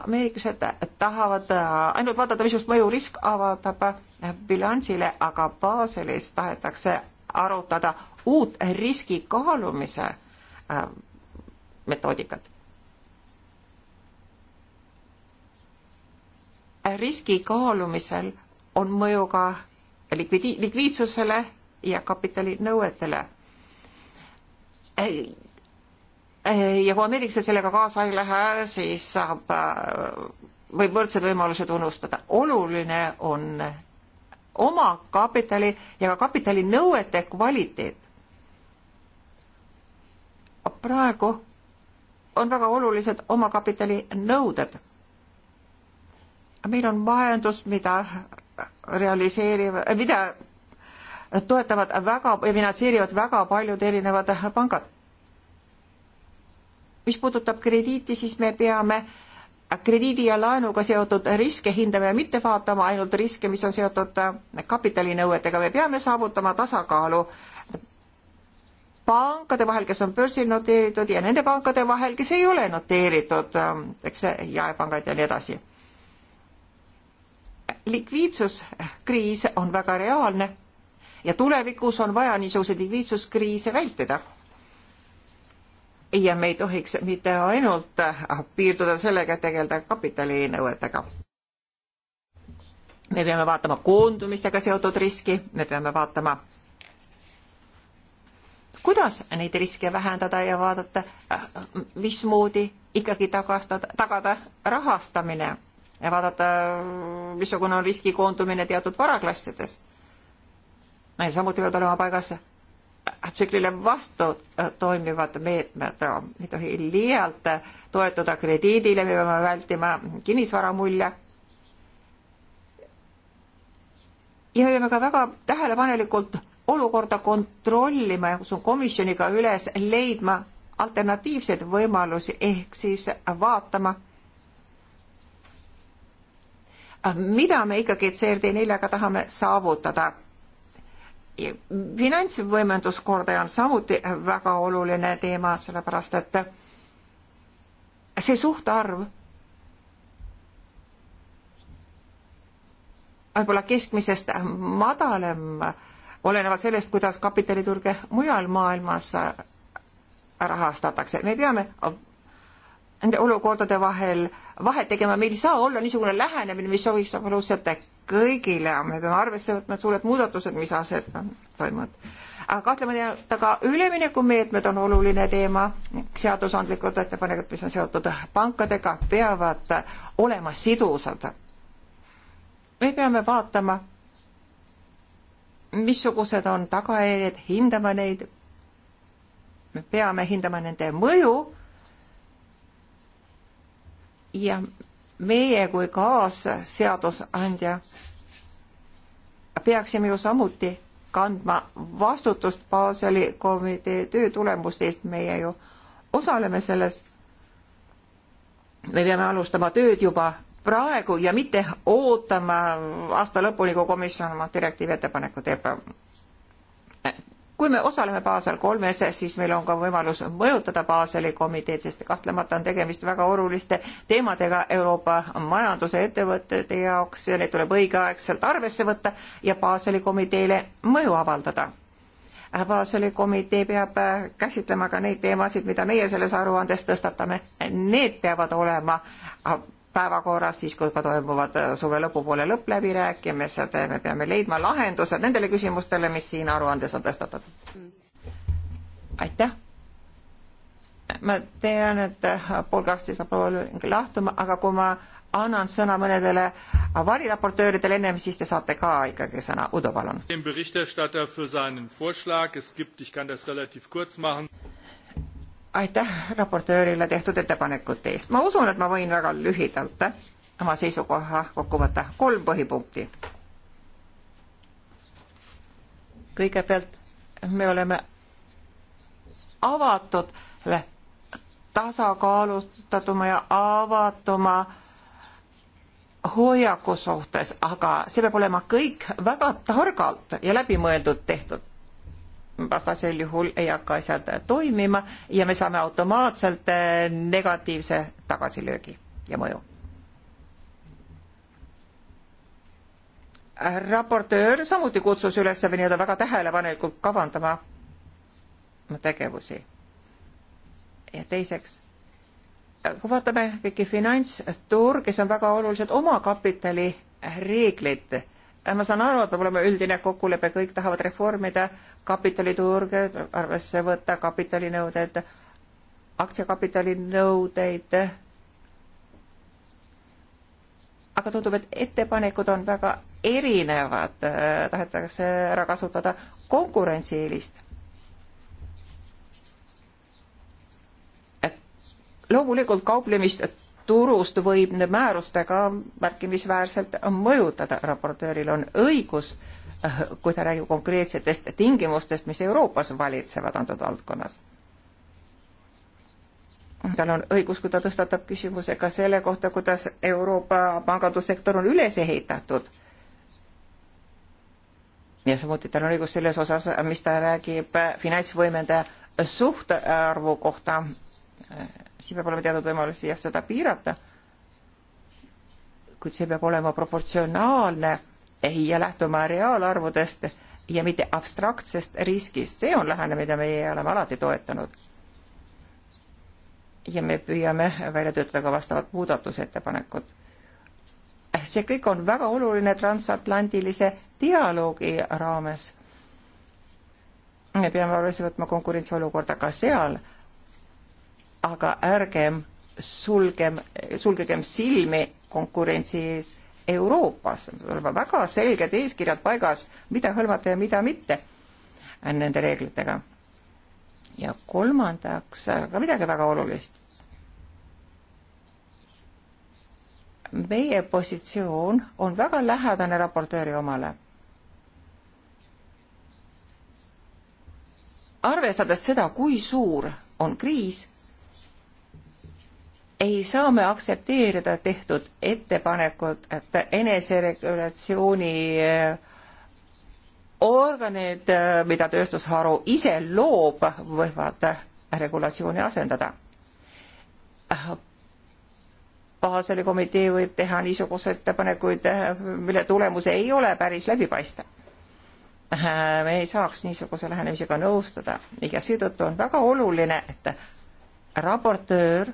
ameeriklased tahavad äh, ainult vaadata, missugust mõju risk avaldab äh, bilansile, aga Baselis tahetakse arutada uut riski kaalumise äh, metoodikat. riski kaalumisel on mõju ka likviidi-, likviidsusele ja kapitalinõuetele ja kui ameeriklased sellega kaasa ei lähe, siis saab, äh, võib võrdsed võimalused unustada. oluline on oma kapitali ja ka kapitali nõuete kvaliteet. praegu on väga olulised omakapitali nõuded. meil on majandus, mida realiseeriv, mida toetavad väga, finantseerivad väga paljud erinevad pangad mis puudutab krediiti, siis me peame krediidi ja laenuga seotud riske hindame ja mitte vaatama ainult riske, mis on seotud kapitalinõuetega, me peame saavutama tasakaalu pankade vahel, kes on börsil noteeritud ja nende pankade vahel, kes ei ole noteeritud, eks jaepangad ja nii edasi. likviidsuskriis on väga reaalne ja tulevikus on vaja niisuguseid likviidsuskriise vältida ja me ei tohiks mitte ainult äh, piirduda sellega, et tegeleda kapitalinõuetega. me peame vaatama koondumistega seotud riski, me peame vaatama, kuidas neid riske vähendada ja vaadata, äh, mismoodi ikkagi tagastada, tagada rahastamine ja vaadata, missugune on riski koondumine teatud varaklassides. meil samuti peavad olema paigas artiklile vastu äh, toimivad meetmed, äh, ei tohi liialt toetuda krediidile, me peame vältima kinnisvaramulje. ja me peame ka väga tähelepanelikult olukorda kontrollima ja kutsun komisjoniga üles leidma alternatiivseid võimalusi ehk siis vaatama, mida me ikkagi CRD neljaga tahame saavutada finantsvõimenduskordaja on samuti väga oluline teema, sellepärast et see suhtarv võib-olla keskmisest madalam, olenevalt sellest, kuidas kapitaliturge mujal maailmas rahastatakse. me peame nende olukordade vahel vahet tegema, meil ei saa olla niisugune lähenemine, mis sooviks absoluutselt kõigile, need on arvesse võtnud suured muudatused, mis aset on toimunud. aga kahtlemata ka üleminekumeetmed on oluline teema, seadusandlikud ettepanekud, mis on seotud pankadega, peavad olema sidusad. me peame vaatama, missugused on tagajärjed, hindama neid, me peame hindama nende mõju ja meie kui kaasseadusandja peaksime ju samuti kandma vastutust Baseli komitee töö tulemuste eest, meie ju osaleme selles. me peame alustama tööd juba praegu ja mitte ootama aasta lõpuni, kui komisjon oma direktiivi ettepaneku teeb kui me osaleme Basel kolmes, siis meil on ka võimalus mõjutada Baseli komiteed, sest kahtlemata on tegemist väga oluliste teemadega Euroopa majanduse ettevõtete jaoks ja need tuleb õigeaegselt arvesse võtta ja Baseli komiteele mõju avaldada Baseli komitee peab käsitlema ka neid teemasid, mida meie selles aruandes tõstatame. Need peavad olema päevakorras, siis kui ka toimuvad äh, suve lõpupoole lõppläbirääkimised, äh, me peame leidma lahendused nendele küsimustele, mis siin aruandes on tõstatatud. aitäh! ma tean, et äh, pool kaksteist ma pean lahtuma, aga kui ma annan sõna mõnedele variraportööridele ennem, siis te saate ka ikkagi sõna. Udo, palun aitäh raportöörile tehtud ettepanekute eest. ma usun, et ma võin väga lühidalt oma seisukoha kokku võtta. kolm põhipunkti. kõigepealt me oleme avatud tasakaalustatuma ja avatuma hoiaku suhtes, aga see peab olema kõik väga targalt ja läbimõeldult tehtud vastasel juhul ei hakka asjad toimima ja me saame automaatselt eh, negatiivse tagasilöögi ja mõju. raportöör samuti kutsus üles nii-öelda väga tähelepanelikult kavandama tegevusi. ja teiseks, kui vaatame kõiki finantsturge, siis on väga olulised omakapitali reeglid Äh, ma saan aru, et peab olema üldine kokkulepe, kõik tahavad reformida kapitaliturge, arvesse võtta kapitalinõuded, aktsiakapitali nõudeid. aga tundub, et ettepanekud on väga erinevad, äh, tahetakse ära kasutada konkurentsieelist. Äh, loomulikult kauplemist turust võib määrustega märkimisväärselt mõjutada. raportööril on õigus, äh, kui ta räägib konkreetsetest tingimustest, mis Euroopas valitsevad antud valdkonnas. tal on õigus, kui ta tõstatab küsimuse ka selle kohta, kuidas Euroopa pangandussektor on üles ehitatud. ja samuti tal on õigus selles osas, mis ta räägib finantsvõimende suhtarvu kohta siin peab olema teatud võimalusi jah, seda piirata, kuid see peab olema proportsionaalne ja lähtuma reaalarvudest ja mitte abstraktsest riskist, see on lähenemine, mida meie oleme alati toetanud. ja me püüame välja töötada ka vastavad muudatusettepanekud. see kõik on väga oluline transatlantilise dialoogi raames. me peame arvesse võtma konkurentsiolukorda ka seal aga ärgem sulgem, sulgegem silmi konkurentsi ees Euroopas. olema väga selged eeskirjad paigas, mida hõlmata ja mida mitte nende reeglitega. ja kolmandaks, aga midagi väga olulist. meie positsioon on väga lähedane raportööri omale. arvestades seda, kui suur on kriis ei saa me aktsepteerida tehtud ettepanekut, et eneseregulatsiooni eh, organid, eh, mida tööstusharu ise loob, võivad eh, regulatsiooni asendada. Baseli komitee võib teha niisuguseid ettepanekuid, mille tulemus ei ole päris läbipaistev. me ei saaks niisuguse lähenemisega nõustuda ja seetõttu on väga oluline, et raportöör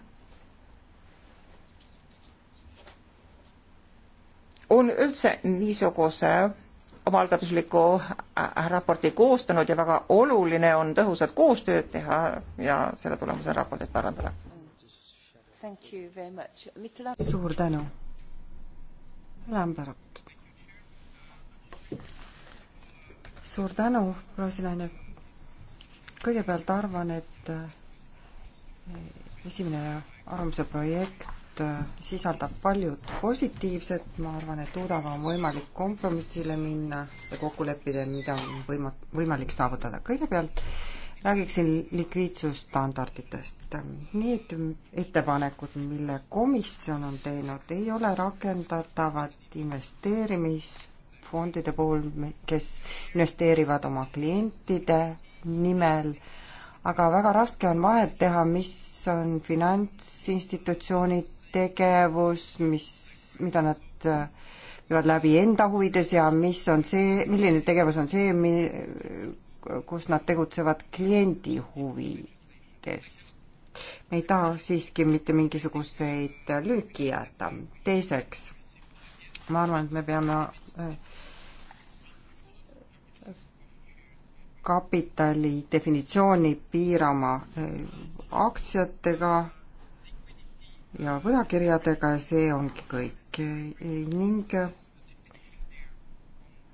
on üldse niisuguse omaalgatusliku äh, raporti koostanud ja väga oluline on tõhusat koostööd teha ja selle tulemusel raportit parandada. suur tänu. Lämbert. suur tänu, Roosinaine. kõigepealt arvan, et äh, esimene arvamuse projekt Äh, sisaldab paljud positiivset, ma arvan, et Uudaga on võimalik kompromissile minna ja kokku leppida, mida on võima-, võimalik saavutada. kõigepealt räägiksin likviidsusstandarditest. Need ettepanekud, mille komisjon on teinud, ei ole rakendatavad investeerimisfondide puhul, kes investeerivad oma klientide nimel, aga väga raske on vahet teha, mis on finantsinstitutsioonid tegevus, mis, mida nad äh, viivad läbi enda huvides ja mis on see, milline tegevus on see, mi-, kus nad tegutsevad kliendi huvides. me ei taha siiski mitte mingisuguseid lünki jätta. teiseks, ma arvan, et me peame äh, kapitali definitsiooni piirama äh, aktsiatega ja võlakirjadega ja see ongi kõik ning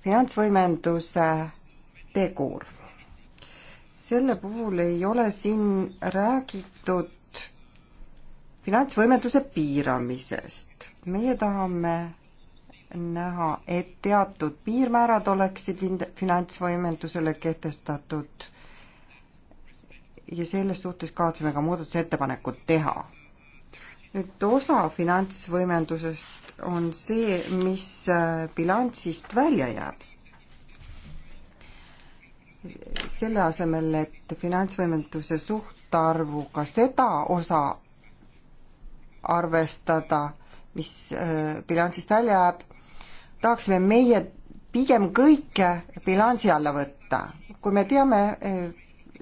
finantsvõimenduse tegur. selle puhul ei ole siin räägitud finantsvõimenduse piiramisest. meie tahame näha, et teatud piirmäärad oleksid finantsvõimendusele kehtestatud ja selles suhtes kavatseme ka muudatusettepanekud teha nüüd osa finantsvõimendusest on see, mis äh, bilansist välja jääb. selle asemel, et finantsvõimenduse suhtarvuga seda osa arvestada, mis äh, bilansist välja jääb, tahaksime meie pigem kõike bilansi alla võtta. kui me teame äh,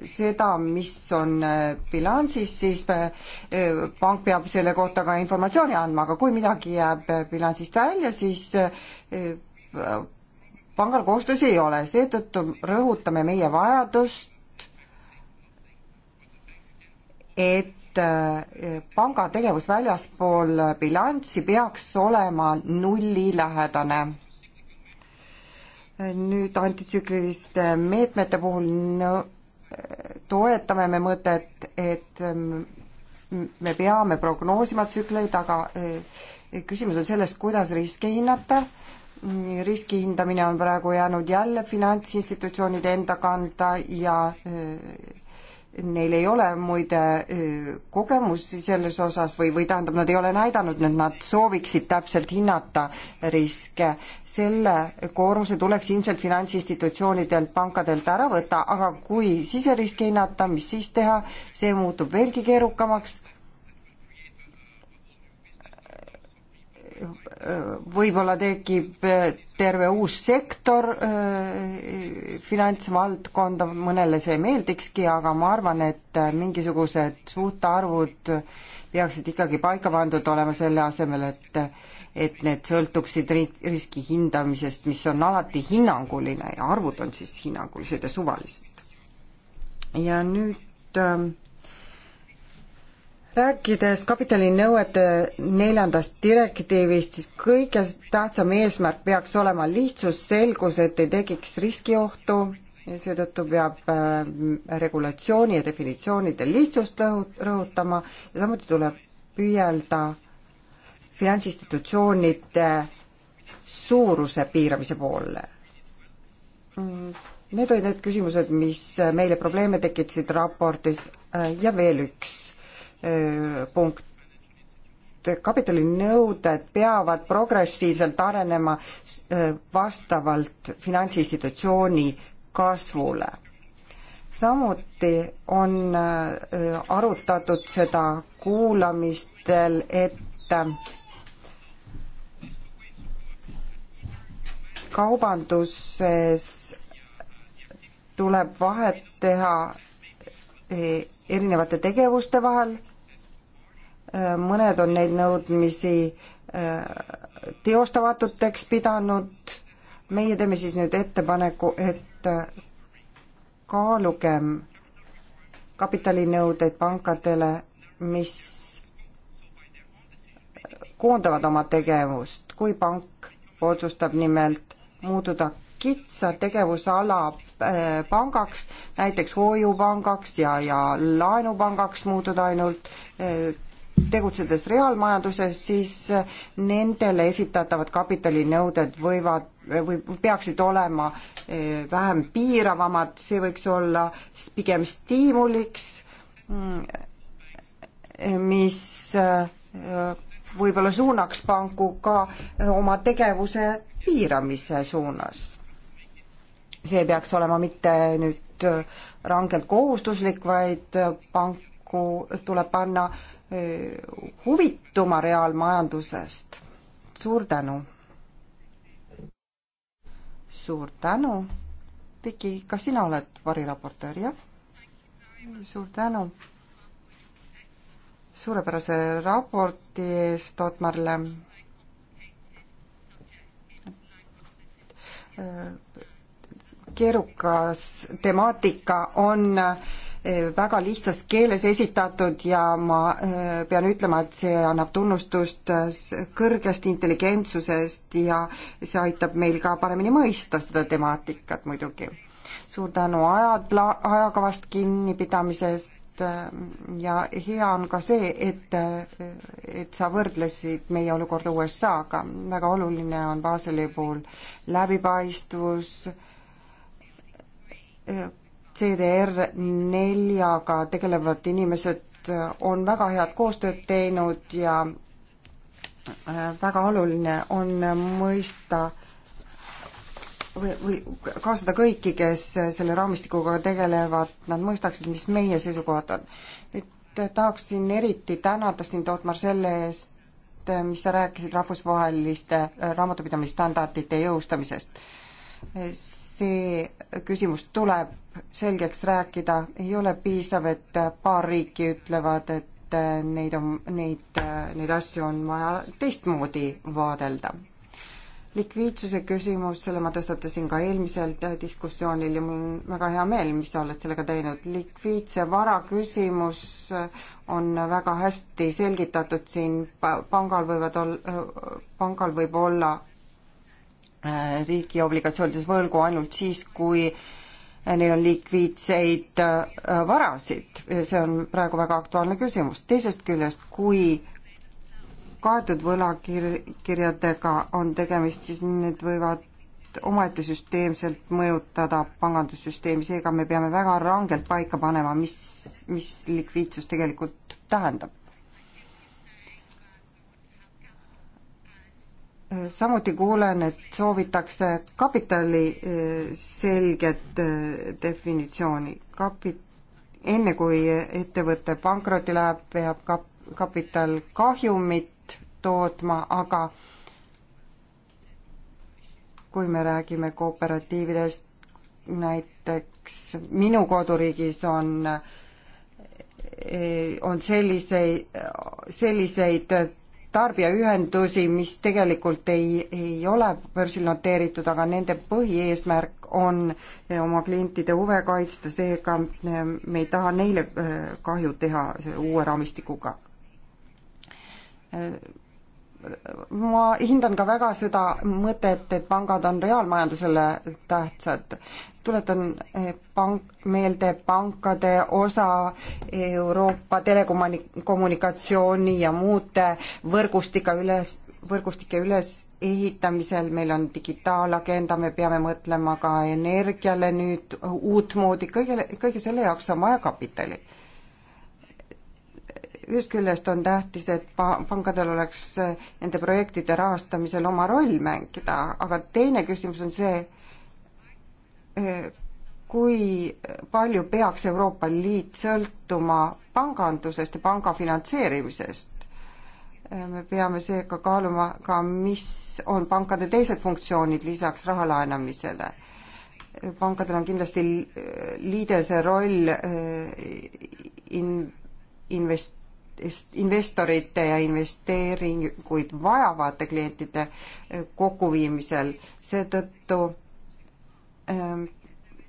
seda, mis on äh, bilansis, siis äh, äh, pank peab selle kohta ka informatsiooni andma, aga kui midagi jääb bilansist välja, siis pangal kohustusi ei ole, seetõttu rõhutame meie vajadust, et panga tegevus väljaspool bilanssi peaks olema nullilähedane nüüd antitsükliliste meetmete puhul toetame me mõtet, et ähm, me peame prognoosima tsükleid, aga äh, küsimus on selles, kuidas riske hinnata. riski hindamine on praegu jäänud jälle finantsinstitutsioonide enda kanda ja äh, Neil ei ole muide kogemusi selles osas või, või tähendab, nad ei ole näidanud, et nad sooviksid täpselt hinnata riske. selle koormuse tuleks ilmselt finantsinstitutsioonidelt, pankadelt ära võtta, aga kui siseriske hinnata, mis siis teha, see muutub veelgi keerukamaks võib-olla tekib eh, terve uus sektor eh, finantsvaldkonda, mõnele see meeldikski, aga ma arvan, et eh, mingisugused suhtarvud peaksid ikkagi paika pandud olema selle asemel, et et need sõltuksid riski hindamisest, mis on alati hinnanguline ja arvud on siis hinnangulised ja suvalised. ja nüüd äh, rääkides kapitalinõuete neljandast direktiivist, siis kõige tähtsam eesmärk peaks olema lihtsus, selgus, et ei tekiks riskiohtu ja seetõttu peab äh, regulatsiooni ja definitsioonide lihtsust rõhutama ja samuti tuleb püüelda finantsinstitutsioonide suuruse piiramise poole. Mm, need olid need küsimused, mis meile probleeme tekitasid raportis äh, ja veel üks punkt. kapitalinõuded peavad progressiivselt arenema äh, vastavalt finantsinstitutsiooni kasvule. samuti on äh, arutatud seda kuulamistel, et äh, kaubanduses tuleb vahet teha erinevate tegevuste vahel Äh, mõned on neid nõudmisi äh, teostamatuteks pidanud, meie teeme siis nüüd ettepaneku, et äh, kaalugem kapitalinõudeid pankadele, mis koondavad oma tegevust, kui pank otsustab nimelt muutuda kitsa tegevusala pangaks, näiteks hoiupangaks ja, ja laenupangaks muutuda ainult, tegutsedes reaalmajanduses, siis eh, nendele esitatavad kapitalinõuded võivad eh, või peaksid olema eh, vähem piiravamad, see võiks olla pigem stiimuliks, mm, mis võib-olla suunaks panku ka oma tegevuse piiramise suunas. see ei peaks olema mitte nüüd rangelt kohustuslik, vaid panku tuleb panna äh, huvituma reaalmajandusest. suur tänu! suur tänu! Viki, kas sina oled variraportöör, jah? suur tänu suurepärase raporti eest Otmarle. keerukas temaatika on äh, väga lihtsas keeles esitatud ja ma äh, pean ütlema, et see annab tunnustust äh, kõrgest intelligentsusest ja see aitab meil ka paremini mõista seda temaatikat muidugi. suur tänu ajad, ajakavast kinnipidamisest äh, ja hea on ka see, et, et sa võrdlesid meie olukorda USA-ga. väga oluline on Baseli puhul läbipaistvus, CDR neljaga tegelevad inimesed äh, on väga head koostööd teinud ja äh, väga oluline on mõista või, või kaasada kõiki, kes äh, selle raamistikuga tegelevad, nad mõistaksid, mis meie seisukohad on. nüüd tahaksin eriti tänada sind, Otmar, selle eest, mis sa rääkisid rahvusvaheliste raamatupidamisstandardite jõustamisest see küsimus tuleb selgeks rääkida, ei ole piisav, et paar riiki ütlevad, et neid on, neid, neid asju on vaja teistmoodi vaadelda. likviidsuse küsimus, selle ma tõstatasin ka eelmisel diskussioonil ja mul on väga hea meel, mis sa oled sellega teinud. likviidse vara küsimus on väga hästi selgitatud siin, pangal võivad ol-, pangal võib olla riigi obligatsioonides võlgu ainult siis, kui neil on likviidseid äh, varasid. see on praegu väga aktuaalne küsimus. teisest küljest, kui kaetud võlakirjadega on tegemist, siis need võivad omaette süsteemselt mõjutada pangandussüsteemi, seega me peame väga rangelt paika panema, mis, mis likviidsus tegelikult tähendab samuti kuulen, et soovitakse kapitali eh, selget eh, definitsiooni. Kapi-, enne kui ettevõte pankrotti läheb, peab kap-, kapital kahjumit tootma, aga kui me räägime kooperatiividest, näiteks minu koduriigis on, eh, on selliseid, selliseid tarbijaühendusi, mis tegelikult ei, ei ole börsil noteeritud, aga nende põhieesmärk on eh, oma klientide huve kaitsta, seega eh, me ei taha neile eh, kahju teha uue raamistikuga ma hindan ka väga seda mõtet, et pangad on reaalmajandusele tähtsad. tuletan eh, pank, meelde pankade osa eh, Euroopa telekommunikatsiooni ja muude võrgustika üles, võrgustike ülesehitamisel, meil on digitaalagenda, me peame mõtlema ka energiale nüüd uutmoodi, kõigele, kõige selle jaoks on vaja kapitali ühest küljest on tähtis, et pa-, pankadel oleks eh, nende projektide rahastamisel oma roll mängida, aga teine küsimus on see, eh, kui palju peaks Euroopa Liit sõltuma pangandusest ja panga finantseerimisest? Eh, me peame seega kaaluma ka, mis on pankade teised funktsioonid lisaks raha laenamisele pankadel on kindlasti liidese roll in-, invest-, investorite ja investeeringuid vajavate klientide eh, kokkuviimisel, seetõttu ehm,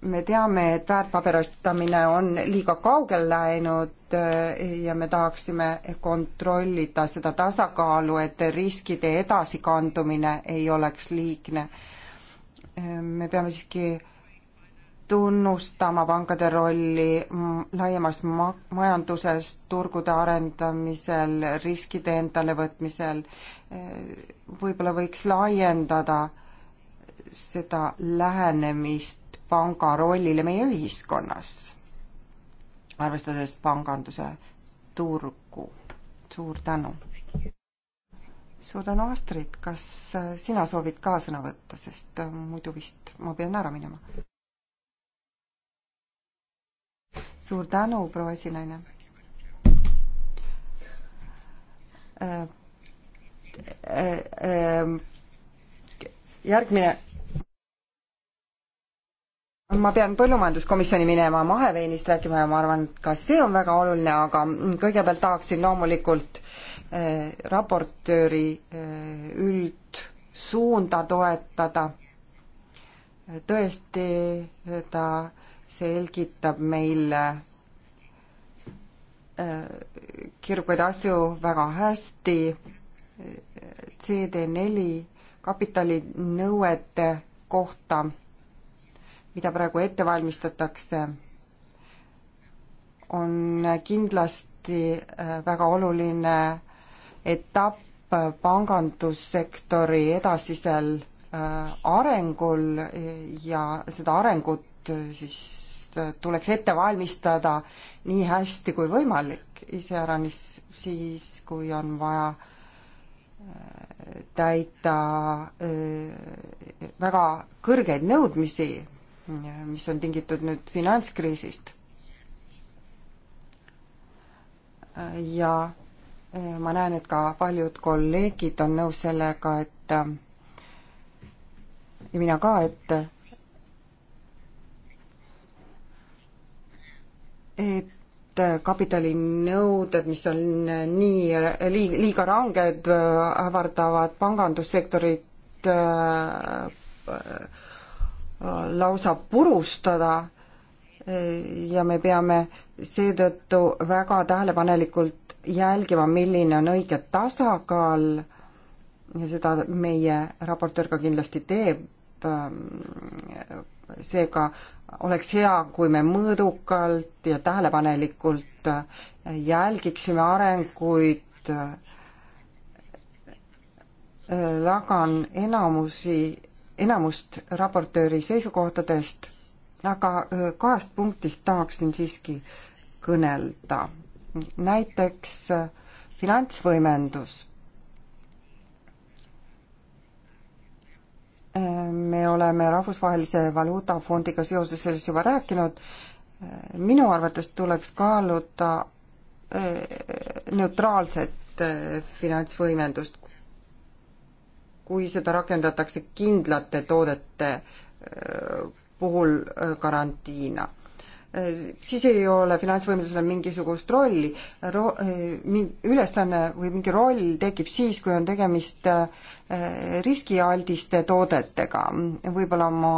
me teame, et väärtpaberastamine on liiga kaugel läinud eh, ja me tahaksime kontrollida seda tasakaalu, et riskide edasikandumine ei oleks liigne. Ehm, me peame siiski tunnustama pankade rolli laiemas ma-, majanduses, turgude arendamisel, riskide endale võtmisel, võib-olla võiks laiendada seda lähenemist panga rollile meie ühiskonnas, arvestades panganduse turgu. suur tänu! suur tänu, Astrid, kas sina soovid ka sõna võtta, sest äh, muidu vist ma pean ära minema? suur tänu, proua esinaine. järgmine. ma pean põllumajanduskomisjoni minema maheveinist rääkima ja ma arvan, et ka see on väga oluline, aga kõigepealt tahaksin loomulikult eh, raportööri eh, üldsuunda toetada. tõesti, eh, ta äh, selgitab meile äh, kirguid asju väga hästi, CD4 kapitalinõuete kohta, mida praegu ette valmistatakse, on kindlasti äh, väga oluline etapp pangandussektori edasisel äh, arengul ja seda arengut Äh, siis äh, tuleks ette valmistada nii hästi kui võimalik, iseäranis siis, kui on vaja äh, täita väga kõrgeid nõudmisi, mis on tingitud nüüd finantskriisist. ja ma näen, et ka paljud kolleegid on nõus sellega, et ja mina ka, et et kapitalinõuded, mis on nii liiga, liiga ranged, ähvardavad pangandussektorit äh, äh, lausa purustada ja me peame seetõttu väga tähelepanelikult jälgima, milline on õige tasakaal ja seda meie raportöör ka kindlasti teeb, ähm, seega oleks hea, kui me mõõdukalt ja tähelepanelikult jälgiksime arenguid. jagan enamusi, enamust raportööri seisukohtadest, aga kahest punktist tahaksin siiski kõnelda. näiteks finantsvõimendus me oleme Rahvusvahelise Valuutafondiga seoses sellest juba rääkinud, minu arvates tuleks kaaluda eh, neutraalset eh, finantsvõimendust, kui seda rakendatakse kindlate toodete eh, puhul karantiina. Äh, siis ei ole finantsvõimendusel mingisugust rolli ro,, äh, ülesanne või mingi roll tekib siis, kui on tegemist äh, riskialdiste toodetega. võib-olla ma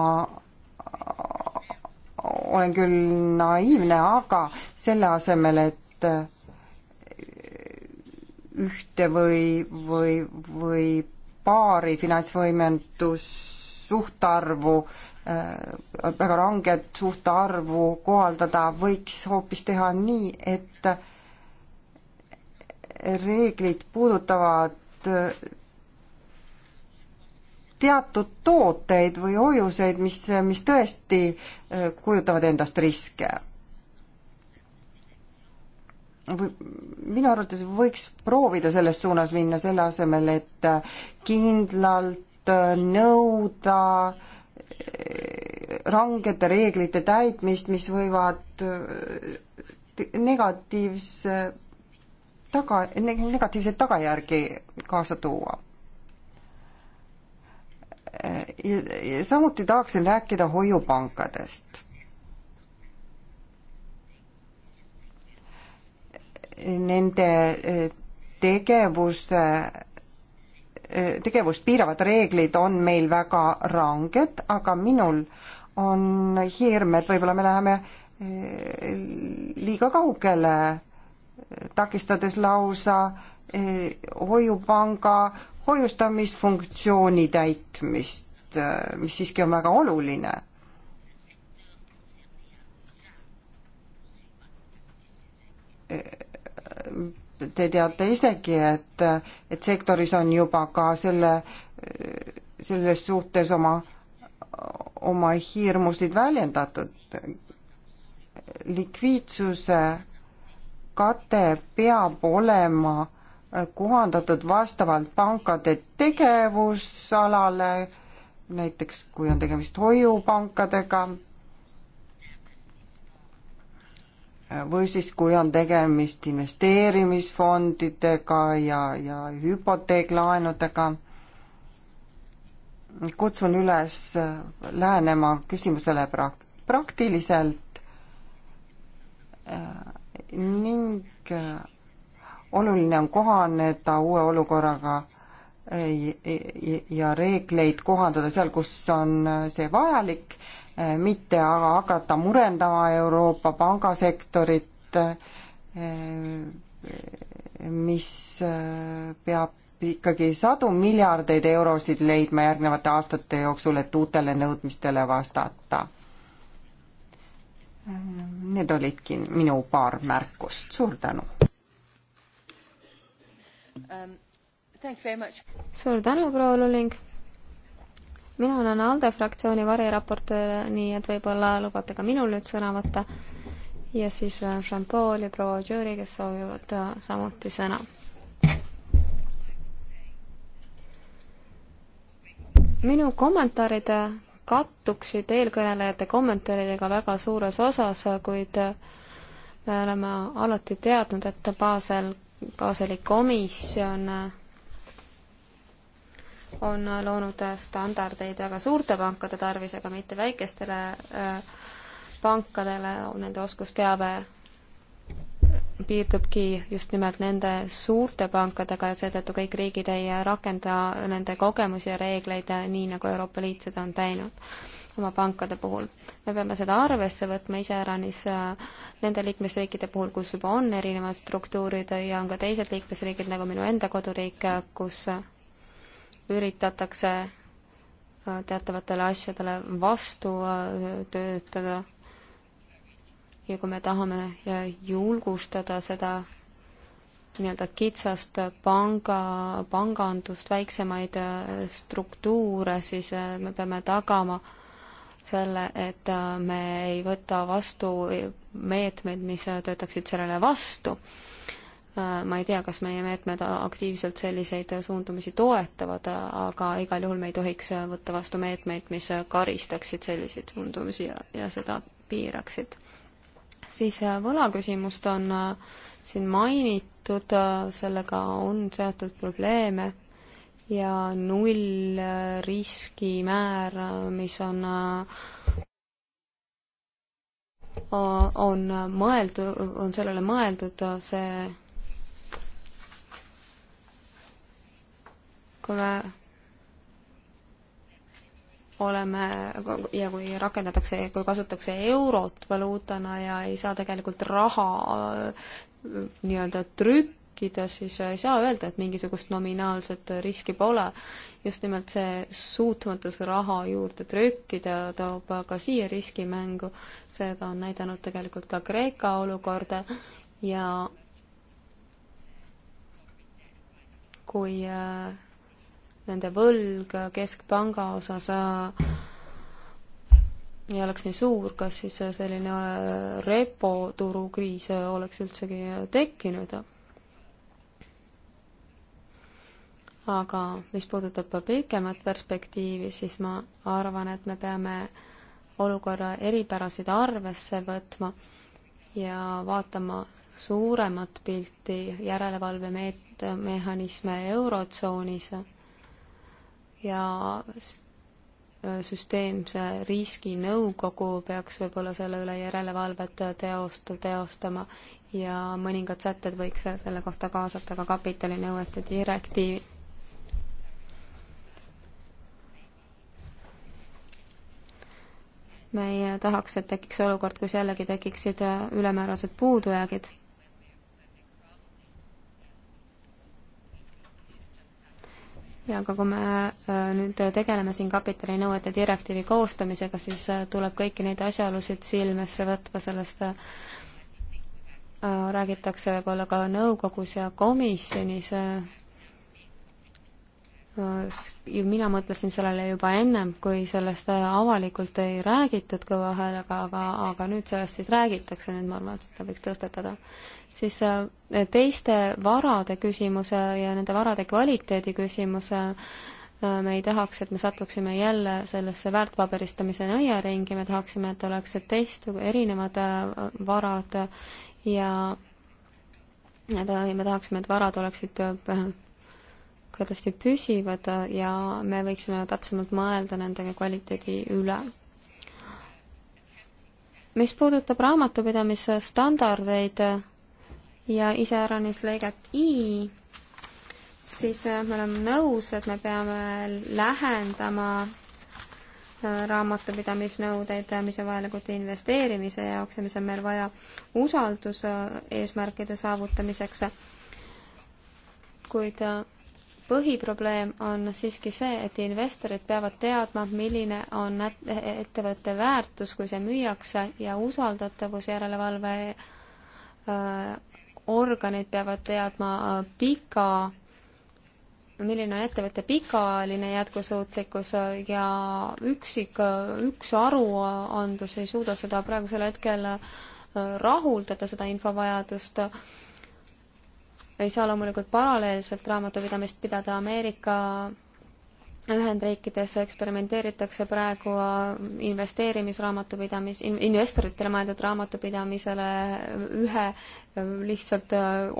olen küll naiivne, aga selle asemel, et ühte või, või, või paari finantsvõimendus suhtarvu Äh, väga ranget suhte arvu kohaldada, võiks hoopis teha nii, et reeglid puudutavad äh, teatud tooteid või hoiuseid, mis, mis tõesti äh, kujutavad endast riske. või minu arvates võiks proovida selles suunas minna, selle asemel, et kindlalt nõuda äh, rangete reeglite täitmist, mis võivad äh, negatiivse taga, negatiivseid tagajärgi kaasa tuua. Äh, samuti tahaksin rääkida hoiupankadest nende äh, tegevuse tegevust piiravad reeglid on meil väga ranged, aga minul on hirm, et võib-olla me läheme eh, liiga kaugele, takistades lausa eh, hoiupanga hoiustamisfunktsiooni täitmist, eh, mis siiski on väga oluline te teate isegi, et, et sektoris on juba ka selle, selles suhtes oma, oma hirmusid väljendatud. likviidsuse kate peab olema kohandatud vastavalt pankade tegevusalale, näiteks kui on tegemist hoiupankadega või siis, kui on tegemist investeerimisfondidega ja, ja hüpoteeklaenudega. kutsun üles lähenema küsimusele prak-, praktiliselt ning oluline on kohaneda uue olukorraga ja reegleid kohandada seal, kus on see vajalik Eh, mitte aga hakata murendama Euroopa pangasektorit, eh, mis eh, peab ikkagi sadu miljardeid eurosid leidma järgnevate aastate jooksul, et uutele nõudmistele vastata. Need olidki minu paar märkust, suur tänu um,! suur tänu, proua Luling! mina olen ALDE fraktsiooni variraportöör, nii et võib-olla lubate ka minul nüüd sõna võtta. ja siis äh, Jean-Paul ja proua Jüri, kes soovivad äh, samuti sõna. minu kommentaarid kattuksid eelkõnelejate kommentaaridega väga suures osas, kuid äh, me oleme alati teadnud, et Basel, Baseli komisjon on loonud standardeid väga suurte pankade tarvis, aga mitte väikestele äh, pankadele, nende oskusteave piirdubki just nimelt nende suurte pankadega ja seetõttu kõik riigid ei rakenda nende kogemusi ja reegleid nii, nagu Euroopa Liit seda on teinud oma pankade puhul. me peame seda arvesse võtma iseäranis äh, nende liikmesriikide puhul, kus juba on erinevad struktuurid ja on ka teised liikmesriigid, nagu minu enda koduriik, äh, kus üritatakse teatavatele asjadele vastu äh, töötada ja kui me tahame äh, julgustada seda nii-öelda kitsast panga, pangandust, väiksemaid äh, struktuure, siis me peame tagama selle, et me ei võta vastu meetmeid, mis töötaksid sellele vastu Äh, ma ei tea, kas meie meetmed aktiivselt selliseid suundumisi toetavad, äh, aga igal juhul me ei tohiks äh, võtta vastu meetmeid, mis karistaksid selliseid suundumusi ja, ja seda piiraksid. siis võlaküsimust on siin mainitud, sellega on seotud probleeme ja null riskimäär, mis on on mõeldud, on sellele mõeldud, see kui me oleme ja kui rakendatakse, kui kasutatakse eurot valuutana ja ei saa tegelikult raha äh, nii-öelda trükkida, siis ei saa öelda, et mingisugust nominaalset riski pole. just nimelt see suutmatus raha juurde trükkida toob ka siia riskimängu, seda on näidanud tegelikult ka Kreeka olukorda ja kui äh, nende võlg keskpanga osas äh, ei oleks nii suur, kas siis selline äh, repoturu kriis äh, oleks üldsegi tekkinud. aga mis puudutab pikemat perspektiivi, siis ma arvan, et me peame olukorra eripärasid arvesse võtma ja vaatama suuremat pilti järelevalvemeet-, mehhanisme Eurotsoonis ja äh, süsteemse riskinõukogu peaks võib-olla selle üle järelevalvet äh, teost-, teostama ja mõningad sätted võiks äh, selle kohta kaasata ka kapitalinõuete direktiivi. me ei tahaks, et tekiks olukord, kus jällegi tekiksid ülemäärased puudujäägid ja aga kui me äh, nüüd tegeleme siin kapitalinõuete direktiivi koostamisega, siis äh, tuleb kõiki neid asjaolusid silmesse võtma, sellest äh, räägitakse võib-olla ka nõukogus ja komisjonis mina mõtlesin sellele juba ennem, kui sellest äh, avalikult ei räägitud kõva häälega, aga, aga nüüd sellest siis räägitakse, nüüd ma arvan, et seda võiks tõstetada. siis äh, teiste varade küsimuse ja nende varade kvaliteedi küsimuse äh, me ei tahaks, et me satuksime jälle sellesse väärtpaberistamise nõiaringi, me tahaksime, et oleks teist, erinevad varad ja ja me tahaksime, et varad oleksid kindlasti püsivad ja me võiksime täpsemalt mõelda nende kvaliteedi üle. mis puudutab raamatupidamise standardeid ja iseäranis lõiget I, siis me oleme nõus, et me peame lähendama äh, raamatupidamisnõudeid, äh, mis on vajalikud investeerimise jaoks ja mis on meil vaja usalduse äh, eesmärkide saavutamiseks. kuid põhiprobleem on siiski see, et investorid peavad teadma, milline on e-, ettevõtte väärtus, kui see müüakse ja usaldatavus järelevalve organid peavad teadma pika, milline on ettevõtte pikaajaline jätkusuutlikkus ja üksik, üks aruandlus ei suuda seda praegusel hetkel rahuldada, seda infovajadust ei saa loomulikult paralleelselt raamatupidamist pidada Ameerika Ühendriikides eksperimenteeritakse praegu investeerimisraamatupidamis, investoritele mõeldud raamatupidamisele ühe lihtsalt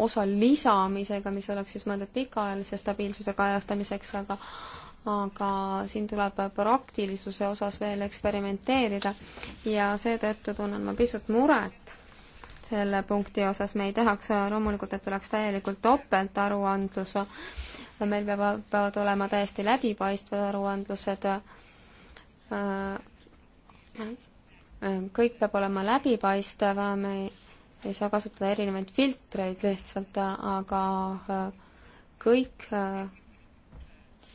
osa lisamisega, mis oleks siis mõeldud pikaajalise stabiilsuse kajastamiseks, aga aga siin tuleb praktilisuse osas veel eksperimenteerida ja seetõttu tunnen ma pisut muret selle punkti osas, me ei tahaks äh, loomulikult, et oleks täielikult topeltaruandlus, meil peavad, peavad olema täiesti läbipaistvad aruandlused, äh, äh, kõik peab olema läbipaistev, me ei, ei saa kasutada erinevaid filtreid lihtsalt, aga kõik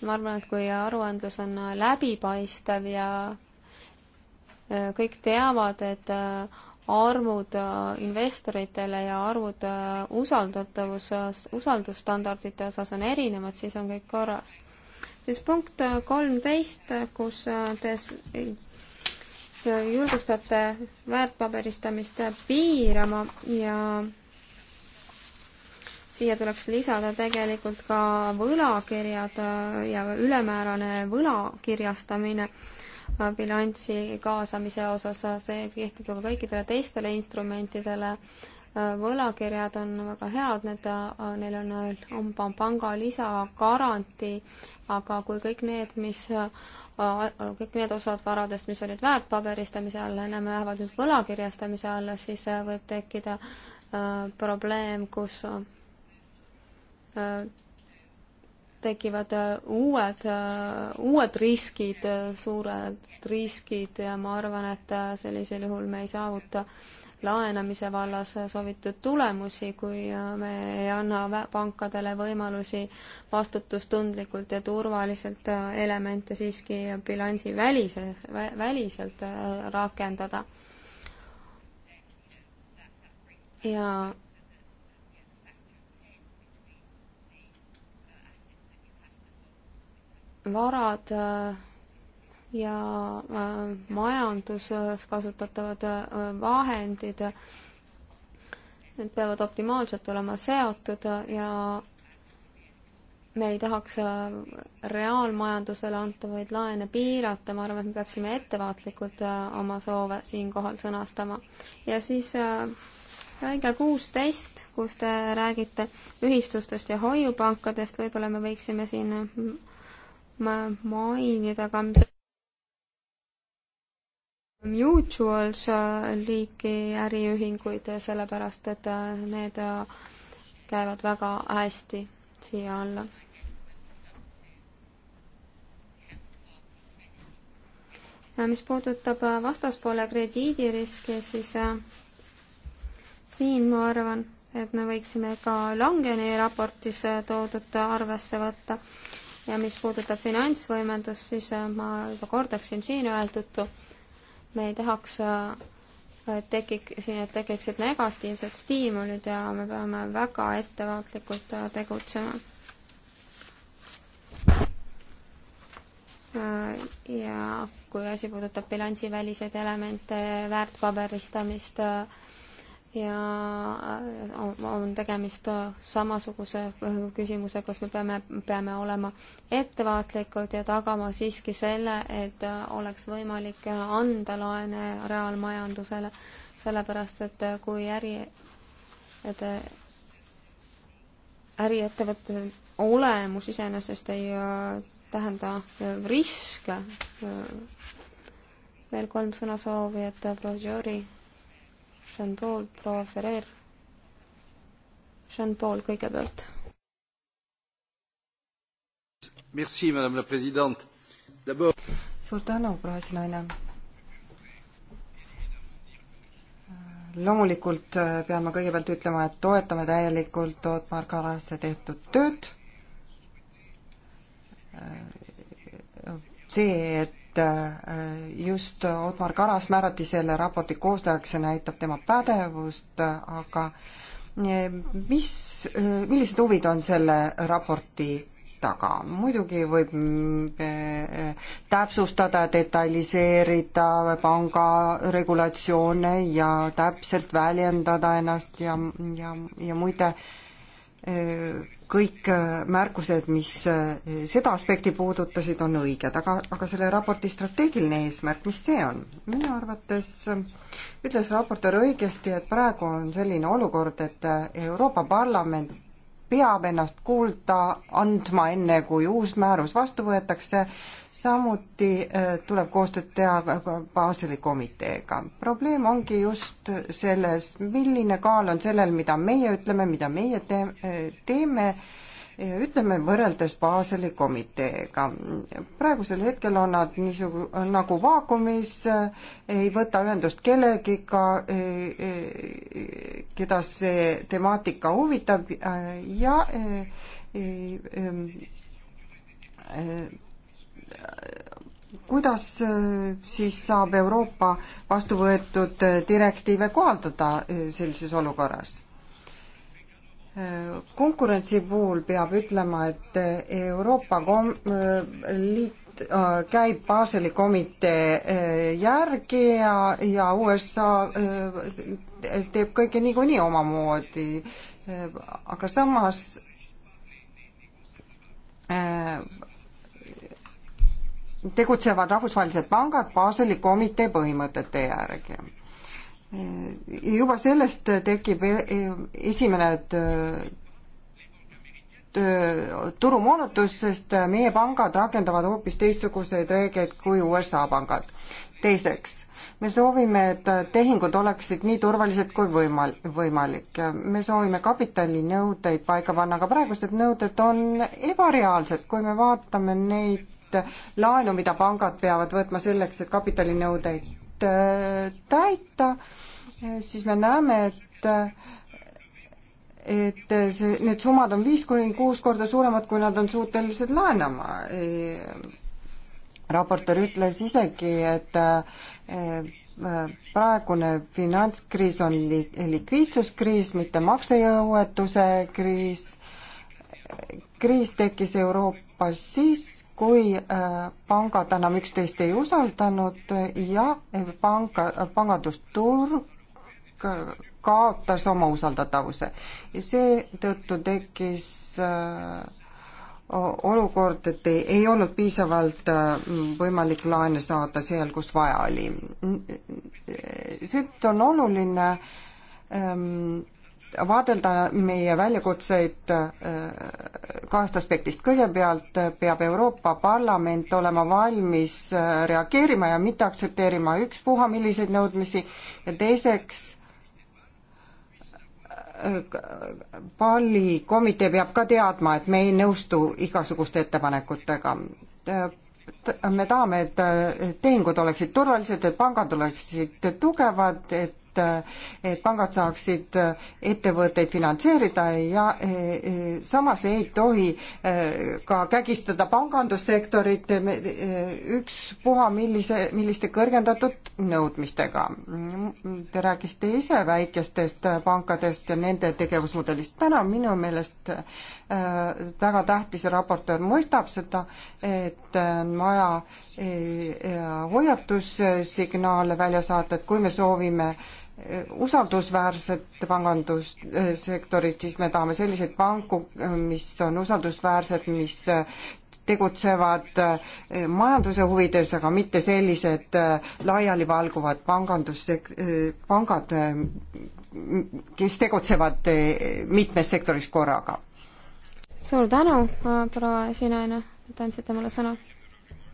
ma arvan, et kui aruandlus on läbipaistev ja kõik teavad, et arvud äh, investoritele ja arvud äh, usaldatavus, usaldusstandardite osas on erinevad, siis on kõik korras. siis punkt äh, kolmteist, kus te julgustate väärtpaberistamist piirama ja siia tuleks lisada tegelikult ka võlakirjad ja ülemäärane võlakirjastamine Äh, bilanssi kaasamise osas, see kehtib ju ka kõikidele teistele instrumentidele. Äh, võlakirjad on väga head, need, äh, neil on, on pangalisa, garantii, aga kui kõik need, mis kõik need osad varadest, mis olid väärtpaberistamise all, enam lähevad nüüd võlakirjastamise alla, siis võib tekkida probleem, kus tekivad äh, uued, äh, uued riskid, äh, suured riskid ja ma arvan, et sellisel juhul me ei saavuta laenamise vallas soovitud tulemusi, kui me ei anna pankadele võimalusi vastutustundlikult ja turvaliselt elemente siiski bilansi välise, väliselt rakendada. ja varad äh, ja äh, majanduses kasutatavad äh, vahendid, need peavad optimaalselt olema seotud ja me ei tahaks reaalmajandusele antavaid laene piirata, ma arvan, et me peaksime ettevaatlikult oma soove siinkohal sõnastama. ja siis lõige kuusteist, kus te räägite ühistustest ja hoiupankadest, võib-olla me võiksime siin ma mainida ka mutuals liiki äriühinguid, sellepärast et need käivad väga hästi siia alla. ja mis puudutab vastaspoole krediidiriski, siis äh, siin ma arvan, et me võiksime ka Langeni raportis toodut arvesse võtta ja mis puudutab finantsvõimendust, siis äh, ma juba kordaksin siin öeldut, me ei tahaks äh, tekik-, siin, et tekiksid negatiivsed stiimulid ja me peame väga ettevaatlikult äh, tegutsema. ja kui asi puudutab bilansiväliseid elemente, väärtpaberistamist, ja äh, on tegemist äh, samasuguse äh, küsimusega, kus me peame, peame olema ettevaatlikud ja tagama siiski selle, et oleks võimalik anda laene reaalmajandusele, sellepärast et kui äri, et äriettevõtte olemus iseenesest ei tähenda riske, veel kolm sõnasoovijat, brošüüri Jean-Paul, proua Ferrer. Jean-Paul kõigepealt. Merci, madame la president. suur tänu, proua esinaine. loomulikult äh, pean ma kõigepealt ütlema, et toetame täielikult Otmar Karaste tehtud tööd äh, see, et et äh, just Otmar Karas määrati selle raporti koostajaks, see näitab tema pädevust, aga äh, mis, äh, millised huvid on selle raporti taga, muidugi võib täpsustada, detailiseerida panga regulatsioone ja täpselt väljendada ennast ja, ja, ja muide äh, kõik äh, märkused, mis äh, seda aspekti puudutasid, on õiged, aga, aga selle raporti strateegiline eesmärk, mis see on? minu arvates äh, ütles raportöör õigesti, et praegu on selline olukord, et Euroopa Parlament peab ennast kuulda andma, enne kui uus määrus vastu võetakse, samuti äh, tuleb koostööd teha Baseli komiteega. probleem ongi just selles, milline kaal on sellel, mida meie ütleme, mida meie äh, teeme, teeme ütleme võrreldes Baseli komiteega. praegusel hetkel on nad niisugu-, nagu vaakumis, ei võta ühendust kellegiga, e, e, keda see temaatika huvitab ja e, kuidas siis saab Euroopa vastu võetud direktiive kohaldada sellises olukorras? konkurentsi puhul peab ütlema, et Euroopa kom-, liit äh, käib Baseli komitee äh, järgi ja, ja USA äh, teeb kõike niikuinii omamoodi. aga samas tegutsevad rahvusvahelised pangad Baseli komitee põhimõtete järgi juba sellest tekib e-, e-, esimene turumoonutus, sest meie pangad rakendavad hoopis teistsuguseid reegleid kui USA pangad. teiseks, me soovime, et tehingud oleksid nii turvalised kui võimal-, võimalik. me soovime kapitalinõudeid paika panna, aga praegused nõuded on ebareaalsed, kui me vaatame neid laenu, mida pangad peavad võtma selleks, et kapitalinõudeid Äh, täita, siis me näeme, et et see, need summad on viis kuni kuus korda suuremad, kui nad on suutelised laenama. raportöör ütles isegi, et äh, praegune finantskriis on li-, likviidsuskriis, mitte maksejõuetuse kriis. kriis tekkis Euroopas siis, kui äh, pangad enam üksteist ei usaldanud ja panga, pangandusturg äh, kaotas oma usaldatavuse. ja seetõttu tekkis äh, olukord, et ei, ei olnud piisavalt võimalik laene saada seal, kus vaja oli. seetõttu on oluline ähm, vaadelda meie väljakutseid äh, kahest aspektist. kõigepealt äh, peab Euroopa Parlament olema valmis äh, reageerima ja mitte aktsepteerima ükspuha milliseid nõudmisi ja teiseks palli komitee peab ka teadma, et me ei nõustu igasuguste ettepanekutega. me tahame, et tehingud oleksid turvalised, et pangad oleksid tugevad, et et, et pangad saaksid ettevõtteid finantseerida ja e, e, samas ei tohi e, ka kägistada pangandussektorit ükspuha millise, milliste kõrgendatud nõudmistega. Te rääkisite ise väikestest pankadest ja nende tegevusmudelist. täna minu meelest väga tähtis ja raportöör mõistab seda, et on vaja hoiatussignaale välja saata, et kui me soovime äh, usaldusväärset pangandussektorit, siis me tahame selliseid panku, mis on usaldusväärsed, mis tegutsevad majanduse huvides, aga mitte sellised laialivalguvad pangandusek-, pangad, kes tegutsevad mitmes sektoris korraga. suur tänu, proua esinaine, et andsite mulle sõna.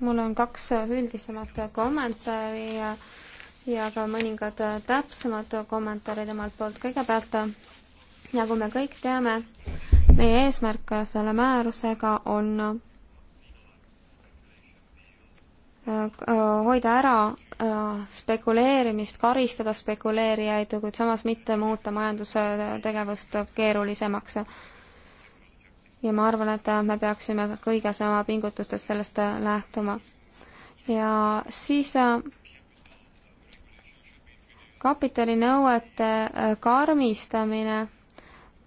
mul on kaks üldisemat kommentaari ja ja ka mõningad äh, täpsemad kommentaarid omalt poolt. kõigepealt, äh, nagu me kõik teame, meie eesmärk selle määrusega on äh, hoida ära spekuleerimist, karistada spekuleerijaid, kuid samas mitte muuta majandustegevust keerulisemaks. ja ma arvan, et me peaksime kõiges oma pingutustes sellest lähtuma. ja siis kapitalinõuete äh, karmistamine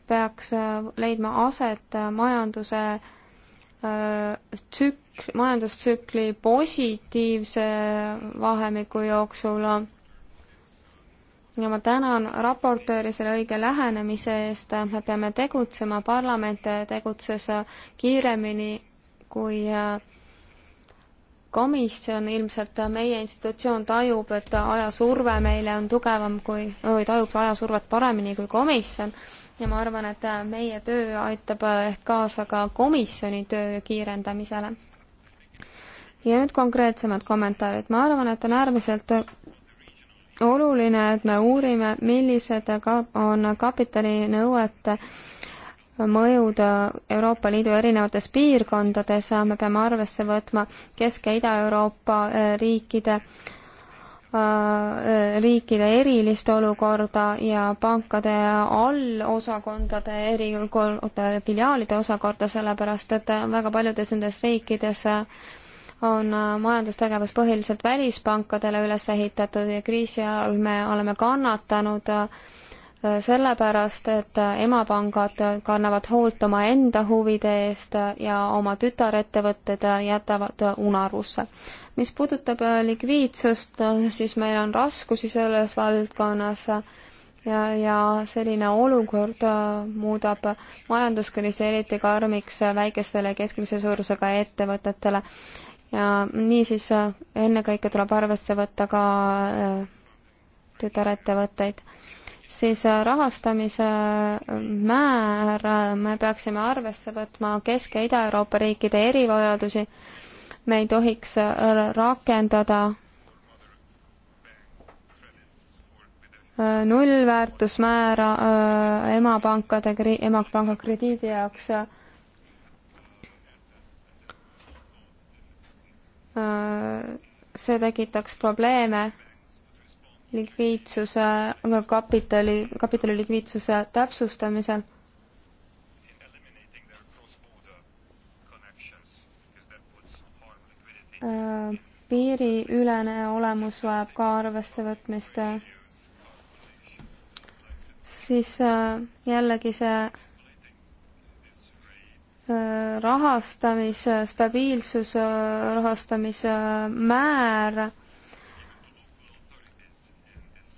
peaks äh, leidma aset äh, majanduse tsük-, majandustsükli positiivse vahemiku jooksul. ja ma tänan raportööri selle õige lähenemise eest, me peame tegutsema, parlament tegutses kiiremini kui komisjon ilmselt, meie institutsioon tajub, et ajasurve meile on tugevam kui, või tajub ajasurvet paremini kui komisjon ja ma arvan, et meie töö aitab ehk kaasa ka komisjoni töö kiirendamisele. ja nüüd konkreetsemad kommentaarid. ma arvan, et on äärmiselt oluline, et me uurime, millised ka on kapitalinõuete mõjud Euroopa Liidu erinevates piirkondades, äh, me peame arvesse võtma Kesk- ja Ida-Euroopa äh, riikide äh, riikide erilist olukorda ja pankade allosakondade erikorda ja filiaalide osakorda, sellepärast et väga paljudes nendes riikides on majandustegevus põhiliselt välispankadele üles ehitatud ja kriisi ajal me oleme kannatanud äh, sellepärast, et emapangad kannavad hoolt omaenda huvide eest ja oma tütarettevõtted jätavad unarusse. mis puudutab äh, likviidsust, siis meil on raskusi selles valdkonnas ja, ja selline olukord äh, muudab majanduskriisi eriti karmiks väikestele ja keskmise suurusega ettevõtetele. ja niisiis äh, ennekõike tuleb arvesse võtta ka tütarettevõtteid siis äh, rahastamise äh, määr, äh, me peaksime arvesse võtma Kesk- ja Ida-Euroopa riikide erivajadusi. me ei tohiks rakendada nullväärtusmäära emapankade, emapanga krediidi jaoks see tekitaks probleeme likviidsuse, kapitali, kapitali likviidsuse täpsustamisel. Äh, piiriülene olemus vajab ka arvesse võtmist. siis äh, jällegi see äh, rahastamise, stabiilsuse rahastamise määr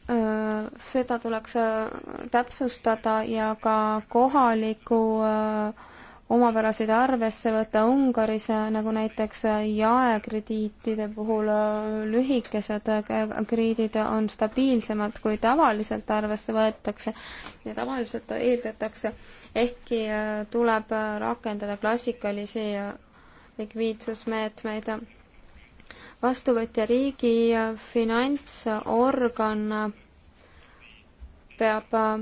Äh, seda tuleks äh, täpsustada ja ka kohaliku äh, omapäraseid arvesse võtta Ungaris, nagu näiteks jaekrediitide puhul lühikesed krediidid on stabiilsemad, kui tavaliselt arvesse võetakse ja tavaliselt eeldatakse, ehkki tuleb rakendada klassikalisi likviidsusmeetmeid vastuvõtja riigi finantsorgan peab äh,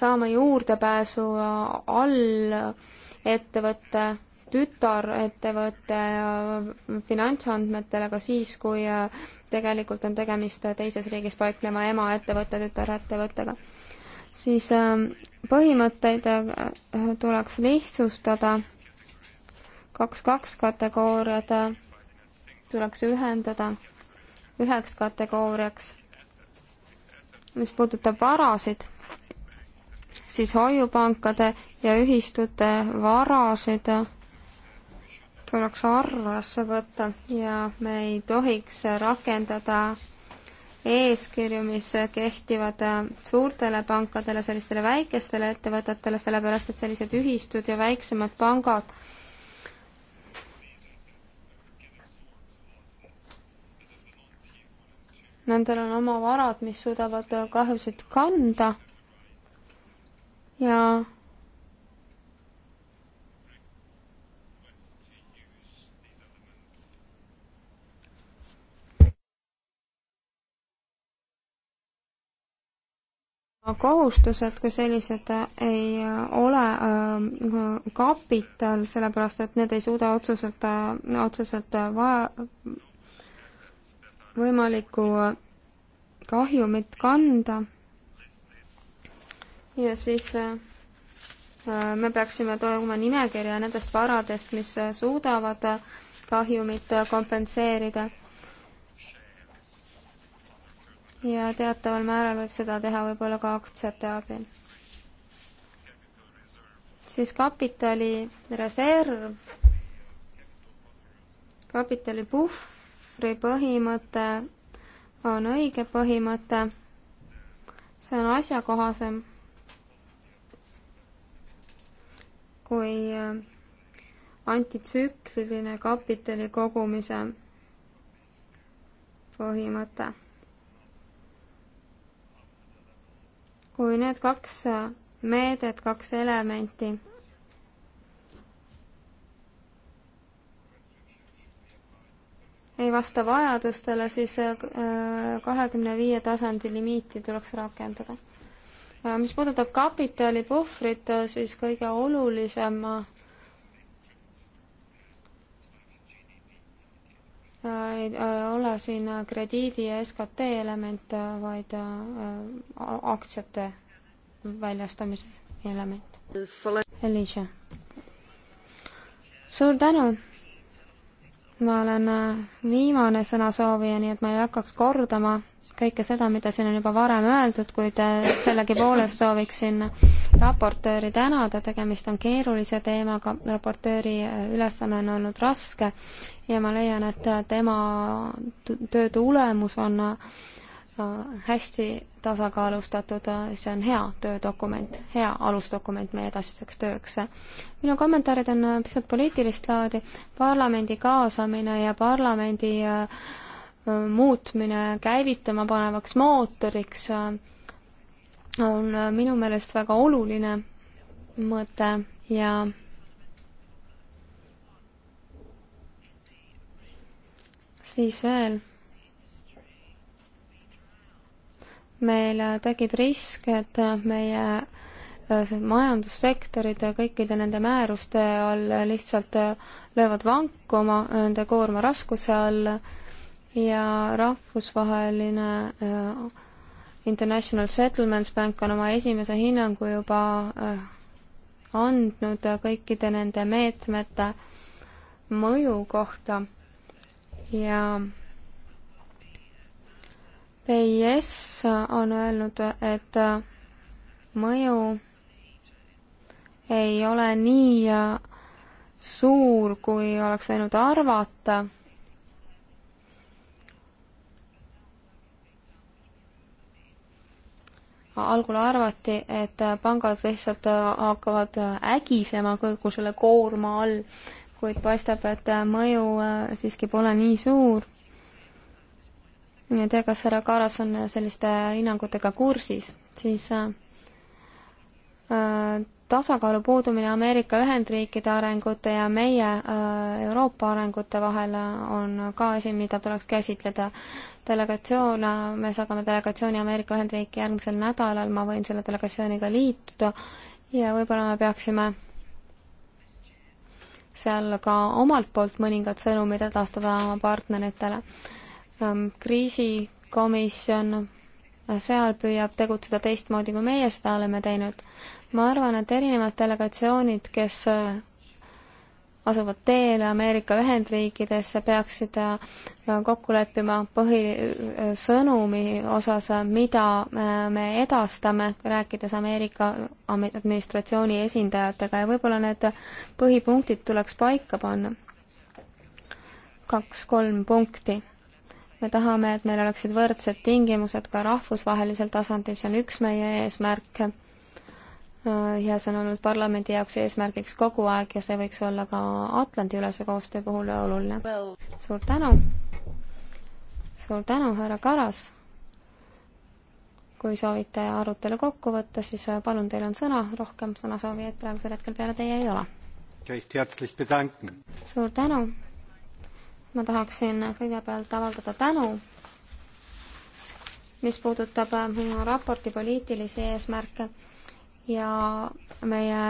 saama juurdepääsu all ettevõtte tütarettevõtte äh, finantsandmetele ka siis, kui äh, tegelikult on tegemist teises riigis paikneva emaettevõtte, tütarettevõttega. siis põhimõtteid tuleks lihtsustada kaks, kaks kategooriad tuleks ühendada üheks kategooriaks. mis puudutab varasid, siis hoiupankade ja ühistute varasid tuleks arvesse võtta ja me ei tohiks rakendada eeskirju, mis kehtivad suurtele pankadele, sellistele väikestele ettevõtetele, sellepärast et sellised ühistud ja väiksemad pangad Nendel on oma varad, mis suudavad äh, kahjusid kanda ja kohustused kui sellised äh, ei äh, ole kapital, sellepärast et need ei suuda otseselt, otseselt vaja, võimalikku äh, kahjumit kanda. ja siis äh, äh, me peaksime tooma nimekirja nendest varadest, mis suudavad kahjumit kompenseerida. ja teataval määral võib seda teha võib-olla ka aktsiate abil. siis kapitalireserv, kapitalipuhv, ohvri põhimõte on õige põhimõte, see on asjakohasem kui äh, antitsükliline kapitali kogumise põhimõte. kui need kaks äh, meedet, kaks elementi ei vasta vajadustele, siis äh, kahekümne viie tasandi limiiti tuleks rakendada. Äh, mis puudutab kapitalipuhvrit, äh, siis kõige olulisem ei ole siin krediidi ja SKT element, vaid aktsiate väljastamise element. Elisha. suur tänu ma olen äh, viimane sõnasoovija, nii et ma ei hakkaks kordama kõike seda, mida siin on juba varem öeldud, kuid äh, sellegipoolest sooviksin raportööri tänada, tegemist on keerulise teemaga, raportööri äh, ülesanne on olnud raske ja ma leian, et tema töö tulemus on hästi tasakaalustatud, äh, see on hea töödokument, hea alusdokument meie edasiseks tööks. minu kommentaarid on äh, pisut poliitilist laadi, parlamendi kaasamine ja parlamendi äh, muutmine käivitama panevaks mootoriks on minu meelest väga oluline mõte ja siis veel meil äh, tekib risk, et äh, meie äh, majandussektorid kõikide nende määruste all lihtsalt löövad vankuma nende koorma raskuse all ja rahvusvaheline International Settlements Bank on oma esimese hinnangu juba andnud kõikide nende meetmete mõju kohta ja EIS on öelnud, et mõju ei ole nii suur, kui oleks võinud arvata. algul arvati, et pangad lihtsalt hakkavad ägisema kogu selle koorma all, kuid paistab, et mõju siiski pole nii suur ma ei tea, kas härra Kaaras on selliste hinnangutega kursis, siis äh, äh, tasakaalu puudumine Ameerika Ühendriikide arengute ja meie äh, Euroopa arengute vahel äh, on ka asi, mida tuleks käsitleda. delegatsioon, äh, me saadame delegatsiooni Ameerika Ühendriiki järgmisel nädalal, ma võin selle delegatsiooniga liituda ja võib-olla me peaksime seal ka omalt poolt mõningad sõnumid edastada oma partneritele Ähm, kriisikomisjon äh, seal püüab tegutseda teistmoodi, kui meie seda oleme teinud. ma arvan, et erinevad delegatsioonid, kes äh, asuvad teele Ameerika Ühendriikidesse, peaksid äh, kokku leppima põhisõnumi osas, mida me edastame, rääkides Ameerika administratsiooni esindajatega ja võib-olla need põhipunktid tuleks paika panna. kaks-kolm punkti me tahame, et meil oleksid võrdsed tingimused ka rahvusvahelisel tasandil, see on üks meie eesmärke. Äh, ja see on olnud parlamendi jaoks eesmärgiks kogu aeg ja see võiks olla ka Atlandi-ülese koostöö puhul oluline. suur tänu! suur tänu, härra Karas! kui soovite arutelu kokku võtta, siis äh, palun, teil on sõna, rohkem sõnasoovijaid praegusel hetkel peale teie ei ole. suur tänu! ma tahaksin kõigepealt avaldada tänu, mis puudutab minu raporti poliitilisi eesmärke ja meie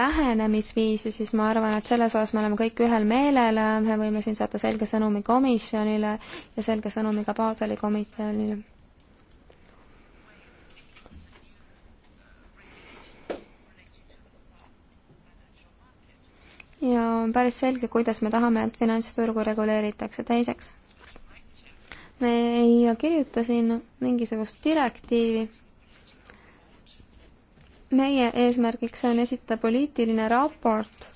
lähenemisviisi, siis ma arvan, et selles osas me oleme kõik ühel meelel, me võime siin saata selge sõnumi komisjonile ja selge sõnumi ka Baseli komisjonile. ja on päris selge, kuidas me tahame, et finantsturgu reguleeritakse. teiseks, me ei kirjuta siin mingisugust direktiivi. meie eesmärgiks on esitada poliitiline raport,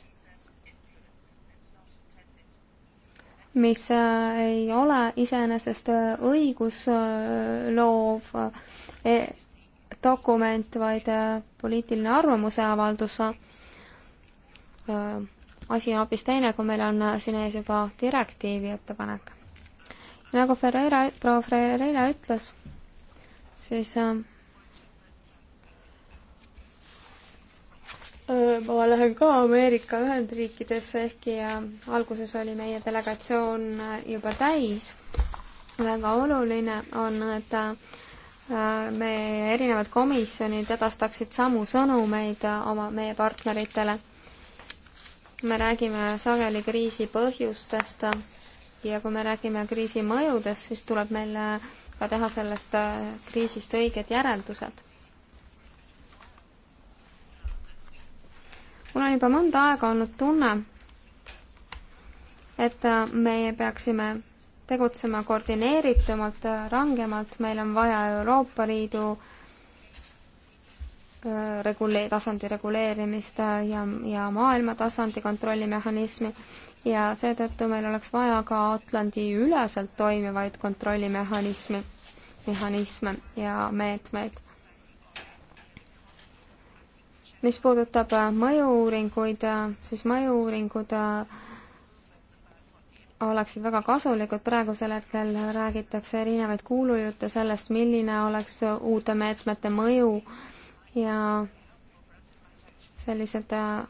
mis äh, ei ole iseenesest äh, õigusloov äh, e-, dokument, vaid poliitiline arvamuse avaldus asi on hoopis teine, kui meil on siin ees juba direktiivi ettepanek. nagu Ferreira, proua Ferreira ütles, siis äh, ma lähen ka Ameerika Ühendriikidesse, ehkki äh, alguses oli meie delegatsioon äh, juba täis. väga oluline on, et äh, me erinevad komisjonid edastaksid samu sõnumeid oma, meie partneritele me räägime sageli kriisi põhjustest ja kui me räägime kriisi mõjudest, siis tuleb meil ka teha sellest kriisist õiged järeldused. mul on juba mõnda aega olnud tunne, et meie peaksime tegutsema koordineeritumalt, rangemalt, meil on vaja Euroopa Liidu Äh, regulee-, tasandi reguleerimist äh, ja, ja maailma tasandi kontrollimehhanismi ja seetõttu meil oleks vaja ka Atlandi-üleselt toimivaid kontrollimehhanismi, mehhanisme ja meetmeid. mis puudutab äh, mõju-uuringuid, siis mõju-uuringud oleksid väga kasulikud, praegusel hetkel räägitakse erinevaid kuulujutte sellest, milline oleks uute meetmete mõju äh, ja sellised äh,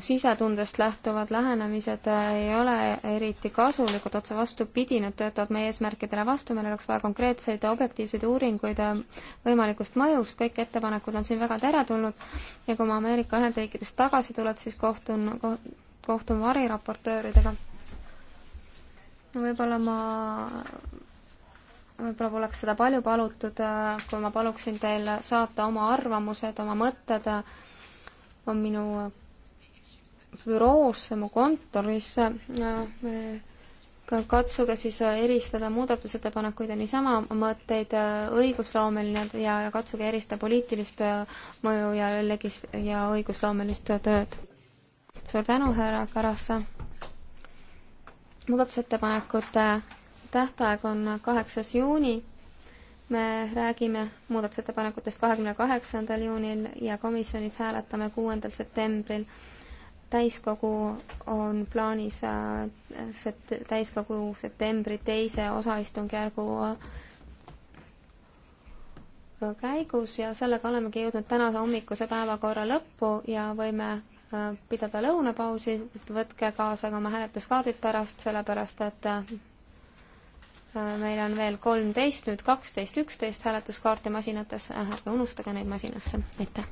sisetundest lähtuvad lähenemised äh, ei ole eriti kasulikud, otse vastupidi, need töötavad meie eesmärkidele vastu, meil oleks vaja konkreetseid objektiivseid uuringuid äh, võimalikust mõjust, kõik ettepanekud on siin väga teretulnud ja kui ma Ameerika Ühendriikidest tagasi tuled, siis kohtun, kohtun variraportööridega. võib-olla ma võib-olla poleks seda palju palutud, äh, kui ma paluksin teil saata oma arvamused, oma mõtted, äh, on minu büroosse, mu kontorisse. Äh, katsuge siis eristada muudatusettepanekuid ja niisama mõtteid, õigusloomeline ja katsuge eristada poliitilist mõju ja legis- ja õigusloomelist tööd. suur tänu, härra Karassa! muudatusettepanekute tähtaeg on kaheksas juuni. me räägime muudatusettepanekutest kahekümne kaheksandal juunil ja komisjonis hääletame kuuendal septembril. täiskogu on plaanis äh, sept-, täiskogu septembri teise osaistungjärgu äh, käigus ja sellega olemegi jõudnud tänase hommikuse päevakorra lõppu ja võime äh, pidada lõunapausi, võtke kaasa ka oma hääletuskaardid pärast, sellepärast et Äh, meil on veel kolmteist, nüüd kaksteist, üksteist hääletuskaarte masinates, äh, ärge unustage neid masinasse, aitäh!